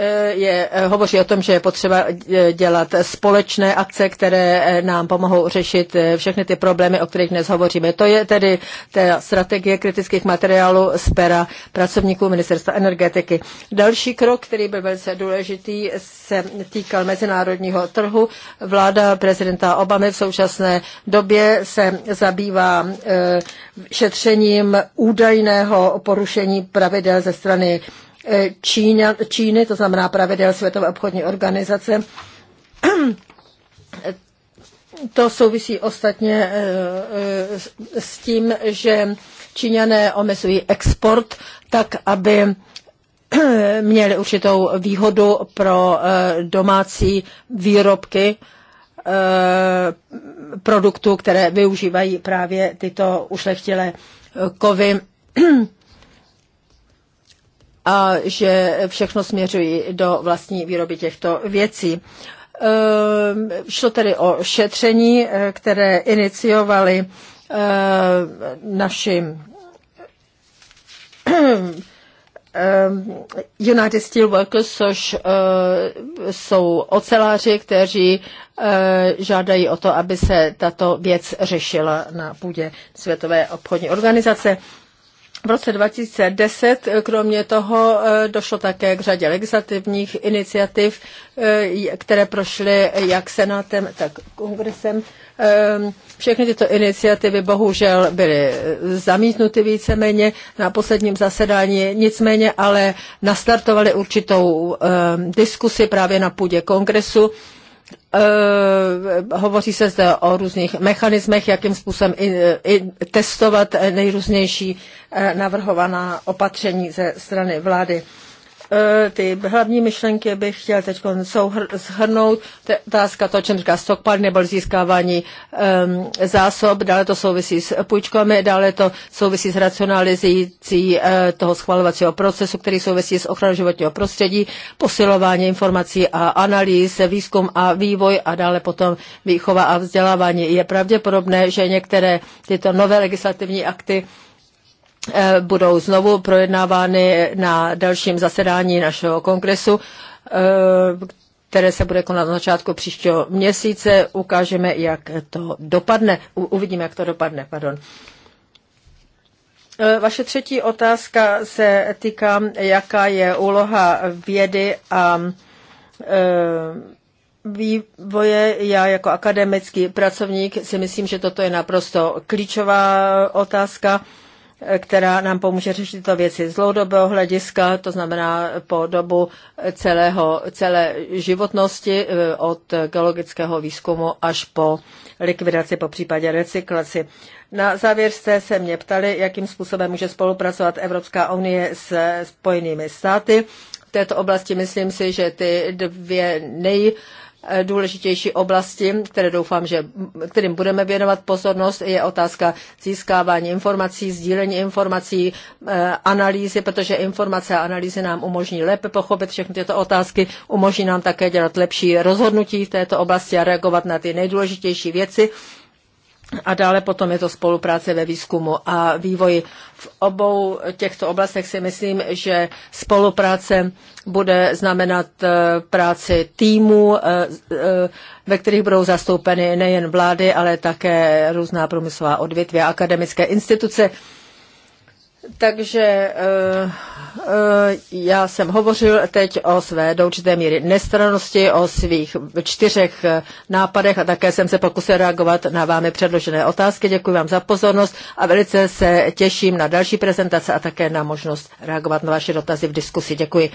Eh, je, eh, hovoří o tom, že je potřeba eh, dělat společné akce, které nám pomohou řešit všechny ty problémy, o kterých dnes hovoříme. To je tedy ta strategie kritických materiálů z pera pracovníků Ministerstva energetiky. Další krok, který byl velice důležitý, se týkal mezinárodního trhu. Vláda prezidenta Obamy v současné době se zabývá šetřením údajného porušení pravidel ze strany Eh, Čína, Číny, to znamená pravidel Světové obchodní organizace. Eh, to souvisí ostatně eh, s tím, že Číňané omezují export tak, aby měli určitou výhodu pro domácí výrobky produktů, které využívají právě tyto ušlechtilé kovy a že všechno směřují do vlastní výroby těchto věcí. Ehm, šlo tedy o šetření, eh, které iniciovali ehm, naši ehm, United Workers, což eh, jsou oceláři, kteří eh, žádají o to, aby se tato věc řešila na půdě Světové obchodní organizace. V roce 2010 eh, kromě toho eh, došlo také k řadě legislativních iniciativ, eh, které prošly jak senátem, tak kongresem. Ehm, všechny tyto iniciativy bohužel byly zamítnuty víceméně na posledním zasedání, nicméně ale nastartovaly určitou ehm, diskusi právě na půdě kongresu Uh, hovoří se zde o různých mechanismech, jakým způsobem i, i testovat nejrůznější eh, navrhovaná opatření ze strany vlády. Uh, Eh, ty hlavní myšlenky bych chtěl teď shrnout. Otázka to, čem říká stockpile nebo získávání um, zásob, dále to souvisí s půjčkami, dále to souvisí s racionalizací uh, toho schvalovacího procesu, který souvisí s ochranou životního prostředí, posilování informací a analýz, výzkum a vývoj a dále potom výchova a vzdělávání. Je pravděpodobné, že některé tyto nové legislativní akty uh, Eh, budou znovu projednávány na dalším zasedání našeho kongresu, eh, které se bude konat na začátku příštího měsíce. Ukážeme, jak to dopadne. Uvidíme, jak to dopadne. Pardon. Eh, vaše třetí otázka se týká, jaká je úloha vědy a vývoje. Já jako akademický pracovník si myslím, že toto je naprosto klíčová otázka která nám pomůže řešit tyto věci z dlouhodobého hlediska, to znamená po dobu celého, celé životnosti eh, od geologického výzkumu až po likvidaci, po případě recyklaci. Na závěr jste se mě ptali, jakým způsobem může spolupracovat Evropská unie s Spojenými státy. V této oblasti myslím si, že ty dvě nej Eh, důležitější oblasti, které doufám, že, kterým budeme věnovat pozornost, je otázka získávání informací, sdílení informací, eh, analýzy, protože informace a analýzy nám umožní lépe pochopit všechny tyto otázky, umožní nám také dělat lepší rozhodnutí v této oblasti a reagovat na ty nejdůležitější věci, a dále potom je to spolupráce ve výzkumu a vývoji. V obou těchto oblastech si myslím, že spolupráce bude znamenat eh, práci týmů, eh, eh, ve kterých budou zastoupeny nejen vlády, ale také různá průmyslová odvětví a akademické instituce. Takže eh, eh, já jsem hovořil teď o své do určité míry nestranosti, o svých čtyřech eh, nápadech a také jsem se pokusil reagovat na vámi předložené otázky. Děkuji vám za pozornost a velice se těším na další prezentace a také na možnost reagovat na vaše dotazy v diskusi. Děkuji.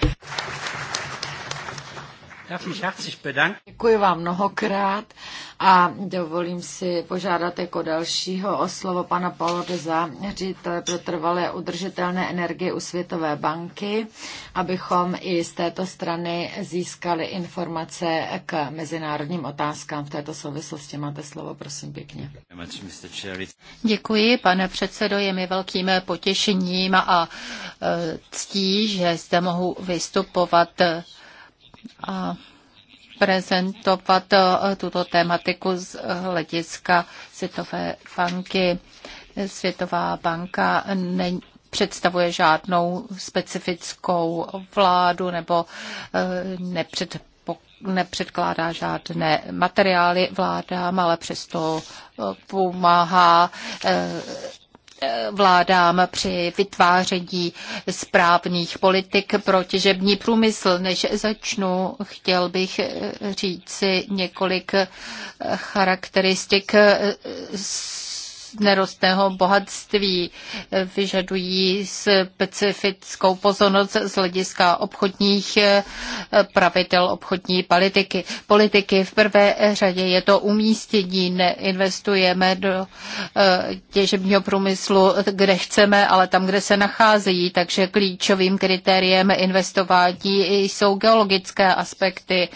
Děkuji vám mnohokrát a dovolím si požádat jako dalšího o slovo pana Paulo de Za, ředitele pro trvalé udržitelné energie u Světové banky, abychom i z této strany získali informace k mezinárodním otázkám v této souvislosti. Máte slovo, prosím, pěkně. Děkuji, pane předsedo, je mi velkým potěšením a e, ctí, že zde mohu vystupovat prezentovat eh, tuto tématiku z hlediska Světové banky. Světová banka ne představuje žádnou specifickou vládu nebo eh, nepřed, nepředkládá žádné materiály vládám, ale přesto eh, pomáhá vládám při vytváření správných politik pro těžební průmysl. Než začnu, chtěl bych si několik charakteristik nerostného bohatství. Vyžadují specifickou pozornost z hlediska obchodních eh, pravidel obchodní politiky. Politiky v prvé řadě je to umístění. Neinvestujeme do eh, těžebního průmyslu, kde chceme, ale tam, kde se nacházejí. Takže klíčovým kritériem investování jsou geologické aspekty.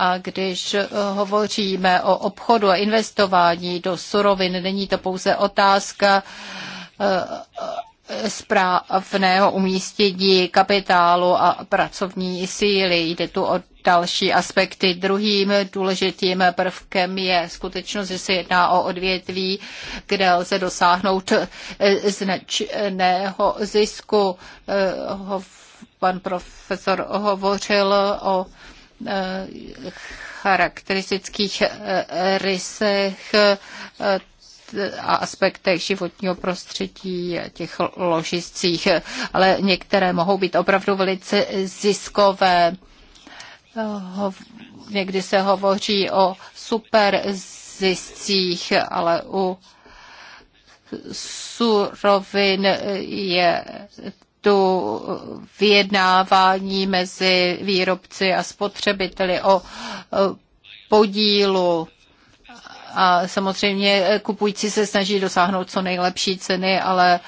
A když eh, hovoříme o obchodu a investování do surovin, není to pouze otázka eh, eh, správného umístění kapitálu a pracovní síly. Jde tu o další aspekty. Druhým důležitým prvkem je skutečnost, že se jedná o odvětví, kde lze dosáhnout značného zisku. Pan profesor hovořil o charakteristických eh, rysech eh, a aspektech životního prostředí, těch ložiscích, ale některé mohou být opravdu velice ziskové. Někdy se hovoří o super ziscích, ale u surovin je tu vyjednávání mezi výrobci a spotřebiteli o podílu. A samozřejmě kupující se snaží dosáhnout co nejlepší ceny, ale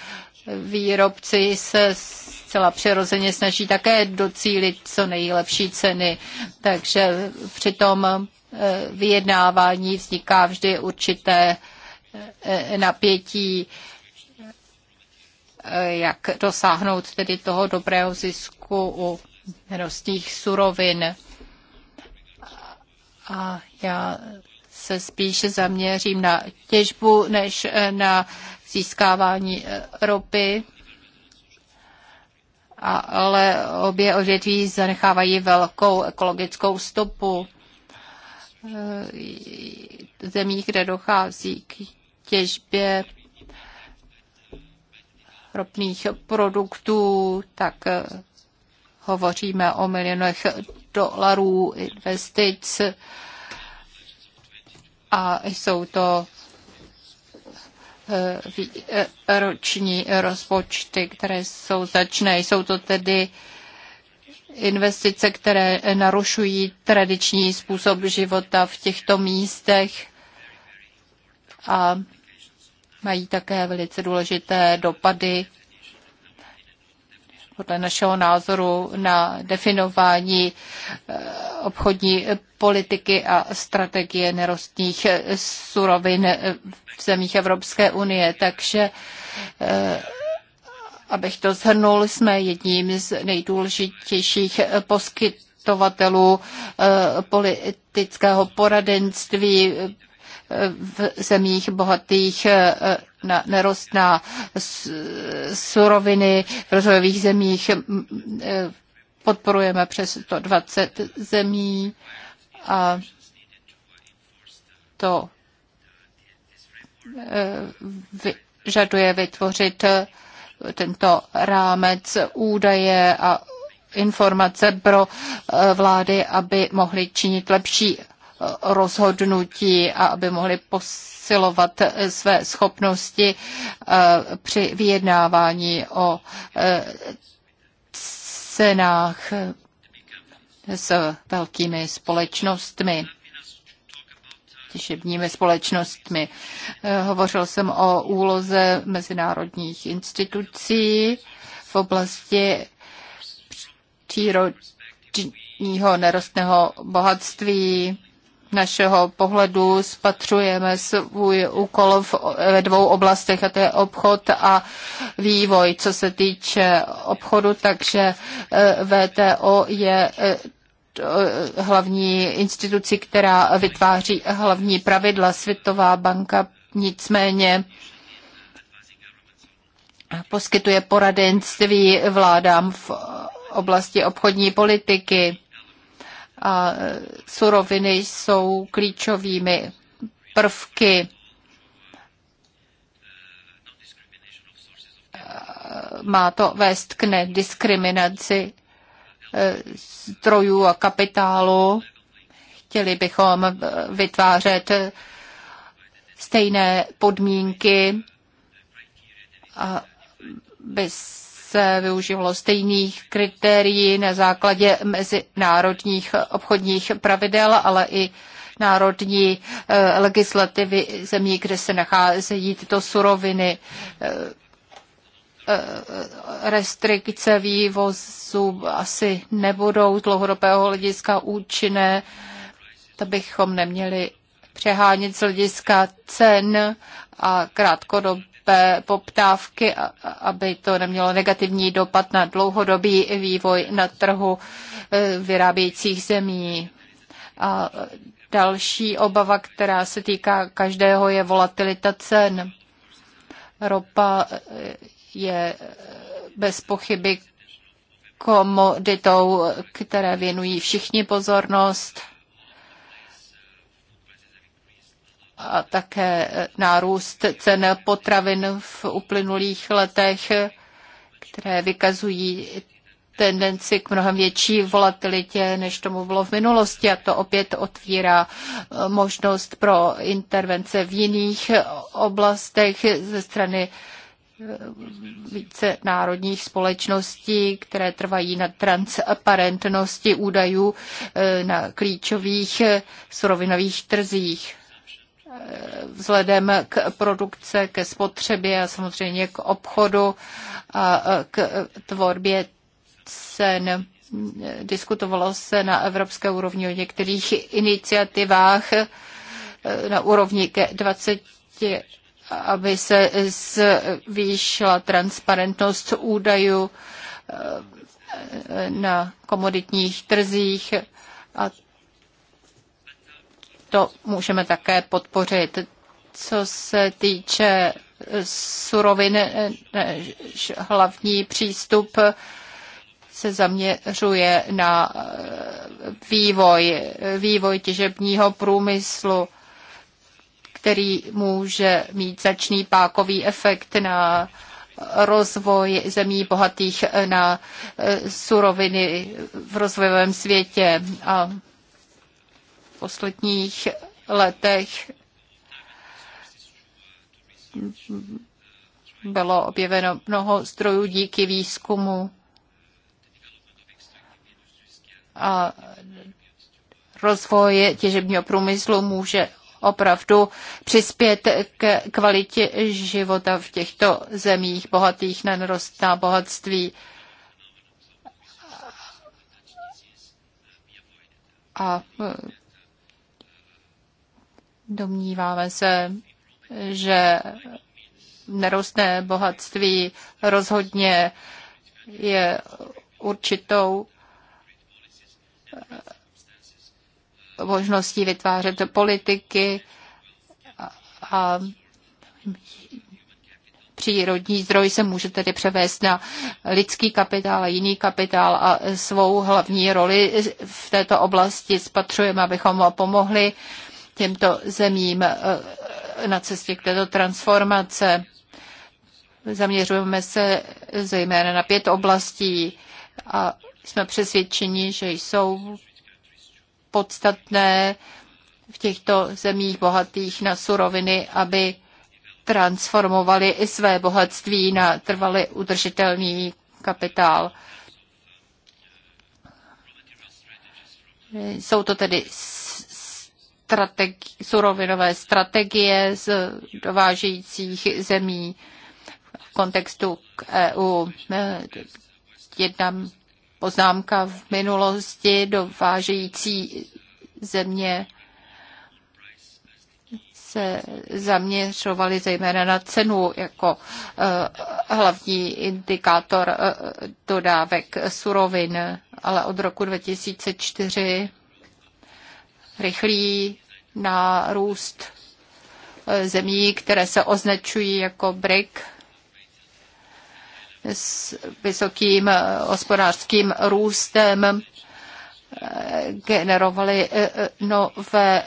výrobci se zcela přirozeně snaží také docílit co nejlepší ceny. Takže při tom e, vyjednávání vzniká vždy určité e, napětí Eh, jak dosáhnout tedy toho dobrého zisku u nerostných surovin. A já se spíše zaměřím na těžbu než eh, na získávání eh, ropy, ale obě odvětví zanechávají velkou ekologickou stopu zemí, kde dochází k těžbě ropných produktů, tak eh, hovoříme o milionech dolarů investic a jsou to eh, eh, roční rozpočty, které jsou značné. Jsou to tedy investice, které narušují tradiční způsob života v těchto místech a mají také velice důležité dopady podle našeho názoru na definování eh, obchodní politiky a strategie nerostných surovin v zemích Evropské unie. Takže eh, abych to zhrnul, jsme jedním z nejdůležitějších poskytovatelů eh, politického poradenství v zemích bohatých eh, na nerostná suroviny, v rozvojových zemích eh, podporujeme přes 120 zemí a to eh, vyžaduje vytvořit tento rámec údaje a informace pro vlády, aby mohly činit lepší rozhodnutí a aby mohli posilovat své schopnosti eh, při vyjednávání o eh, cenách eh, s velkými společnostmi těžebními společnostmi. Hovořil jsem o úloze mezinárodních institucí v oblasti přírodního nerostného bohatství našeho pohledu spatřujeme svůj úkol ve dvou oblastech, a to je obchod a vývoj. Co se týče obchodu, takže eh, VTO je eh, eh, hlavní instituci, která vytváří hlavní pravidla Světová banka. Nicméně poskytuje poradenství vládám v oblasti obchodní politiky a suroviny jsou klíčovými prvky má to vést k nediskriminaci strojů eh, a kapitálu. Chtěli bychom eh, vytvářet eh, stejné podmínky, aby se využívalo stejných kritérií na základě mezinárodních obchodních pravidel, ale i národní eh, legislativy zemí, kde se nacházejí tyto suroviny eh, eh, restrikce vývozu asi nebudou z dlouhodobého hlediska účinné, to bychom neměli přehánět z hlediska cen a krátkodobě Eh, poptávky, aby to nemělo negativní dopad na dlouhodobý vývoj na trhu eh, vyrábějících zemí. A další obava, která se týká každého, je volatilita cen. Ropa eh, je bez pochyby komoditou, které věnují všichni pozornost a také nárůst cen potravin v uplynulých letech, které vykazují tendenci k mnohem větší volatilitě, než tomu bylo v minulosti a to opět otvírá eh, možnost pro intervence v jiných oblastech ze strany eh, více národních společností, které trvají na transparentnosti údajů eh, na klíčových surovinových trzích vzhledem k produkce, ke spotřebě a samozřejmě k obchodu a k tvorbě cen. Diskutovalo se na evropské úrovni o některých iniciativách eh, na úrovni ke 20 aby se zvýšila transparentnost údajů eh, na komoditních trzích a to můžeme také podpořit. Co se týče surovin, hlavní přístup se zaměřuje na vývoj, vývoj těžebního průmyslu, který může mít začný pákový efekt na rozvoj zemí bohatých na suroviny v rozvojovém světě a posledních letech bylo objeveno mnoho zdrojů díky výzkumu a rozvoj těžebního průmyslu může opravdu přispět k kvalitě života v těchto zemích bohatých na nerostná bohatství. A Domníváme se, že nerostné bohatství rozhodně je určitou eh, možností vytvářet politiky a přírodní zdroj se může tedy převést na lidský kapitál a jiný kapitál a svou hlavní roli v této oblasti spatřujeme, abychom pomohli těmto zemím eh, na cestě k této transformace. Zaměřujeme se zejména na pět oblastí a jsme přesvědčeni, že jsou podstatné v těchto zemích bohatých na suroviny, aby transformovali i své bohatství na trvalý udržitelný kapitál. Jsou to tedy strategi- surovinové strategie z dovážejících zemí v kontextu k EU. Jedna poznámka v minulosti dovážející země se zaměřovali zejména na cenu jako eh, hlavní indikátor eh, dodávek surovin, ale od roku 2004 rychlý na růst eh, zemí, které se označují jako BRIC s vysokým eh, hospodářským růstem eh, generovaly nové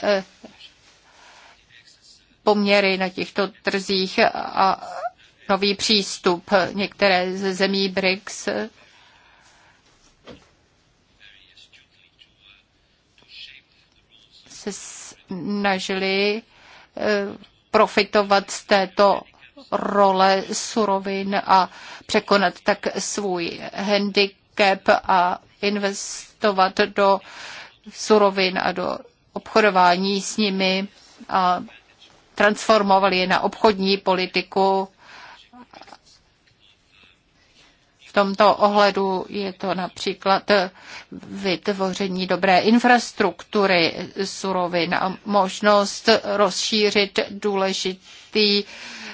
poměry na těchto trzích a nový přístup. Některé ze zemí BRICS se snažili eh, profitovat z této role surovin a překonat tak svůj handicap a investovat do surovin a do obchodování s nimi a transformovali je na obchodní politiku tomto ohledu je to například vytvoření dobré infrastruktury surovin a možnost rozšířit důležitý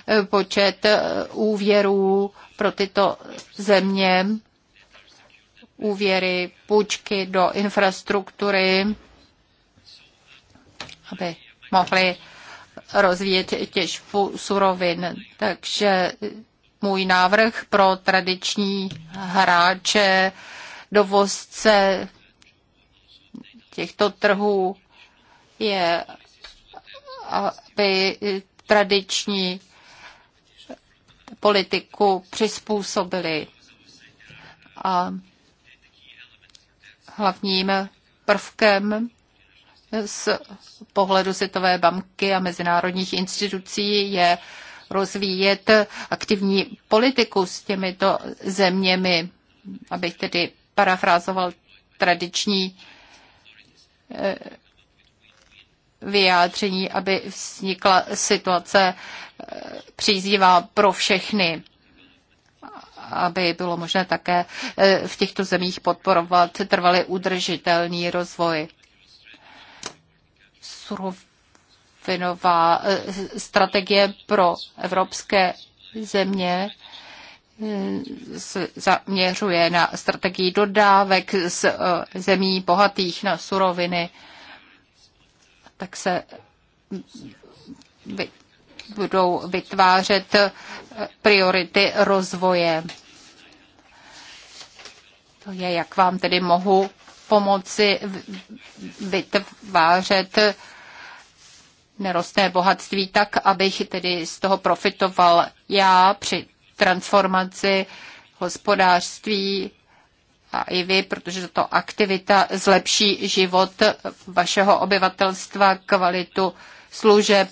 eh, počet eh, úvěrů pro tyto země, úvěry, půjčky do infrastruktury, aby mohli rozvíjet těžbu surovin. Takže můj návrh pro tradiční hráče, dovozce těchto trhů je, aby tradiční politiku přizpůsobili. A hlavním prvkem z pohledu Světové banky a mezinárodních institucí je rozvíjet aktivní politiku s těmito zeměmi, abych tedy parafrázoval tradiční eh, vyjádření, aby vznikla situace eh, příznivá pro všechny, aby bylo možné také eh, v těchto zemích podporovat trvalý udržitelný rozvoj. Surov potravinová eh, strategie pro evropské země eh, se zaměřuje na strategii dodávek z eh, zemí bohatých na suroviny, tak se budou vytvářet priority rozvoje. To je, jak vám tedy mohu pomoci vytvářet nerostné bohatství tak, abych tedy z toho profitoval já při transformaci hospodářství a i vy, protože tato aktivita zlepší život vašeho obyvatelstva, kvalitu služeb,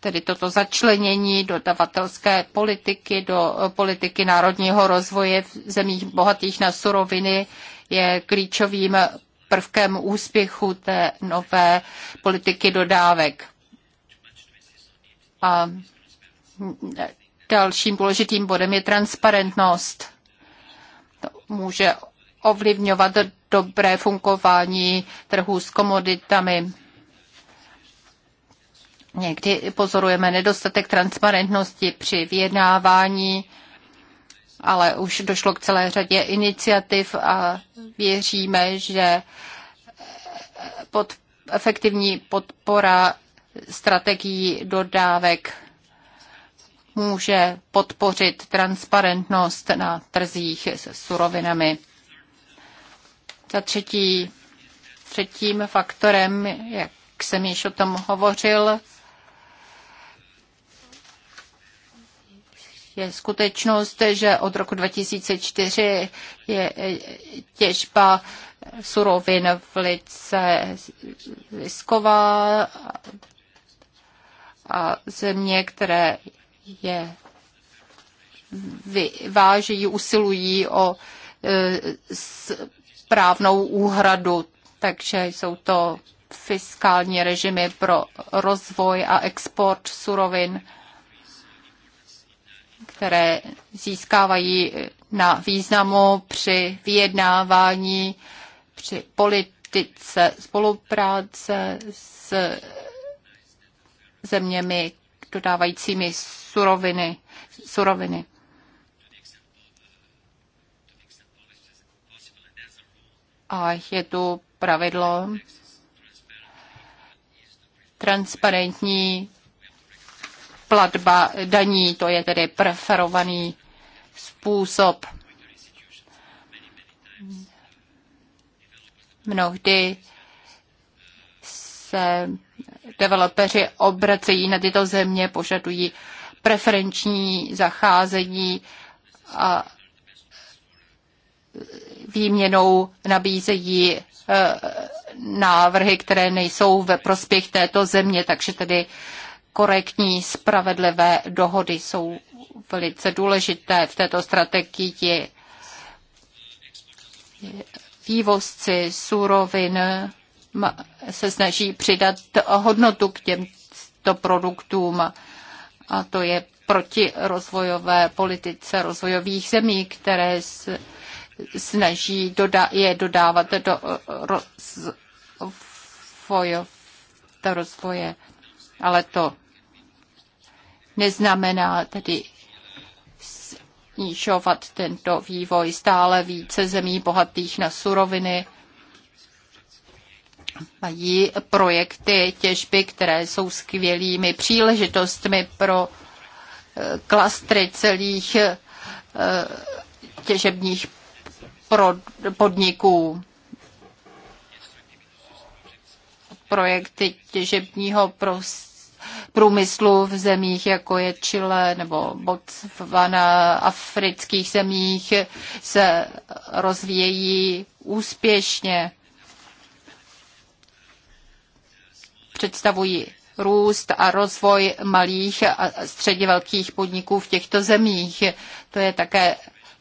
tedy toto začlenění dodavatelské politiky do politiky národního rozvoje v zemích bohatých na suroviny je klíčovým prvkem úspěchu té nové politiky dodávek. A dalším důležitým bodem je transparentnost. To může ovlivňovat dobré fungování trhu s komoditami. Někdy pozorujeme nedostatek transparentnosti při vyjednávání ale už došlo k celé řadě iniciativ a věříme, že pod, efektivní podpora strategií dodávek může podpořit transparentnost na trzích s surovinami. Za třetí, třetím faktorem, jak jsem již o tom hovořil, je skutečnost, že od roku 2004 je e, těžba surovin lice zisková a země, které je vyvážejí, usilují o e, správnou úhradu, takže jsou to fiskální režimy pro rozvoj a export surovin které získávají na významu při vyjednávání, při politice spolupráce s zeměmi dodávajícími suroviny. suroviny. A je tu pravidlo transparentní platba daní, to je tedy preferovaný způsob. Mnohdy se developeři obracejí na tyto země, požadují preferenční zacházení a výměnou nabízejí eh, návrhy, které nejsou ve prospěch této země, takže tedy korektní, spravedlivé dohody jsou velice důležité v této strategii. Vývozci surovin se snaží přidat hodnotu k těmto produktům a to je proti rozvojové politice rozvojových zemí, které snaží doda- je dodávat do do rozvoje. Ale to neznamená tedy snižovat tento vývoj stále více zemí bohatých na suroviny. Mají projekty těžby, které jsou skvělými příležitostmi pro eh, klastry celých eh, těžebních podniků. Projekty těžebního prostředí průmyslu v zemích, jako je Chile nebo Botswana, afrických zemích, se rozvíjejí úspěšně. Představují růst a rozvoj malých a středně velkých podniků v těchto zemích. To je také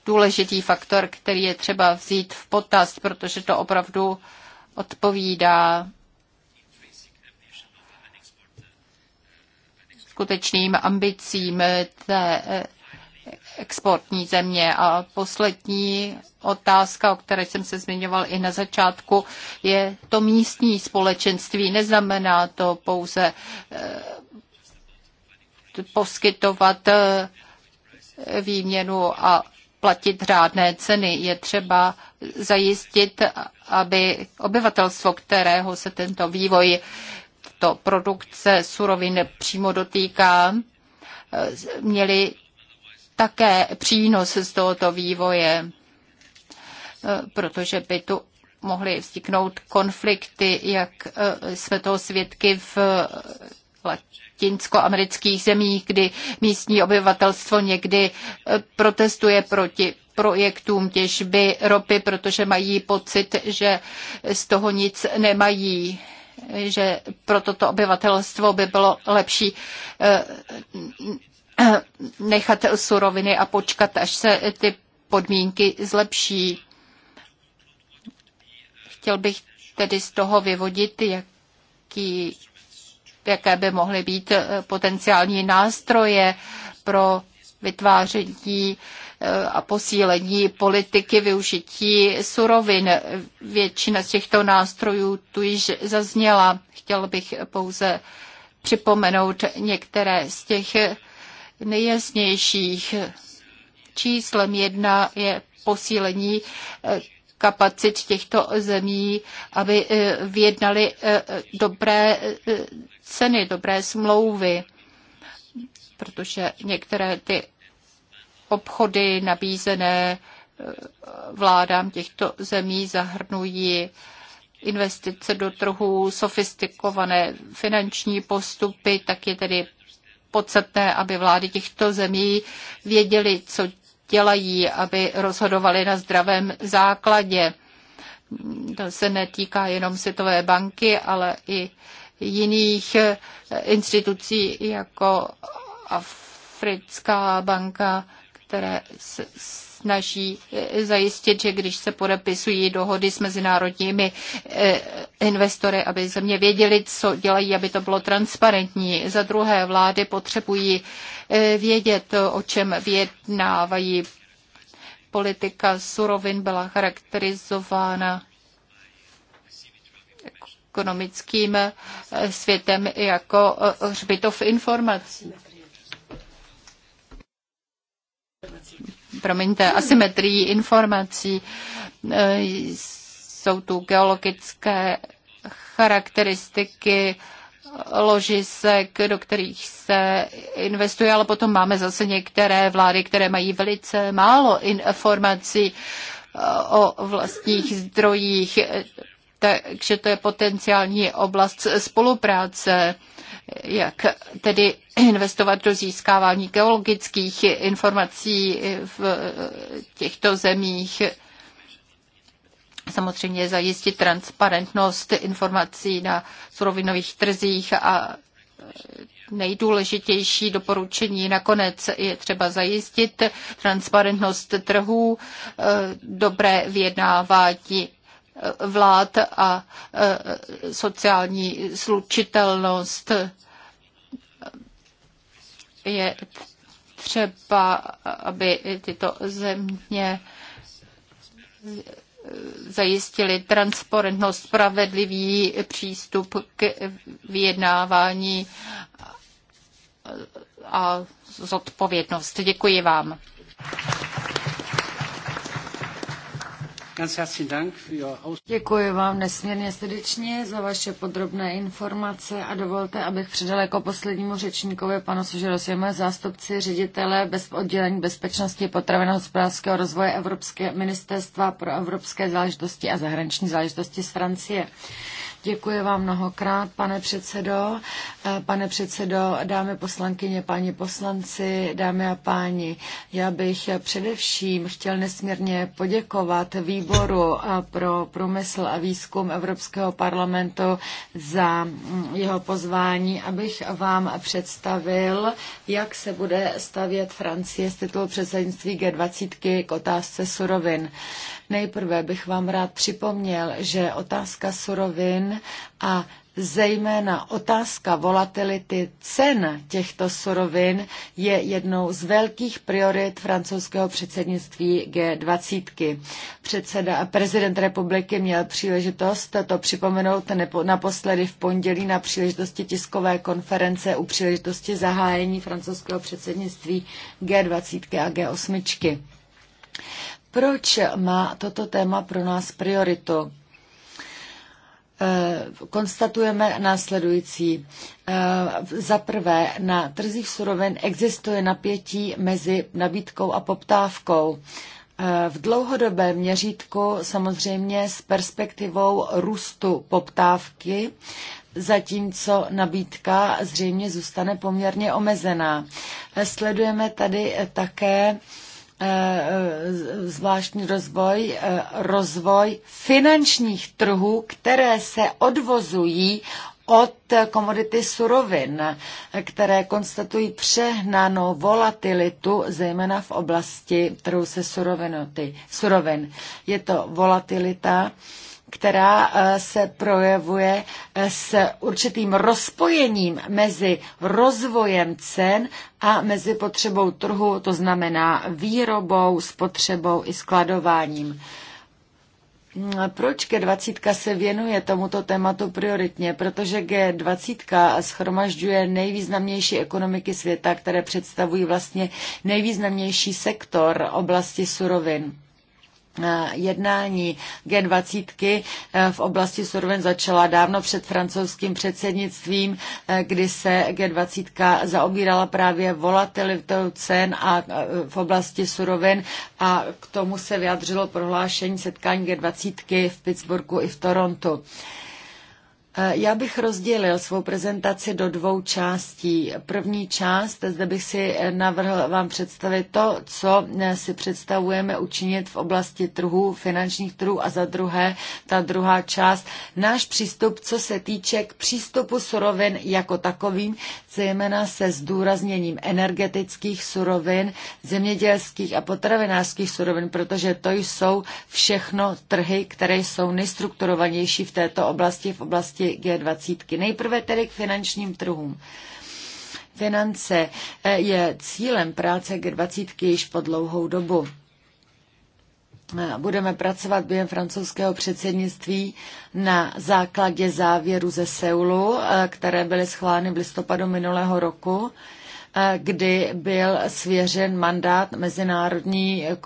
důležitý faktor, který je třeba vzít v potaz, protože to opravdu odpovídá skutečným ambicím té eh, exportní země. A poslední otázka, o které jsem se zmiňoval i na začátku, je to místní společenství. Neznamená to pouze eh, poskytovat eh, výměnu a platit řádné ceny. Je třeba zajistit, aby obyvatelstvo, kterého se tento vývoj to produkce surovin přímo dotýká, eh, měli také přínos z tohoto vývoje, eh, protože by tu mohly vzniknout konflikty, jak eh, jsme toho svědky v latinskoamerických zemích, kdy místní obyvatelstvo někdy protestuje proti projektům těžby ropy, protože mají pocit, že z toho nic nemají že pro toto obyvatelstvo by bylo lepší eh, nechat suroviny a počkat, až se ty podmínky zlepší. Chtěl bych tedy z toho vyvodit, jaký, jaké by mohly být eh, potenciální nástroje pro vytváření a posílení politiky využití surovin. Většina z těchto nástrojů tu již zazněla. Chtěl bych pouze připomenout některé z těch nejjasnějších. Číslem jedna je posílení eh, kapacit těchto zemí, aby eh, vyjednali eh, dobré ceny, dobré smlouvy, protože některé ty obchody nabízené eh, vládám těchto zemí zahrnují investice do trhu, sofistikované finanční postupy, tak je tedy podstatné, aby vlády těchto zemí věděly, co dělají, aby rozhodovali na zdravém základě. To se netýká jenom Světové banky, ale i jiných eh, institucí jako Africká banka které se snaží eh, zajistit, že když se podepisují dohody s mezinárodními eh, investory, aby země věděli, co dělají, aby to bylo transparentní. Za druhé, vlády potřebují eh, vědět, o čem vyjednávají. Politika surovin byla charakterizována ekonomickým světem jako hřbitov informací promiňte, asymetrií informací. E, jsou tu geologické charakteristiky ložisek, do kterých se investuje, ale potom máme zase některé vlády, které mají velice málo informací e, o vlastních zdrojích takže to je potenciální oblast spolupráce, jak tedy investovat do získávání geologických informací v těchto zemích. Samozřejmě zajistit transparentnost informací na surovinových trzích a nejdůležitější doporučení. Nakonec je třeba zajistit transparentnost trhů, eh, dobré vyjednávání vlád a e, sociální slučitelnost je třeba, aby tyto země zajistili transparentnost, spravedlivý přístup k vyjednávání a zodpovědnost. Děkuji vám. Děkuji vám nesmírně srdečně za vaše podrobné informace a dovolte, abych předal jako poslednímu řečníkovi panu Sužerosiemu zástupci ředitele bez oddělení bezpečnosti potravinového hospodářského rozvoje Evropské ministerstva pro evropské záležitosti a zahraniční záležitosti z Francie. Děkuji vám mnohokrát, pane předsedo. Eh, pane předsedo, dámy poslankyně, páni poslanci, dámy a páni, já bych především chtěl nesmírně poděkovat výboru eh, pro průmysl a výzkum Evropského parlamentu za mm, jeho pozvání, abych vám představil, jak se bude stavět Francie z titulu předsednictví G20 k otázce surovin. Nejprve bych vám rád připomněl, že otázka surovin a Zejména otázka volatility cen těchto surovin je jednou z velkých priorit francouzského předsednictví G20. Předseda, prezident republiky měl příležitost to připomenout naposledy v pondělí na příležitosti tiskové konference u příležitosti zahájení francouzského předsednictví G20 a G8. Proč má toto téma pro nás prioritu? Eh, konstatujeme následující. Eh, za prvé, na trzích surovin existuje napětí mezi nabídkou a poptávkou. Eh, v dlouhodobém měřítku samozřejmě s perspektivou růstu poptávky, zatímco nabídka zřejmě zůstane poměrně omezená. Sledujeme tady také Eh, eh, zvláštní rozvoj, eh, rozvoj finančních trhů, které se odvozují od komodity surovin, které konstatují přehnanou volatilitu, zejména v oblasti trhu se surovin. Je to volatilita, která eh, se projevuje eh, s určitým rozpojením mezi rozvojem cen a mezi potřebou trhu, to znamená výrobou, spotřebou i skladováním. Mm, proč G20 se věnuje tomuto tématu prioritně? Protože G20 schromažďuje nejvýznamnější ekonomiky světa, které představují vlastně nejvýznamnější sektor oblasti surovin. Eh, jednání G20 eh, v oblasti surovin začala dávno před francouzským předsednictvím, eh, kdy se G20 zaobírala právě volatilitou cen a v oblasti surovin a k tomu se vyjadřilo prohlášení setkání G20 v Pittsburghu i v Torontu. Eh, já bych rozdělil svou prezentaci do dvou částí. První část, zde bych si eh, navrhl vám představit to, co eh, si představujeme učinit v oblasti trhů, finančních trhů a za druhé, ta druhá část, náš přístup, co se týče k přístupu surovin jako takovým, zejména se zdůrazněním energetických surovin, zemědělských a potravinářských surovin, protože to jsou všechno trhy, které jsou nejstrukturovanější v této oblasti, v oblasti G20. Nejprve tedy k finančním trhům. Finance eh, je cílem práce G20 již po dlouhou dobu. Eh, budeme pracovat během francouzského předsednictví na základě závěru ze Seulu, eh, které byly schváleny v listopadu minulého roku. Eh, kdy byl svěřen mandát Mezinárodní, eh,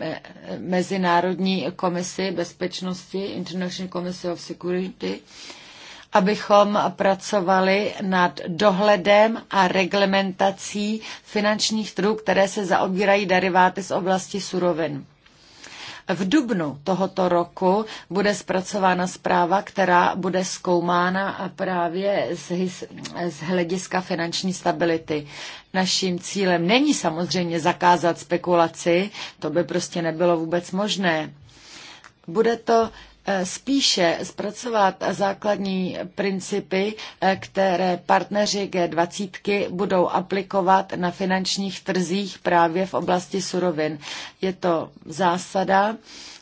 eh, Mezinárodní komisi bezpečnosti, International Commission of Security, abychom pracovali nad dohledem a reglementací finančních trhů, které se zaobírají deriváty z oblasti surovin. V dubnu tohoto roku bude zpracována zpráva, která bude zkoumána a právě z, z hlediska finanční stability. Naším cílem není samozřejmě zakázat spekulaci, to by prostě nebylo vůbec možné. Bude to Eh, spíše zpracovat základní principy, eh, které partneři G20 budou aplikovat na finančních trzích právě v oblasti surovin. Je to zásada,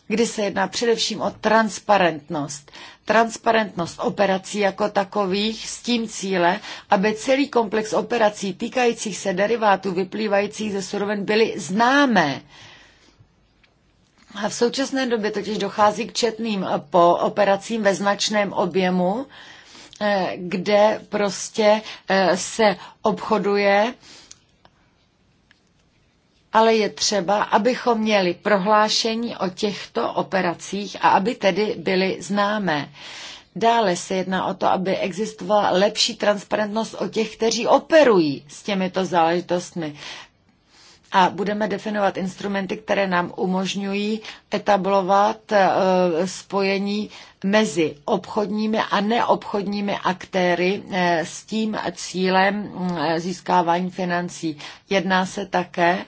kdy se jedná především o transparentnost. Transparentnost operací jako takových s tím cíle, aby celý komplex operací týkajících se derivátů vyplývajících ze surovin byly známé a v současné době totiž dochází k četným eh, po operacím ve značném objemu, eh, kde prostě eh, se obchoduje ale je třeba, abychom měli prohlášení o těchto operacích a aby tedy byly známé. Dále se jedná o to, aby existovala lepší transparentnost o těch, kteří operují s těmito záležitostmi a budeme definovat instrumenty, které nám umožňují etablovat eh, spojení mezi obchodními a neobchodními aktéry eh, s tím cílem eh, získávání financí. Jedná se také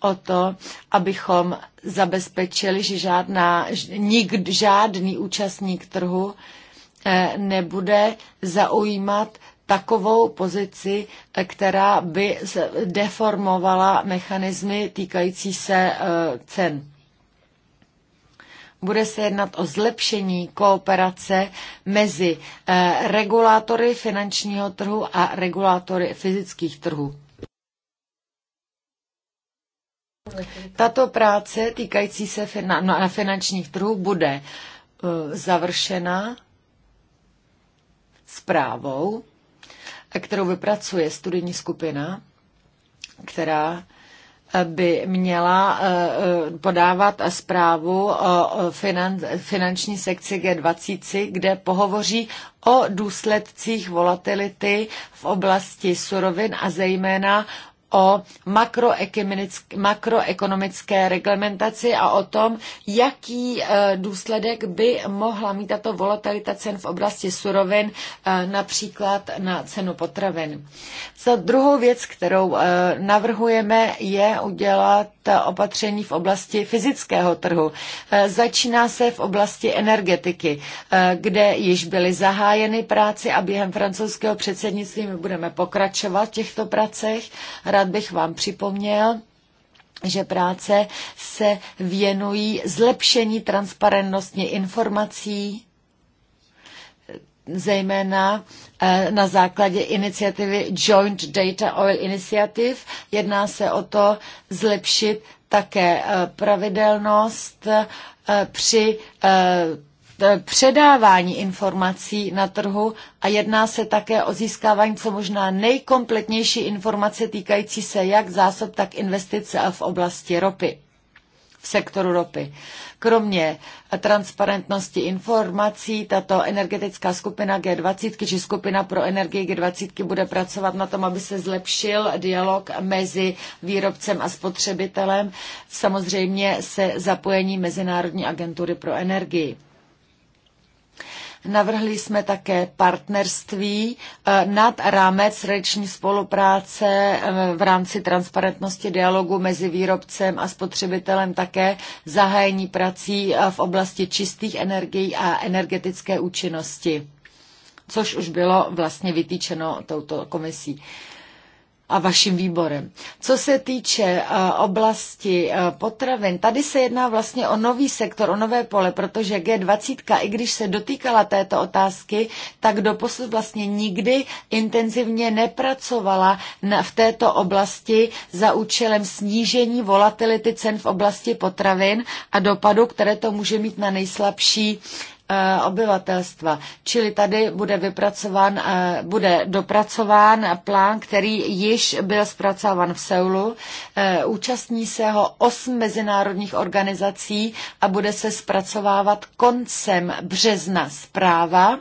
o to, abychom zabezpečili, že žádná, nikd, žádný účastník trhu nebude zaujímat takovou pozici, eh, která by deformovala mechanismy týkající se eh, cen. Bude se jednat o zlepšení kooperace mezi eh, regulátory finančního trhu a regulátory fyzických trhů. Tato práce týkající se na, na finančních trhů bude završena zprávou kterou vypracuje studijní skupina, která eh, by měla eh, eh, podávat zprávu o finanční sekci G20, kde pohovoří o důsledcích volatility v oblasti surovin a zejména o makroekonomické reglementaci a o tom, jaký eh, důsledek by mohla mít tato volatilita cen v oblasti surovin, eh, například na cenu potravin. Za druhou věc, kterou eh, navrhujeme, je udělat opatření v oblasti fyzického trhu. Eh, začíná se v oblasti energetiky, eh, kde již byly zahájeny práce a během francouzského předsednictví my budeme pokračovat v těchto pracech. Rád bych vám připomněl, že práce se věnují zlepšení transparentnosti informací zejména eh, na základě iniciativy Joint Data Oil Initiative. Jedná se o to zlepšit také eh, pravidelnost eh, při předávání informací na trhu a jedná se také o získávání co možná nejkompletnější informace týkající se jak zásob, tak investice v oblasti ropy sektoru ropy. Kromě transparentnosti informací, tato energetická skupina G20 či skupina pro energii G20 bude pracovat na tom, aby se zlepšil dialog mezi výrobcem a spotřebitelem, samozřejmě se zapojením Mezinárodní agentury pro energii. Navrhli jsme také partnerství eh, nad rámec reční spolupráce eh, v rámci transparentnosti dialogu mezi výrobcem a spotřebitelem také zahájení prací eh, v oblasti čistých energií a energetické účinnosti, což už bylo vlastně vytýčeno touto komisí a vaším výborem. Co se týče eh, oblasti eh, potravin, tady se jedná vlastně o nový sektor, o nové pole, protože G20, i když se dotýkala této otázky, tak doposud vlastně nikdy intenzivně nepracovala na, v této oblasti za účelem snížení volatility cen v oblasti potravin a dopadu, které to může mít na nejslabší uh, Eh, obyvatelstva. Čili tady bude vypracován, eh, bude dopracován plán, který již byl zpracován v Seulu. Eh, účastní se ho osm mezinárodních organizací a bude se zpracovávat koncem března zpráva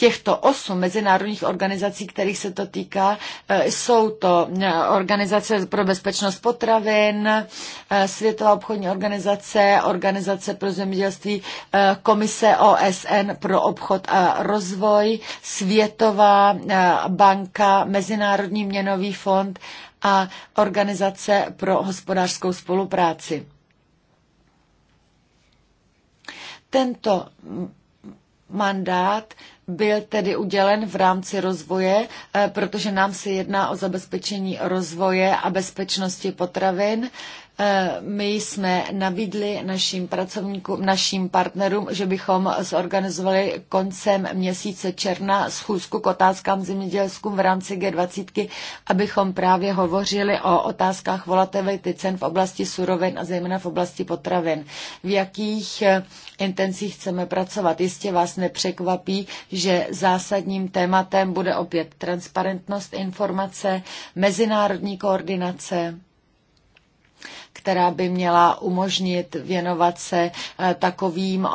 těchto osm mezinárodních organizací, kterých se to týká, e, jsou to e, Organizace pro bezpečnost potravin, e, Světová obchodní organizace, Organizace pro zemědělství, Komise OSN pro obchod a rozvoj, Světová banka, Mezinárodní měnový fond a Organizace pro hospodářskou spolupráci. Tento mandát byl tedy udělen v rámci rozvoje, eh, protože nám se jedná o zabezpečení rozvoje a bezpečnosti potravin Eh, my jsme nabídli našim pracovníkům, našim partnerům, že bychom zorganizovali koncem měsíce června schůzku k otázkám zemědělskům v rámci G20, abychom právě hovořili o otázkách volatility cen v oblasti surovin a zejména v oblasti potravin. V jakých eh, intencích chceme pracovat? Jistě vás nepřekvapí, že zásadním tématem bude opět transparentnost informace, mezinárodní koordinace která by měla umožnit věnovat se eh, takovým,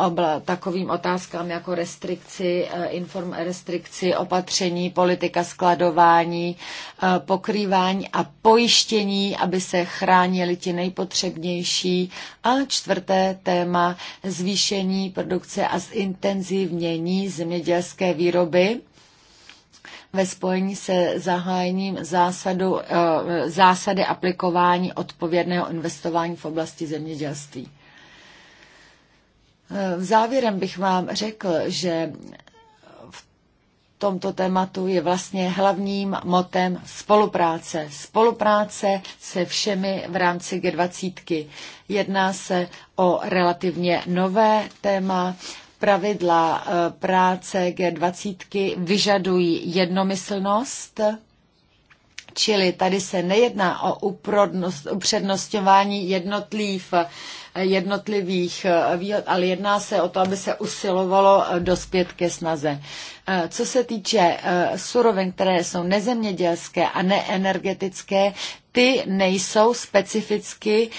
takovým otázkám jako restrikci, eh, inform, restrikci opatření, politika skladování, eh, pokrývání a pojištění, aby se chránili ti nejpotřebnější. A čtvrté téma zvýšení produkce a zintenzivnění zemědělské výroby ve spojení se zahájením zásadu, eh, zásady aplikování odpovědného investování v oblasti zemědělství. V eh, Závěrem bych vám řekl, že v tomto tématu je vlastně hlavním motem spolupráce. Spolupráce se všemi v rámci G20. Jedná se o relativně nové téma, pravidla eh, práce G20 vyžadují jednomyslnost, čili tady se nejedná o upřednostňování jednotlivých jednotlivých eh, výhod, ale jedná se o to, aby se usilovalo eh, dospět ke snaze. Eh, co se týče surovin, které jsou nezemědělské a neenergetické, ty nejsou specificky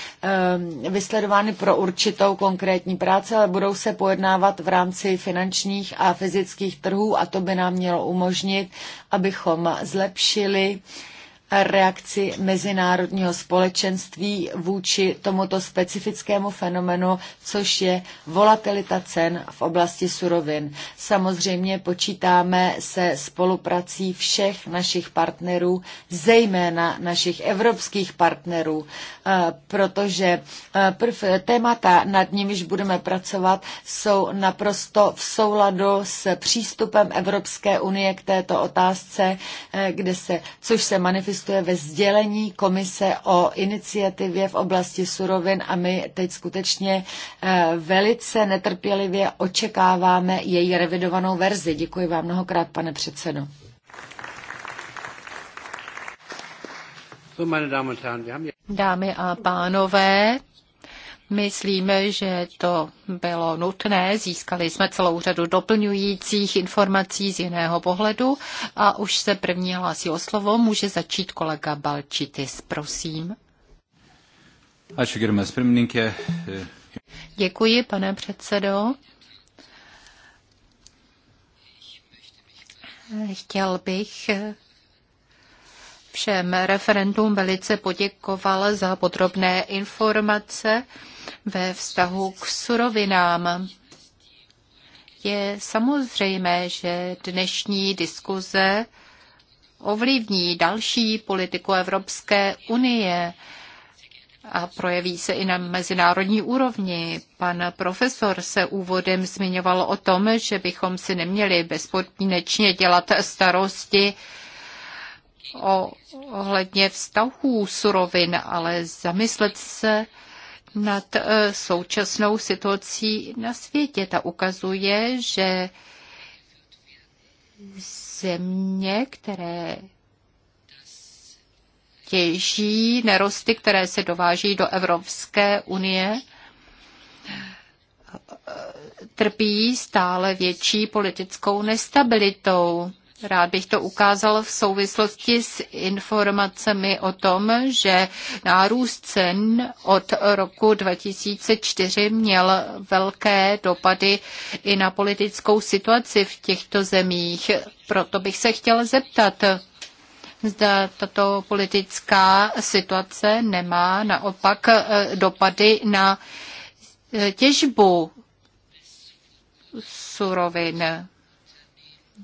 vysledovány pro určitou konkrétní práci, ale budou se pojednávat v rámci finančních a fyzických trhů a to by nám mělo umožnit, abychom zlepšili uh, reakci mezinárodního společenství vůči tomuto specifickému fenomenu, což je volatilita cen v oblasti surovin. Samozřejmě počítáme se spoluprací všech našich partnerů, zejména našich evropských partnerů, eh, protože eh, témata, nad nimiž budeme pracovat, jsou naprosto v souladu s přístupem Evropské unie k této otázce, eh, kde se, což se manifestuje existuje ve sdělení komise o iniciativě v oblasti surovin a my teď skutečně eh, velice netrpělivě očekáváme její revidovanou verzi. Děkuji vám mnohokrát, pane předsedo. Dámy a pánové, Myslíme, že to bylo nutné. Získali jsme celou řadu doplňujících informací z jiného pohledu a už se první hlásí o slovo. Může začít kolega Balčitis, prosím. Děkuji, pane předsedo. Chtěl bych všem referentům velice poděkoval za podrobné informace ve vztahu k surovinám. Je samozřejmé, že dnešní diskuze ovlivní další politiku Evropské unie a projeví se i na mezinárodní úrovni. Pan profesor se úvodem zmiňoval o tom, že bychom si neměli bezpodmínečně dělat starosti o, ohledně vztahů surovin, ale zamyslet se nad eh, současnou situací na světě. Ta ukazuje, že země, které těží nerosty, které se dováží do Evropské unie, eh, trpí stále větší politickou nestabilitou. Rád bych to ukázal v souvislosti s informacemi o tom, že nárůst cen od roku 2004 měl velké dopady i na politickou situaci v těchto zemích. Proto bych se chtěl zeptat, zda tato politická situace nemá naopak eh, dopady na eh, těžbu surovin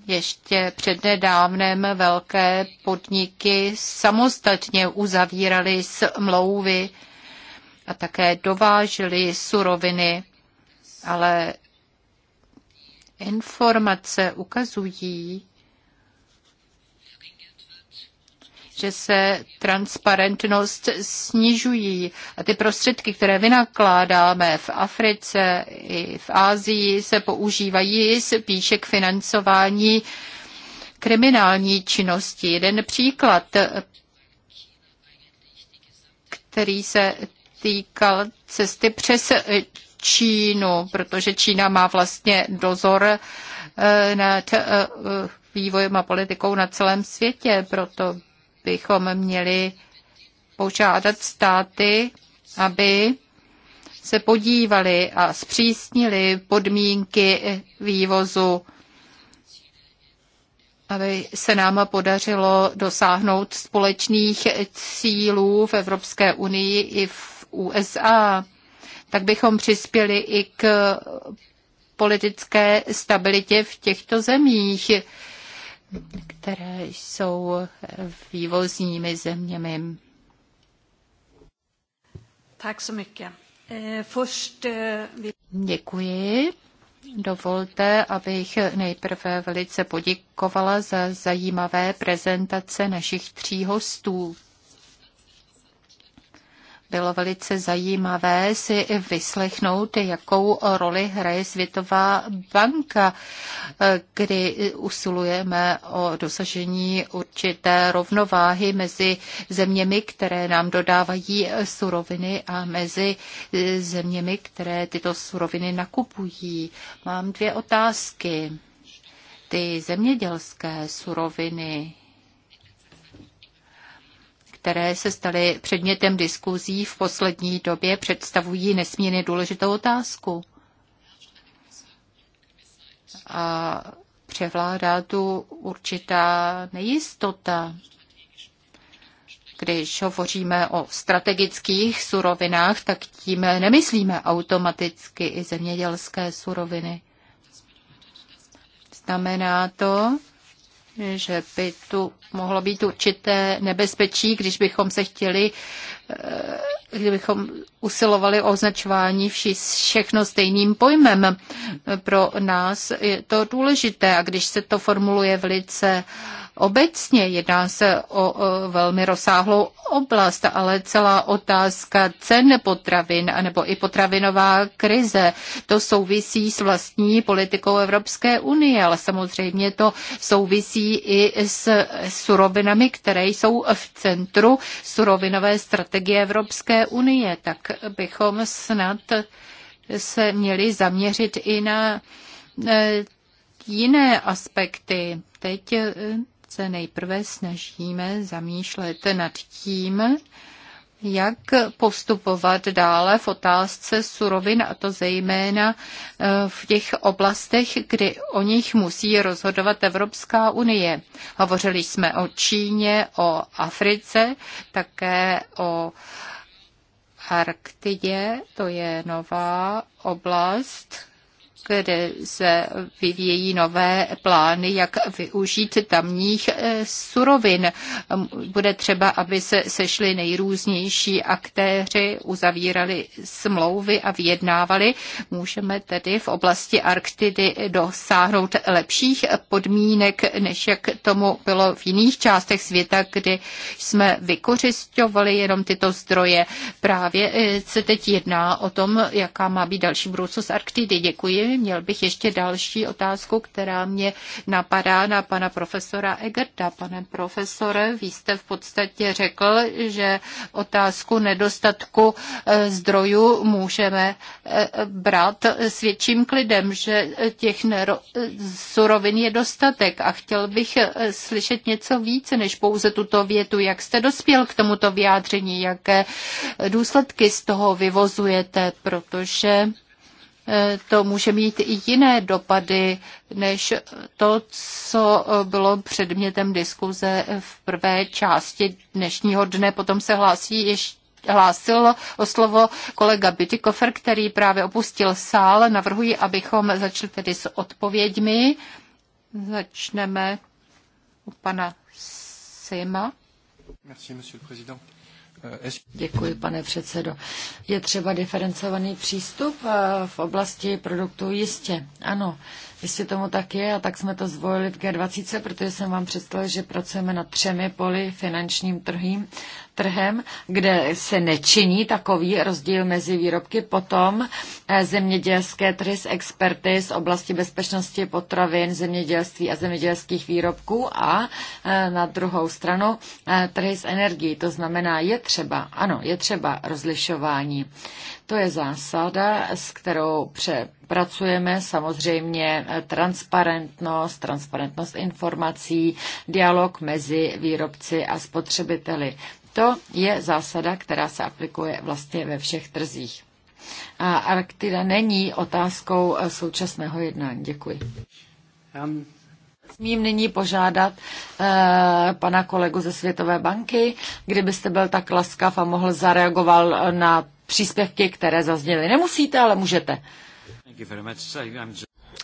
ještě přednedávnem velké podniky samostatně uzavíraly smlouvy a také dovážely suroviny, ale informace ukazují, že se transparentnost snižují a ty prostředky, které vynakládáme v Africe i v Ázii, se používají spíše k financování kriminální činnosti. Jeden příklad, který se týkal cesty přes Čínu, protože Čína má vlastně dozor eh, nad eh, eh, vývojem a politikou na celém světě, proto bychom měli požádat státy, aby se podívali a zpřísnili podmínky vývozu, aby se nám podařilo dosáhnout společných cílů v Evropské unii i v USA. Tak bychom přispěli i k politické stabilitě v těchto zemích které jsou vývozními zeměmi. Tak eh, eh, Děkuji. Dovolte, abych nejprve velice poděkovala za zajímavé prezentace našich tří hostů. Bylo velice zajímavé si vyslechnout, jakou roli hraje Světová banka, kdy usilujeme o dosažení určité rovnováhy mezi zeměmi, které nám dodávají suroviny a mezi zeměmi, které tyto suroviny nakupují. Mám dvě otázky. Ty zemědělské suroviny které se staly předmětem diskuzí v poslední době, představují nesmírně důležitou otázku. A převládá tu určitá nejistota. Když hovoříme o strategických surovinách, tak tím nemyslíme automaticky i zemědělské suroviny. Znamená to, že by tu mohlo být určité nebezpečí, když bychom se chtěli, eh, kdybychom usilovali o označování všechno stejným pojmem. Pro nás je to důležité a když se to formuluje velice uh, obecně. Jedná se o velmi rozsáhlou oblast, ale celá otázka cen potravin nebo i potravinová krize, to souvisí s vlastní politikou Evropské unie, ale samozřejmě to souvisí i s surovinami, které jsou v centru surovinové strategie Evropské unie. Tak bychom snad se měli zaměřit i na e, jiné aspekty. Teď e, se nejprve snažíme zamýšlet nad tím, jak postupovat dále v otázce surovin, a to zejména e, v těch oblastech, kdy o nich musí rozhodovat Evropská unie. Hovořili jsme o Číně, o Africe, také o Arktidě, to je nová oblast, kde se vyvíjí nové plány, jak využít tamních eh, surovin. Bude třeba, aby se sešli nejrůznější aktéři, uzavírali smlouvy a vyjednávali. Můžeme tedy v oblasti Arktidy dosáhnout lepších podmínek, než jak tomu bylo v jiných částech světa, kdy jsme vykořišťovali jenom tyto zdroje. Právě eh, se teď jedná o tom, jaká má být další budoucnost Arktidy. Děkuji Měl bych ještě další otázku, která mě napadá na pana profesora Egerta. Pane profesore, vy jste v podstatě řekl, že otázku nedostatku e, zdrojů můžeme e, brát s větším klidem, že těch surovin je dostatek a chtěl bych e, slyšet něco více než pouze tuto větu. Jak jste dospěl k tomuto vyjádření? Jaké důsledky z toho vyvozujete? Protože Eh, to může mít i jiné dopady než to, co bylo předmětem diskuze v prvé části dnešního dne. Potom se hlásí ještě hlásil o slovo kolega Bytikofer, který právě opustil sál. Navrhuji, abychom začali tedy s odpověďmi. Začneme u pana Sima. Merci, monsieur le président. Děkuji, pane předsedo. Je třeba diferencovaný přístup eh, v oblasti produktů jistě. Ano, Jestli tomu tak je a tak jsme to zvolili v G20, protože jsem vám představil, že pracujeme na třemi poli finančním trhým, trhem, kde se nečiní takový rozdíl mezi výrobky. Potom eh, zemědělské trhy s experty z oblasti bezpečnosti potravin, zemědělství a zemědělských výrobků a eh, na druhou stranu eh, trhy s energií. To znamená, je třeba, ano, je třeba rozlišování. To je zásada, s kterou pře pracujeme. Samozřejmě eh, transparentnost, transparentnost informací, dialog mezi výrobci a spotřebiteli. To je zásada, která se aplikuje vlastně ve všech trzích. A Arktida není otázkou eh, současného jednání. Děkuji. Um. Smím nyní požádat eh, pana kolegu ze Světové banky, kdybyste byl tak laskav a mohl zareagoval eh, na příspěvky, které zazněly. Nemusíte, ale můžete. Eh,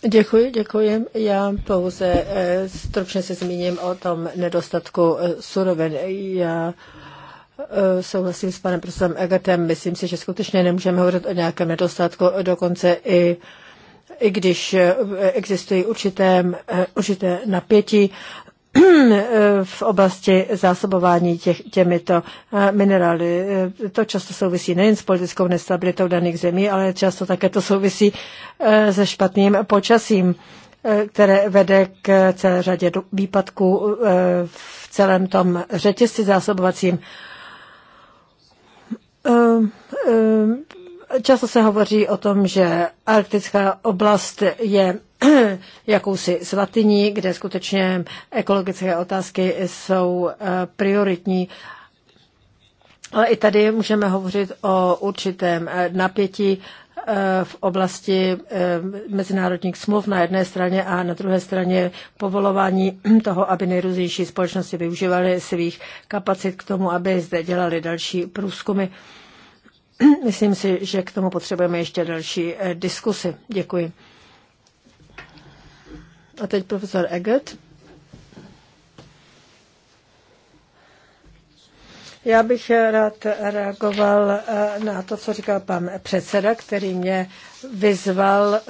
Děkuji, děkuji. Já pouze eh, stručně se zmíním o tom nedostatku eh, surovin. Já eh, souhlasím s panem profesorem Egertem. Myslím si, že skutečně nemůžeme hovořit o nějakém nedostatku. Dokonce i, i když existují určité, určité napětí v oblasti zásobování těch, těmito eh, minerály. Eh, to často souvisí nejen s politickou nestabilitou daných zemí, ale často také to souvisí eh, se špatným počasím, které vede k celé řadě výpadků v celém tom řetězci zásobovacím. Často se hovoří o tom, že arktická oblast je jakousi svatyní, kde skutečně ekologické otázky jsou eh, prioritní. Ale i tady můžeme hovořit o určitém eh, napětí eh, v oblasti mezinárodních smluv na jedné straně a na druhé straně povolování toho, aby nejrůznější společnosti využívaly svých kapacit k tomu, aby zde dělali další průzkumy. Myslím si, že k tomu potřebujeme ještě další diskusy. Děkuji. A teď profesor Eget. Já bych rád reagoval eh, na to, co říkal pan předseda, který mě vyzval eh,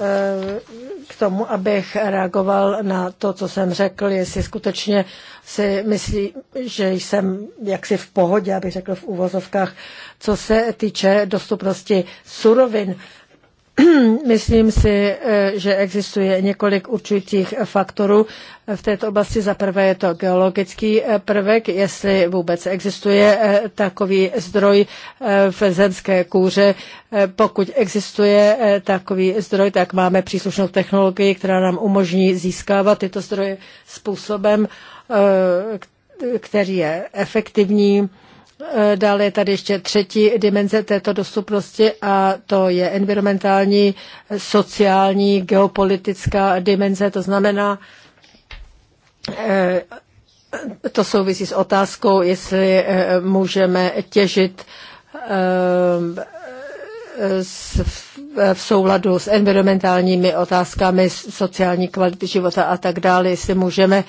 k tomu, abych reagoval na to, co jsem řekl, jestli skutečně si myslí, že jsem jaksi v pohodě, abych řekl v úvozovkách, co se týče dostupnosti surovin. Myslím si, eh, že existuje několik určitých faktorů v této oblasti. Za prvé je to geologický eh, prvek, jestli vůbec existuje eh, takový zdroj v zemské kůře. Pokud existuje takový zdroj, tak máme příslušnou technologii, která nám umožní získávat tyto zdroje způsobem, který je efektivní Eh, dále je tady ještě třetí dimenze této dostupnosti a to je environmentální, sociální, geopolitická dimenze. To znamená, eh, to souvisí s otázkou, jestli eh, můžeme těžit v souladu s environmentálními otázkami, sociální kvality života a tak dále, jestli můžeme uh,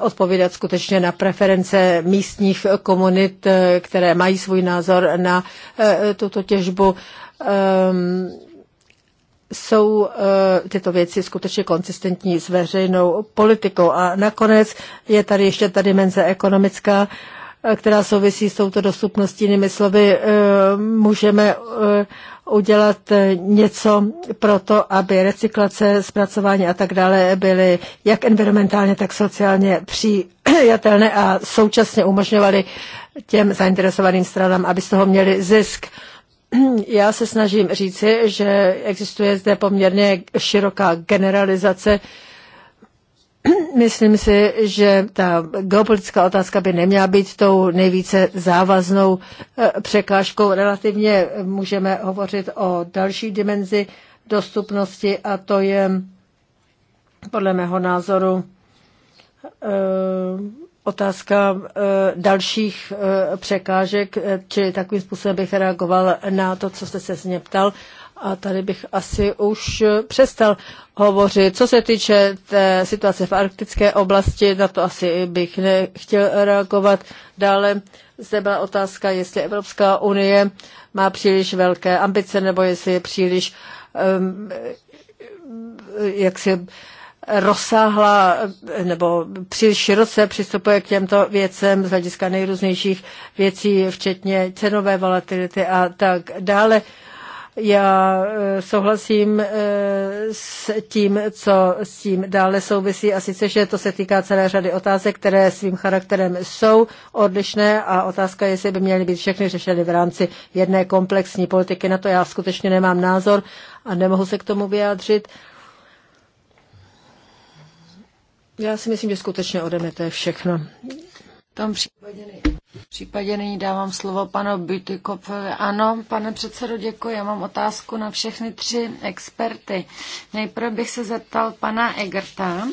odpovídat skutečně na preference místních komunit, eh, které mají svůj názor na eh, tuto těžbu. Ehm, jsou eh, tyto věci skutečně konsistentní s veřejnou politikou. A nakonec je tady ještě ta dimenze ekonomická která souvisí s touto dostupností. Jinými slovy, eh, můžeme eh, udělat eh, něco pro to, aby recyklace, zpracování a tak dále byly jak environmentálně, tak sociálně přijatelné a současně umožňovaly těm zainteresovaným stranám, aby z toho měli zisk. Já se snažím říci, že existuje zde poměrně široká generalizace uh, Myslím si, že ta geopolitická otázka by neměla být tou nejvíce závaznou eh, překážkou. Relativně můžeme hovořit o další dimenzi dostupnosti a to je podle mého názoru eh, otázka eh, dalších překážek, čili takovým způsobem bych reagoval na to, co jste se z mě ptal. A tady bych asi už přestal hovořit. Co se týče té situace v arktické oblasti, na to asi bych nechtěl reagovat. Dále zde byla otázka, jestli Evropská unie má příliš velké ambice nebo jestli je příliš um, jaksi rozsáhla nebo příliš široce přistupuje k těmto věcem z hlediska nejrůznějších věcí, včetně cenové volatility a tak dále. Uh, já eh, souhlasím eh, s tím, co s tím dále souvisí a sice, že to se týká celé řady otázek, které svým charakterem jsou odlišné a otázka, jestli by měly být všechny řešeny v rámci jedné komplexní politiky. Na to já skutečně nemám názor a nemohu se k tomu vyjádřit. Já si myslím, že skutečně ode mě to je všechno. V tom případě v případě nyní dávám slovo panu Bytykopovi. Ano, pane předsedo, děkuji. Já mám otázku na všechny tři experty. Nejprve bych se zeptal pana Egerta.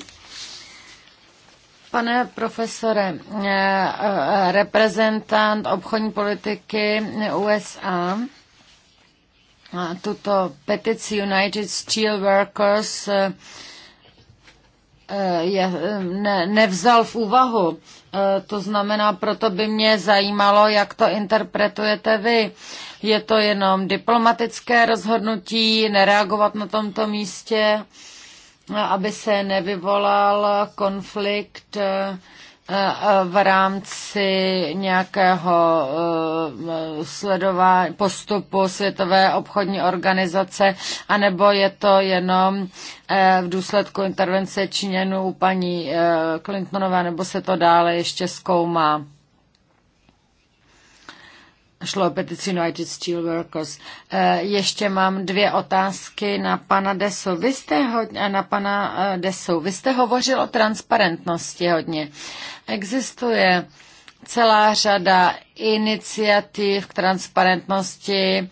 Pane profesore, eh, eh, reprezentant obchodní politiky USA, tuto petici United Steel Workers eh, je, ne, nevzal v úvahu Eh, to znamená, proto by mě zajímalo, jak to interpretujete vy. Je to jenom diplomatické rozhodnutí nereagovat na tomto místě, eh, aby se nevyvolal konflikt eh, v rámci nějakého sledování postupu Světové obchodní organizace, anebo je to jenom Eh, v důsledku intervence Číňanů paní eh, Clintonové, nebo se to dále ještě zkoumá. Šlo o petici United Steelworkers. Eh, ještě mám dvě otázky na pana Desu. Vy jste hodně, na pana Desu. Vy jste hovořil o transparentnosti hodně. Existuje celá řada iniciativ k transparentnosti,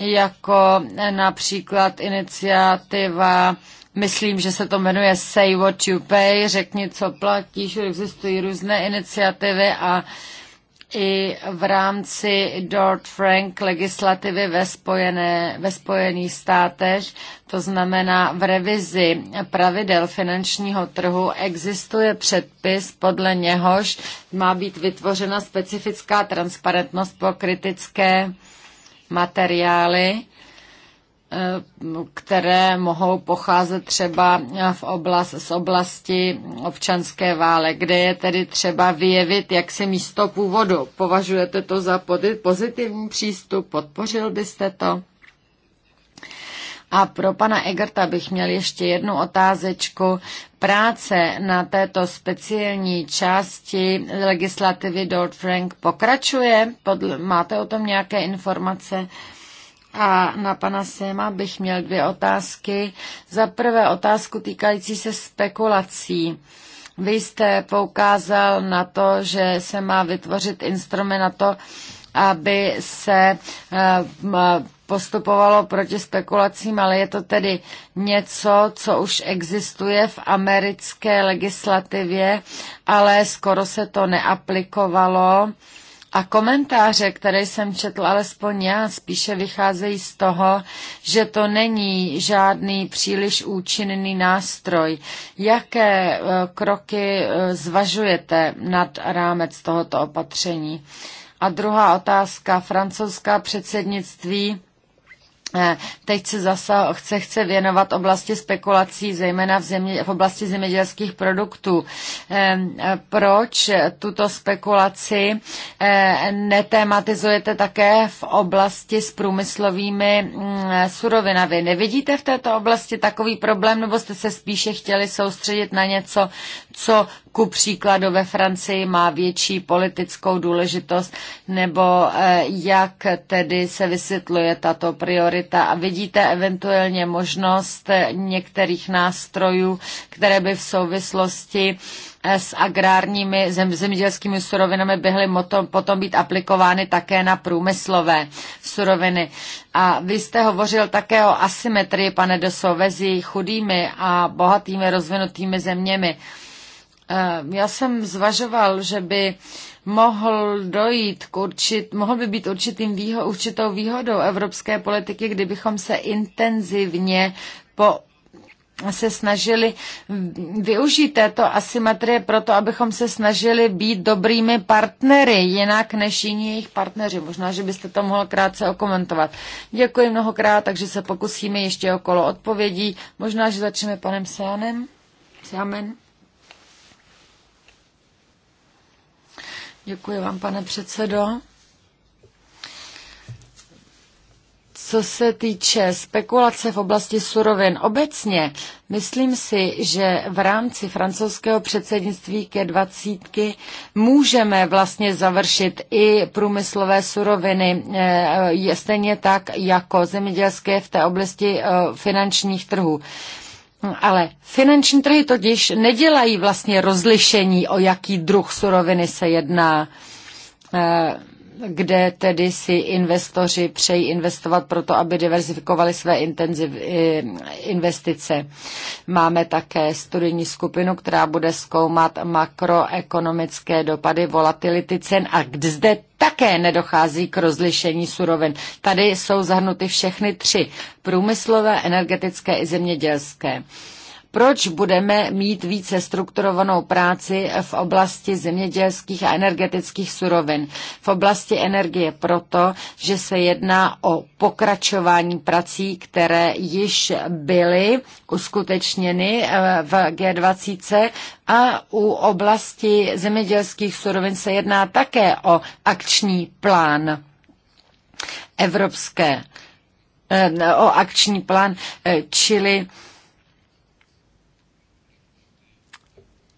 jako například iniciativa myslím, že se to jmenuje Say What You Pay, řekni, co platíš, existují různé iniciativy a i v rámci Dodd-Frank legislativy ve, spojené, ve Spojených státech, to znamená v revizi pravidel finančního trhu, existuje předpis, podle něhož má být vytvořena specifická transparentnost pro kritické materiály které mohou pocházet třeba v oblast, z oblasti občanské vále, kde je tedy třeba vyjevit jak si místo původu. Považujete to za pozitivní přístup? Podpořil byste to? A pro pana Egerta bych měl ještě jednu otázečku. Práce na této speciální části legislativy Dodd-Frank pokračuje? Podle, máte o tom nějaké informace? Uh, a na pana Sema bych měl dvě otázky. Za prvé otázku týkající se spekulací. Vy jste poukázal na to, že se má vytvořit instrument na to, aby se eh, postupovalo proti spekulacím, ale je to tedy něco, co už existuje v americké legislativě, ale skoro se to neaplikovalo a komentáře, které jsem četl, alespoň já, spíše vycházejí z toho, že to není žádný příliš účinný nástroj. Jaké e, kroky e, zvažujete nad rámec tohoto opatření? A druhá otázka, francouzská předsednictví Eh, teď se zase chce, chce věnovat oblasti spekulací, zejména v, země, v oblasti zemědělských produktů. Eh, eh, proč tuto spekulaci netematizujete také v oblasti s průmyslovými mm, surovinami? Nevidíte v této oblasti takový problém, nebo jste se spíše chtěli soustředit na něco, co ku příkladu ve Francii má větší politickou důležitost, nebo jak tedy se vysvětluje tato priorita? priorita a vidíte eventuálně možnost některých nástrojů, které by v souvislosti eh, s agrárními zem, zemědělskými surovinami byly potom být aplikovány také na průmyslové suroviny. A vy jste hovořil také o asymetrii, pane Doso, mezi chudými a bohatými rozvinutými zeměmi. Uh, Eh, já jsem zvažoval, že by mohl dojít k určit, mohl by být určitým výho, určitou výhodou evropské politiky, kdybychom se intenzivně po se snažili využít této asymetrie proto, abychom se snažili být dobrými partnery, jinak než jiní jejich partneři. Možná, že byste to mohl krátce okomentovat. Děkuji mnohokrát, takže se pokusíme ještě okolo odpovědí. Možná, že začneme panem Sánem. Sámen. Děkuji vám, pane předsedo. Co se týče spekulace v oblasti surovin obecně, myslím si, že v rámci francouzského předsednictví ke dvacítky můžeme vlastně završit i průmyslové suroviny, eh, stejně tak jako zemědělské v té oblasti eh, finančních trhů. Ale finanční trhy totiž nedělají vlastně rozlišení, o jaký druh suroviny se jedná eh, kde tedy si investoři přejí investovat proto, aby diverzifikovali své intenziv, investice. Máme také studijní skupinu, která bude zkoumat makroekonomické dopady volatility cen a kde zde také nedochází k rozlišení surovin. Tady jsou zahrnuty všechny tři, průmyslové, energetické i zemědělské. Proč budeme mít více strukturovanou práci v oblasti zemědělských a energetických surovin? V oblasti energie proto, že se jedná o pokračování prací, které již byly uskutečněny eh, v G20 a u oblasti zemědělských surovin se jedná také o akční plán evropské, eh, o akční plán, eh, čili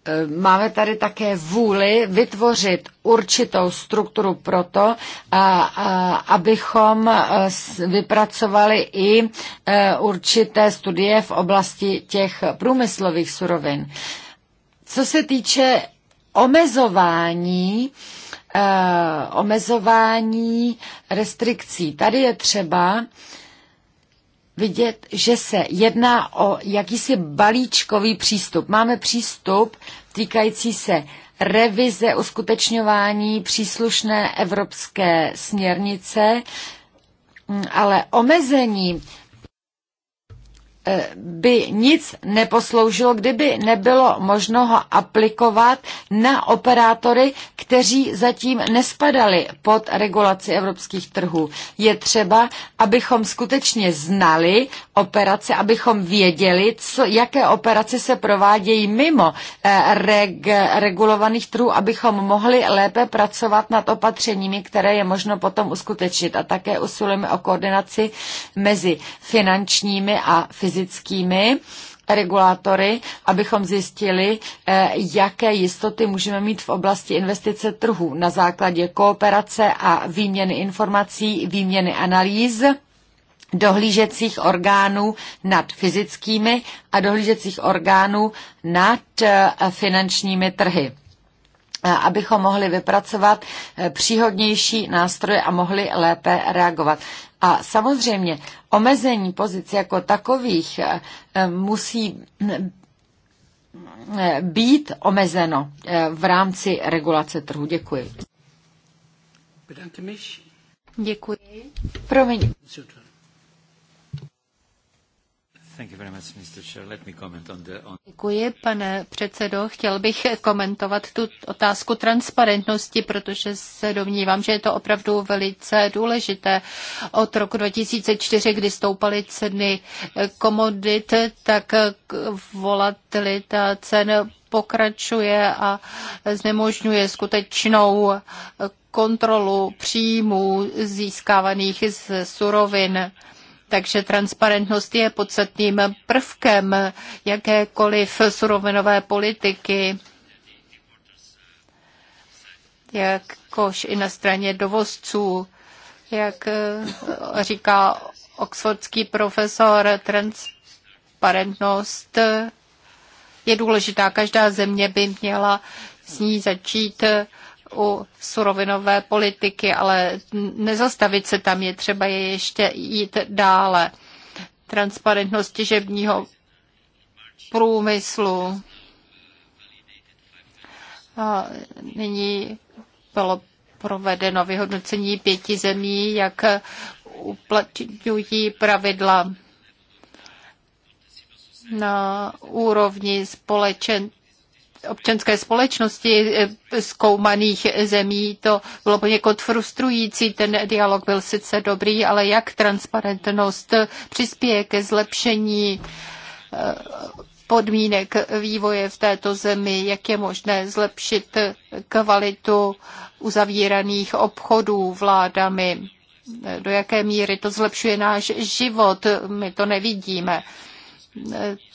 Eh, máme tady také vůli vytvořit určitou strukturu proto, to, eh, eh, abychom vypracovali i určité studie v oblasti těch průmyslových surovin. Co se týče omezování, omezování restrikcí, tady je třeba vidět, že se jedná o jakýsi balíčkový přístup. Máme přístup týkající se revize uskutečňování příslušné evropské směrnice, ale omezení by nic neposloužilo, kdyby nebylo možno ho aplikovat na operátory, kteří zatím nespadali pod regulaci evropských trhů. Je třeba, abychom skutečně znali operace, abychom věděli, co, jaké operace se provádějí mimo eh, reg, regulovaných trhů, abychom mohli lépe pracovat nad opatřeními, které je možno potom uskutečnit. A také usilujeme o koordinaci mezi finančními a fyzickými fyzickými regulátory, abychom zjistili, eh, jaké jistoty můžeme mít v oblasti investice trhu na základě kooperace a výměny informací, výměny analýz dohlížecích orgánů nad fyzickými a dohlížecích orgánů nad eh, finančními trhy eh, abychom mohli vypracovat příhodnější nástroje a mohli lépe reagovat. A samozřejmě omezení pozic jako takových eh, musí eh, být omezeno eh, v rámci regulace trhu. Děkuji. Děkuji. Promiň. Děkuji, pane předsedo. Chtěl bych komentovat tu otázku transparentnosti, protože se domnívám, že je to opravdu velice důležité. Od roku 2004, kdy stoupaly ceny komodit, tak volatilita cen pokračuje a znemožňuje skutečnou kontrolu příjmů získávaných z surovin. Takže transparentnost je podstatným prvkem jakékoliv surovinové politiky, jakož i na straně dovozců, jak eh, říká oxfordský profesor, transparentnost je důležitá. Každá země by měla s ní začít u surovinové politiky, ale nezastavit se tam je třeba je ještě jít dále. Transparentnost těžebního průmyslu. A nyní bylo provedeno vyhodnocení pěti zemí, jak uplatňují pravidla na úrovni společenství občanské společnosti eh, zkoumaných zemí. To bylo poněkud frustrující. Ten dialog byl sice dobrý, ale jak transparentnost přispěje ke zlepšení eh, podmínek vývoje v této zemi, jak je možné zlepšit kvalitu uzavíraných obchodů vládami, eh, do jaké míry to zlepšuje náš život, my to nevidíme.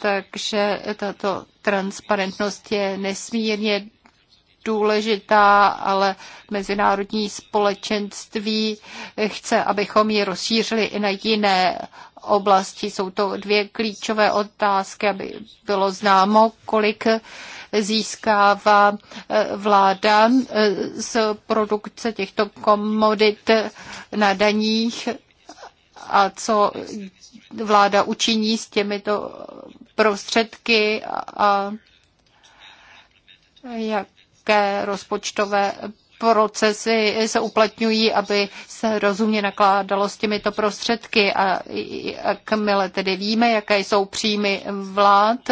Takže tato Transparentnost je nesmírně důležitá, ale mezinárodní společenství chce, abychom ji rozšířili i na jiné oblasti. Jsou to dvě klíčové otázky, aby bylo známo, kolik získává eh, vláda eh, z produkce těchto komodit eh, na daních a co vláda učiní s těmito prostředky a jaké rozpočtové procesy se uplatňují, aby se rozumně nakládalo s těmito prostředky a jakmile tedy víme, jaké jsou příjmy vlád,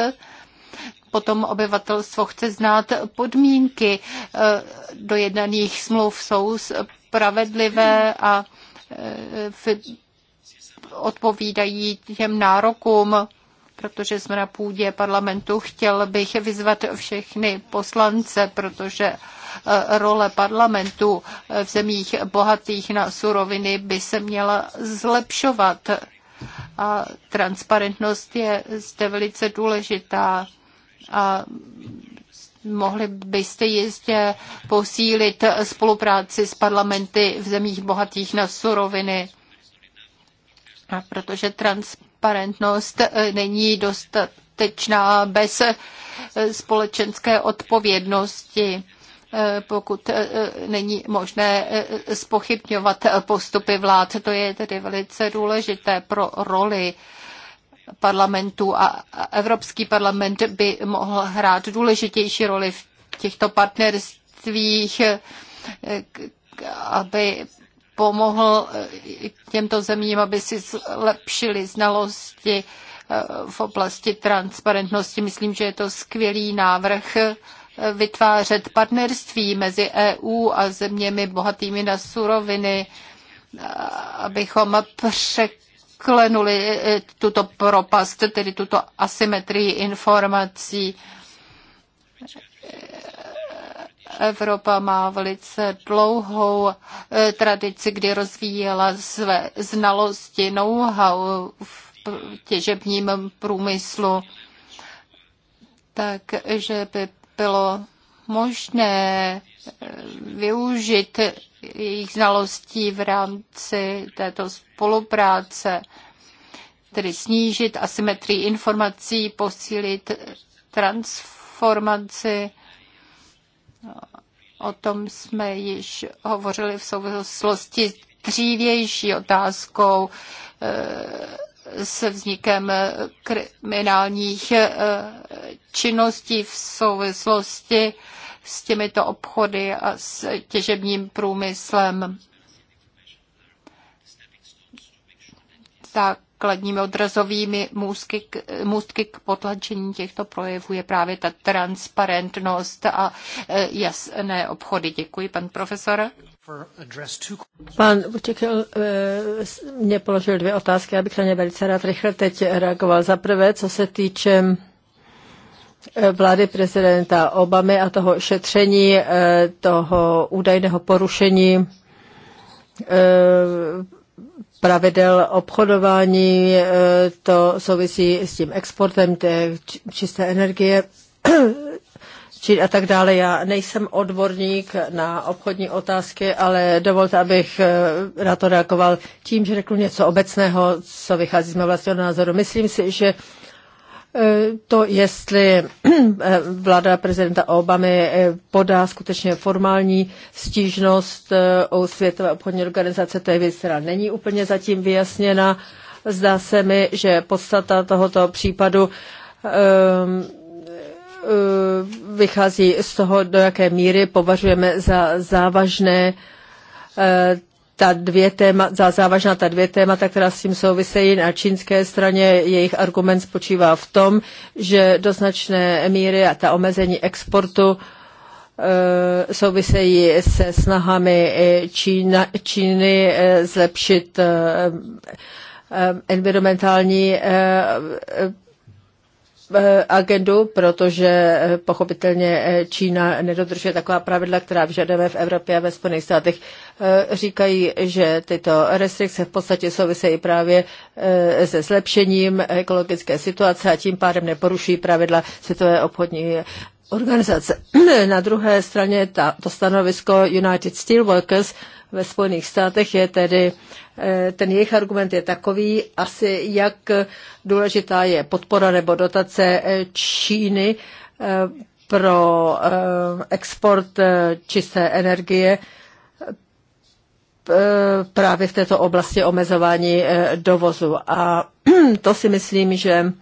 potom obyvatelstvo chce znát podmínky e, dojednaných smluv, jsou spravedlivé a e, odpovídají těm nárokům. Protože jsme na půdě parlamentu, chtěl bych vyzvat všechny poslance, protože eh, role parlamentu eh, v zemích bohatých na suroviny by se měla zlepšovat. A transparentnost je zde velice důležitá. A mohli byste jistě posílit eh, spolupráci s parlamenty v zemích bohatých na suroviny protože transparentnost e, není dostatečná bez e, společenské odpovědnosti e, pokud není možné spochybňovat postupy vlád. To je tedy velice důležité pro roli parlamentu a Evropský parlament by mohl hrát důležitější roli v těchto partnerstvích, aby pomohl eh, těmto zemím, aby si zlepšili znalosti eh, v oblasti transparentnosti. Myslím, že je to skvělý návrh eh, vytvářet partnerství mezi EU a zeměmi bohatými na suroviny, abychom překlenuli tuto propast, tedy tuto asymetrii informací Evropa má velice dlouhou eh, tradici, kdy rozvíjela své znalosti, know-how v těžebním průmyslu. Takže by bylo možné eh, využít jejich znalostí v rámci této spolupráce, tedy snížit asymetrii informací, posílit transformaci O tom jsme již hovořili v souvislosti s dřívější otázkou eh, se vznikem kriminálních eh, činností v souvislosti s těmito obchody a s těžebním průmyslem. Tak základními odrazovými můstky k, můstky k potlačení těchto projevů je právě ta transparentnost a e, jasné obchody. Děkuji, pan profesor. Pan Bučekel e, mě položil dvě otázky, abych na ně velice rád rychle teď reagoval. Za prvé, co se týče e, vlády prezidenta Obamy a toho šetření, toho údajného porušení pravidel obchodování, eh, to souvisí s tím exportem té čisté energie a tak dále. Já nejsem odborník na obchodní otázky, ale dovolte, abych eh, na to reagoval tím, že řeknu něco obecného, co vychází z mého vlastního názoru. Myslím si, že Eh, to, jestli eh, vláda prezidenta Obamy eh, podá skutečně formální stížnost o Světové obchodní organizace, to je věc, která není úplně zatím vyjasněna. Zdá se mi, že podstata tohoto případu vychází z toho, do jaké míry považujeme za závažné ta dvě téma, za závažná ta dvě témata, která s tím souvisejí na čínské straně, jejich argument spočívá v tom, že doznačné míry a ta omezení exportu e, souvisejí se snahami Čína, Číny e, zlepšit e, environmentální Eh, agendu, protože eh, pochopitelně eh, Čína nedodržuje taková pravidla, která vyžadujeme v Evropě a ve Spojených státech. Říkají, že tyto restrikce v podstatě souvisejí právě se zlepšením ekologické situace a tím pádem neporušují pravidla Světové obchodní organizace. Na druhé straně ta, to stanovisko United Steelworkers ve Spojených státech je tedy, eh, ten jejich argument je takový, asi jak důležitá je podpora nebo dotace eh, Číny eh, pro export čisté energie právě v této oblasti omezování dovozu. A to si myslím, že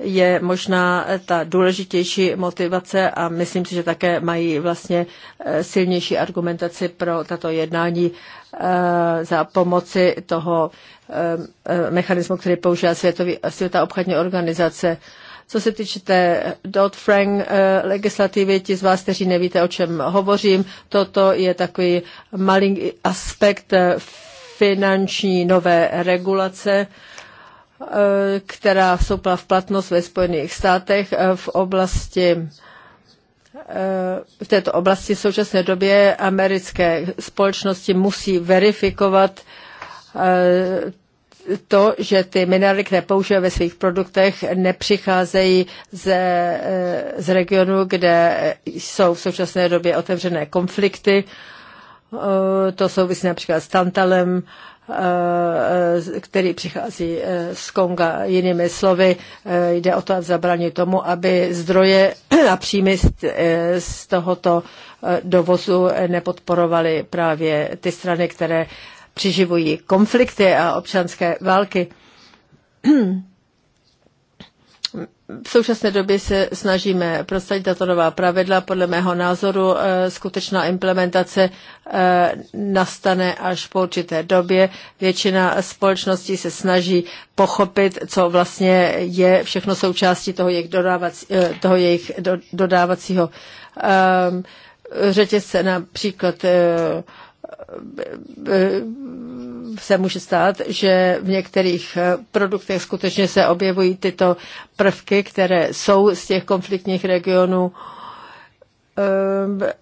je možná ta důležitější motivace a myslím si, že také mají vlastně eh, silnější argumentaci pro tato jednání eh, za pomoci toho eh, mechanismu, který používá Světový, Světová obchodní organizace. Co se týče té Dodd-Frank legislativy, ti z vás, kteří nevíte, o čem hovořím, toto je takový malý aspekt finanční nové regulace, Eh, která vstoupila v platnost ve Spojených státech eh, v oblasti eh, v této oblasti v současné době americké společnosti musí verifikovat to, že ty minerály, které používají ve svých produktech, nepřicházejí ze, z regionu, kde jsou v současné době otevřené konflikty. To souvisí například s tantalem, Eh, který přichází eh, z Konga. Jinými slovy, eh, jde o to zabránit tomu, aby zdroje a příjmy z tohoto dovozu nepodporovaly právě ty strany, které přiživují konflikty a občanské války. v současné době se snažíme prosadit tato nová pravidla. Podle mého názoru eh, skutečná implementace eh, nastane až po určité době. Většina společností se snaží pochopit, co vlastně je všechno součástí toho jejich, dodávací, eh, toho jejich dodávacího ehm, řetězce, například se může stát, že v některých eh, produktech skutečně se objevují tyto prvky, které jsou z těch konfliktních regionů, eh,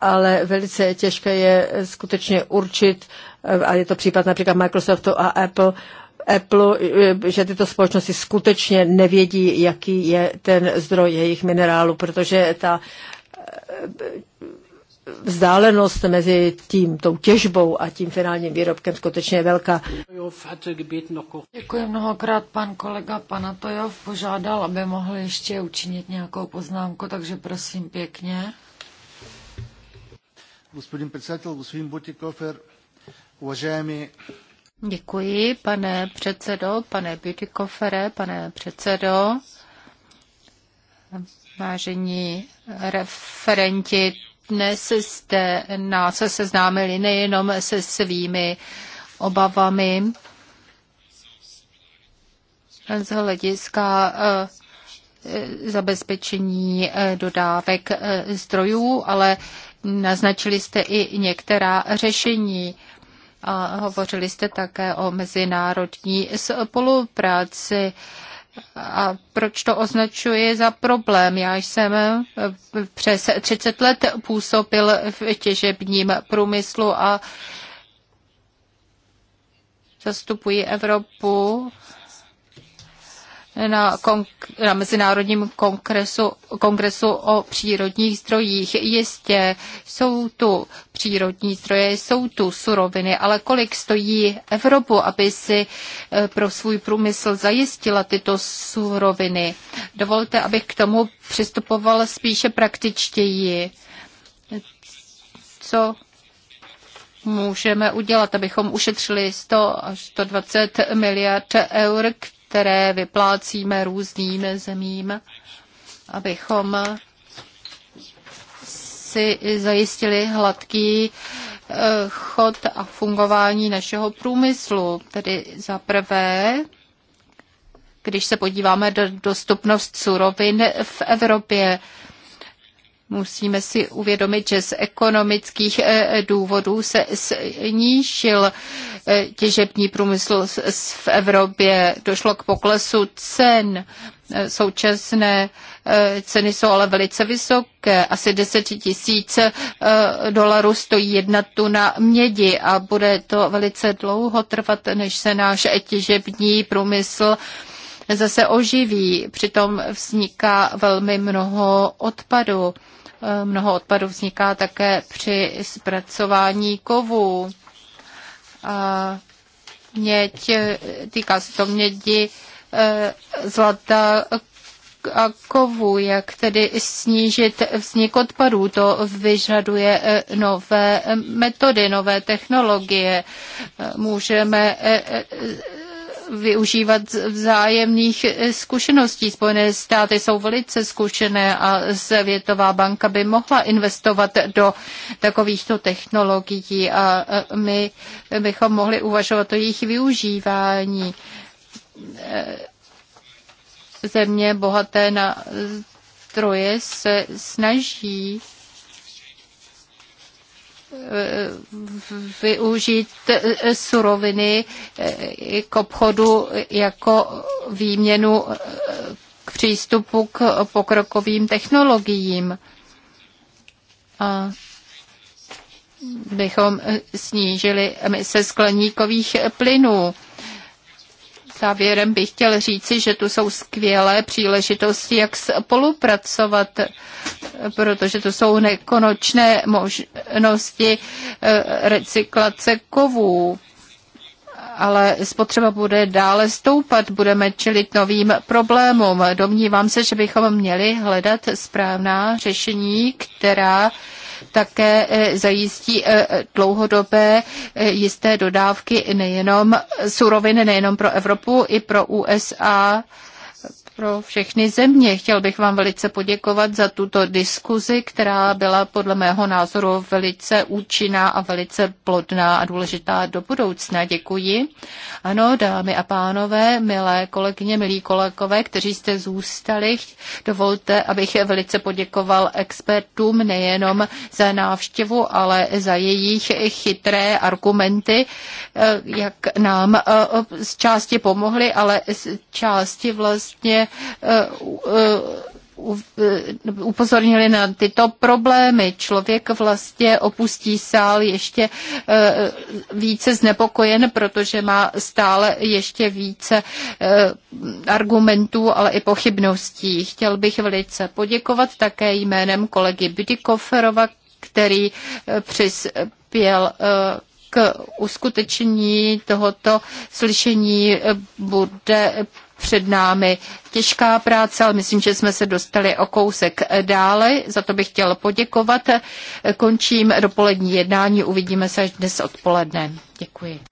ale velice těžké je skutečně určit, eh, a je to případ například Microsoftu a Apple, Apple, že tyto společnosti skutečně nevědí, jaký je ten zdroj jejich minerálu, protože ta vzdálenost mezi tím, tou těžbou a tím finálním výrobkem skutečně je velká. Děkuji mnohokrát. Pan kolega Panatojov požádal, aby mohl ještě učinit nějakou poznámku, takže prosím pěkně. Господин председател, господин butikofer уважаеми Děkuji, pane předsedo, pane butikofere, pane předsedo, vážení referenti dnes jste nás seznámili nejenom se svými obavami z hlediska eh, zabezpečení eh, dodávek eh, zdrojů, ale naznačili jste i některá řešení. A hovořili jste také o mezinárodní spolupráci. A proč to označuji za problém? Já jsem přes 30 let působil v těžebním průmyslu a zastupuji Evropu na, konk- na Mezinárodním kongresu, kongresu o přírodních zdrojích. Jistě jsou tu přírodní zdroje, jsou tu suroviny, ale kolik stojí Evropu, aby si eh, pro svůj průmysl zajistila tyto suroviny? Dovolte, abych k tomu přistupoval spíše praktičtěji. Co můžeme udělat, abychom ušetřili 100 až 120 miliard eur, které vyplácíme různým zemím, abychom si zajistili hladký eh, chod a fungování našeho průmyslu. Tedy za prvé, když se podíváme do dostupnost surovin v Evropě, Musíme si uvědomit, že z ekonomických eh, důvodů se snížil eh, těžební průmysl v Evropě. Došlo k poklesu cen. Eh, současné ceny jsou ale velice vysoké. Asi 10 tisíc dolarů stojí jedna tuna mědi a bude to velice dlouho trvat, než se náš těžební průmysl zase oživí. Přitom vzniká velmi mnoho odpadu. Mnoho odpadů vzniká také při zpracování kovů. A měď, týká se to mědi, e, zlata a kovů, jak tedy snížit vznik odpadů. To vyžaduje e, nové metody, nové technologie. E, můžeme využívat vzájemných eh, zkušeností. Spojené státy jsou velice zkušené a Světová banka by mohla investovat do takovýchto technologií a eh, my bychom mohli uvažovat o jejich využívání. Eh, země bohaté na troje se snaží využít e, e, suroviny e, k obchodu jako výměnu k přístupu k pokrokovým technologiím. A bychom snížili emise skleníkových plynů. Závěrem bych chtěl říci, že tu jsou skvělé příležitosti, jak spolupracovat, protože to jsou nekonečné možnosti eh, recyklace kovů ale spotřeba bude dále stoupat, budeme čelit novým problémům. Domnívám se, že bychom měli hledat správná řešení, která také e, zajistí e, dlouhodobé e, jisté dodávky nejenom surovin, nejenom pro Evropu, i pro USA pro všechny země. Chtěl bych vám velice poděkovat za tuto diskuzi, která byla podle mého názoru velice účinná a velice plodná a důležitá do budoucna. Děkuji. Ano, dámy a pánové, milé kolegyně, milí kolegové, kteří jste zůstali, dovolte, abych velice poděkoval expertům nejenom za návštěvu, ale za jejich chytré argumenty, eh, jak nám eh, z části pomohli, ale z části vlastně Eh, eh, upozornili na tyto problémy. Člověk vlastně opustí sál ještě eh, více znepokojen, protože má stále ještě více argumentů, ale i pochybností. Chtěl bych velice poděkovat také jménem kolegy Bydikoferova, který přispěl k uskutečnění tohoto slyšení bude před námi těžká práce, ale myslím, že jsme se dostali o kousek dále. Za to bych chtěl poděkovat. Končím dopolední jednání, uvidíme se až dnes odpoledne. Děkuji.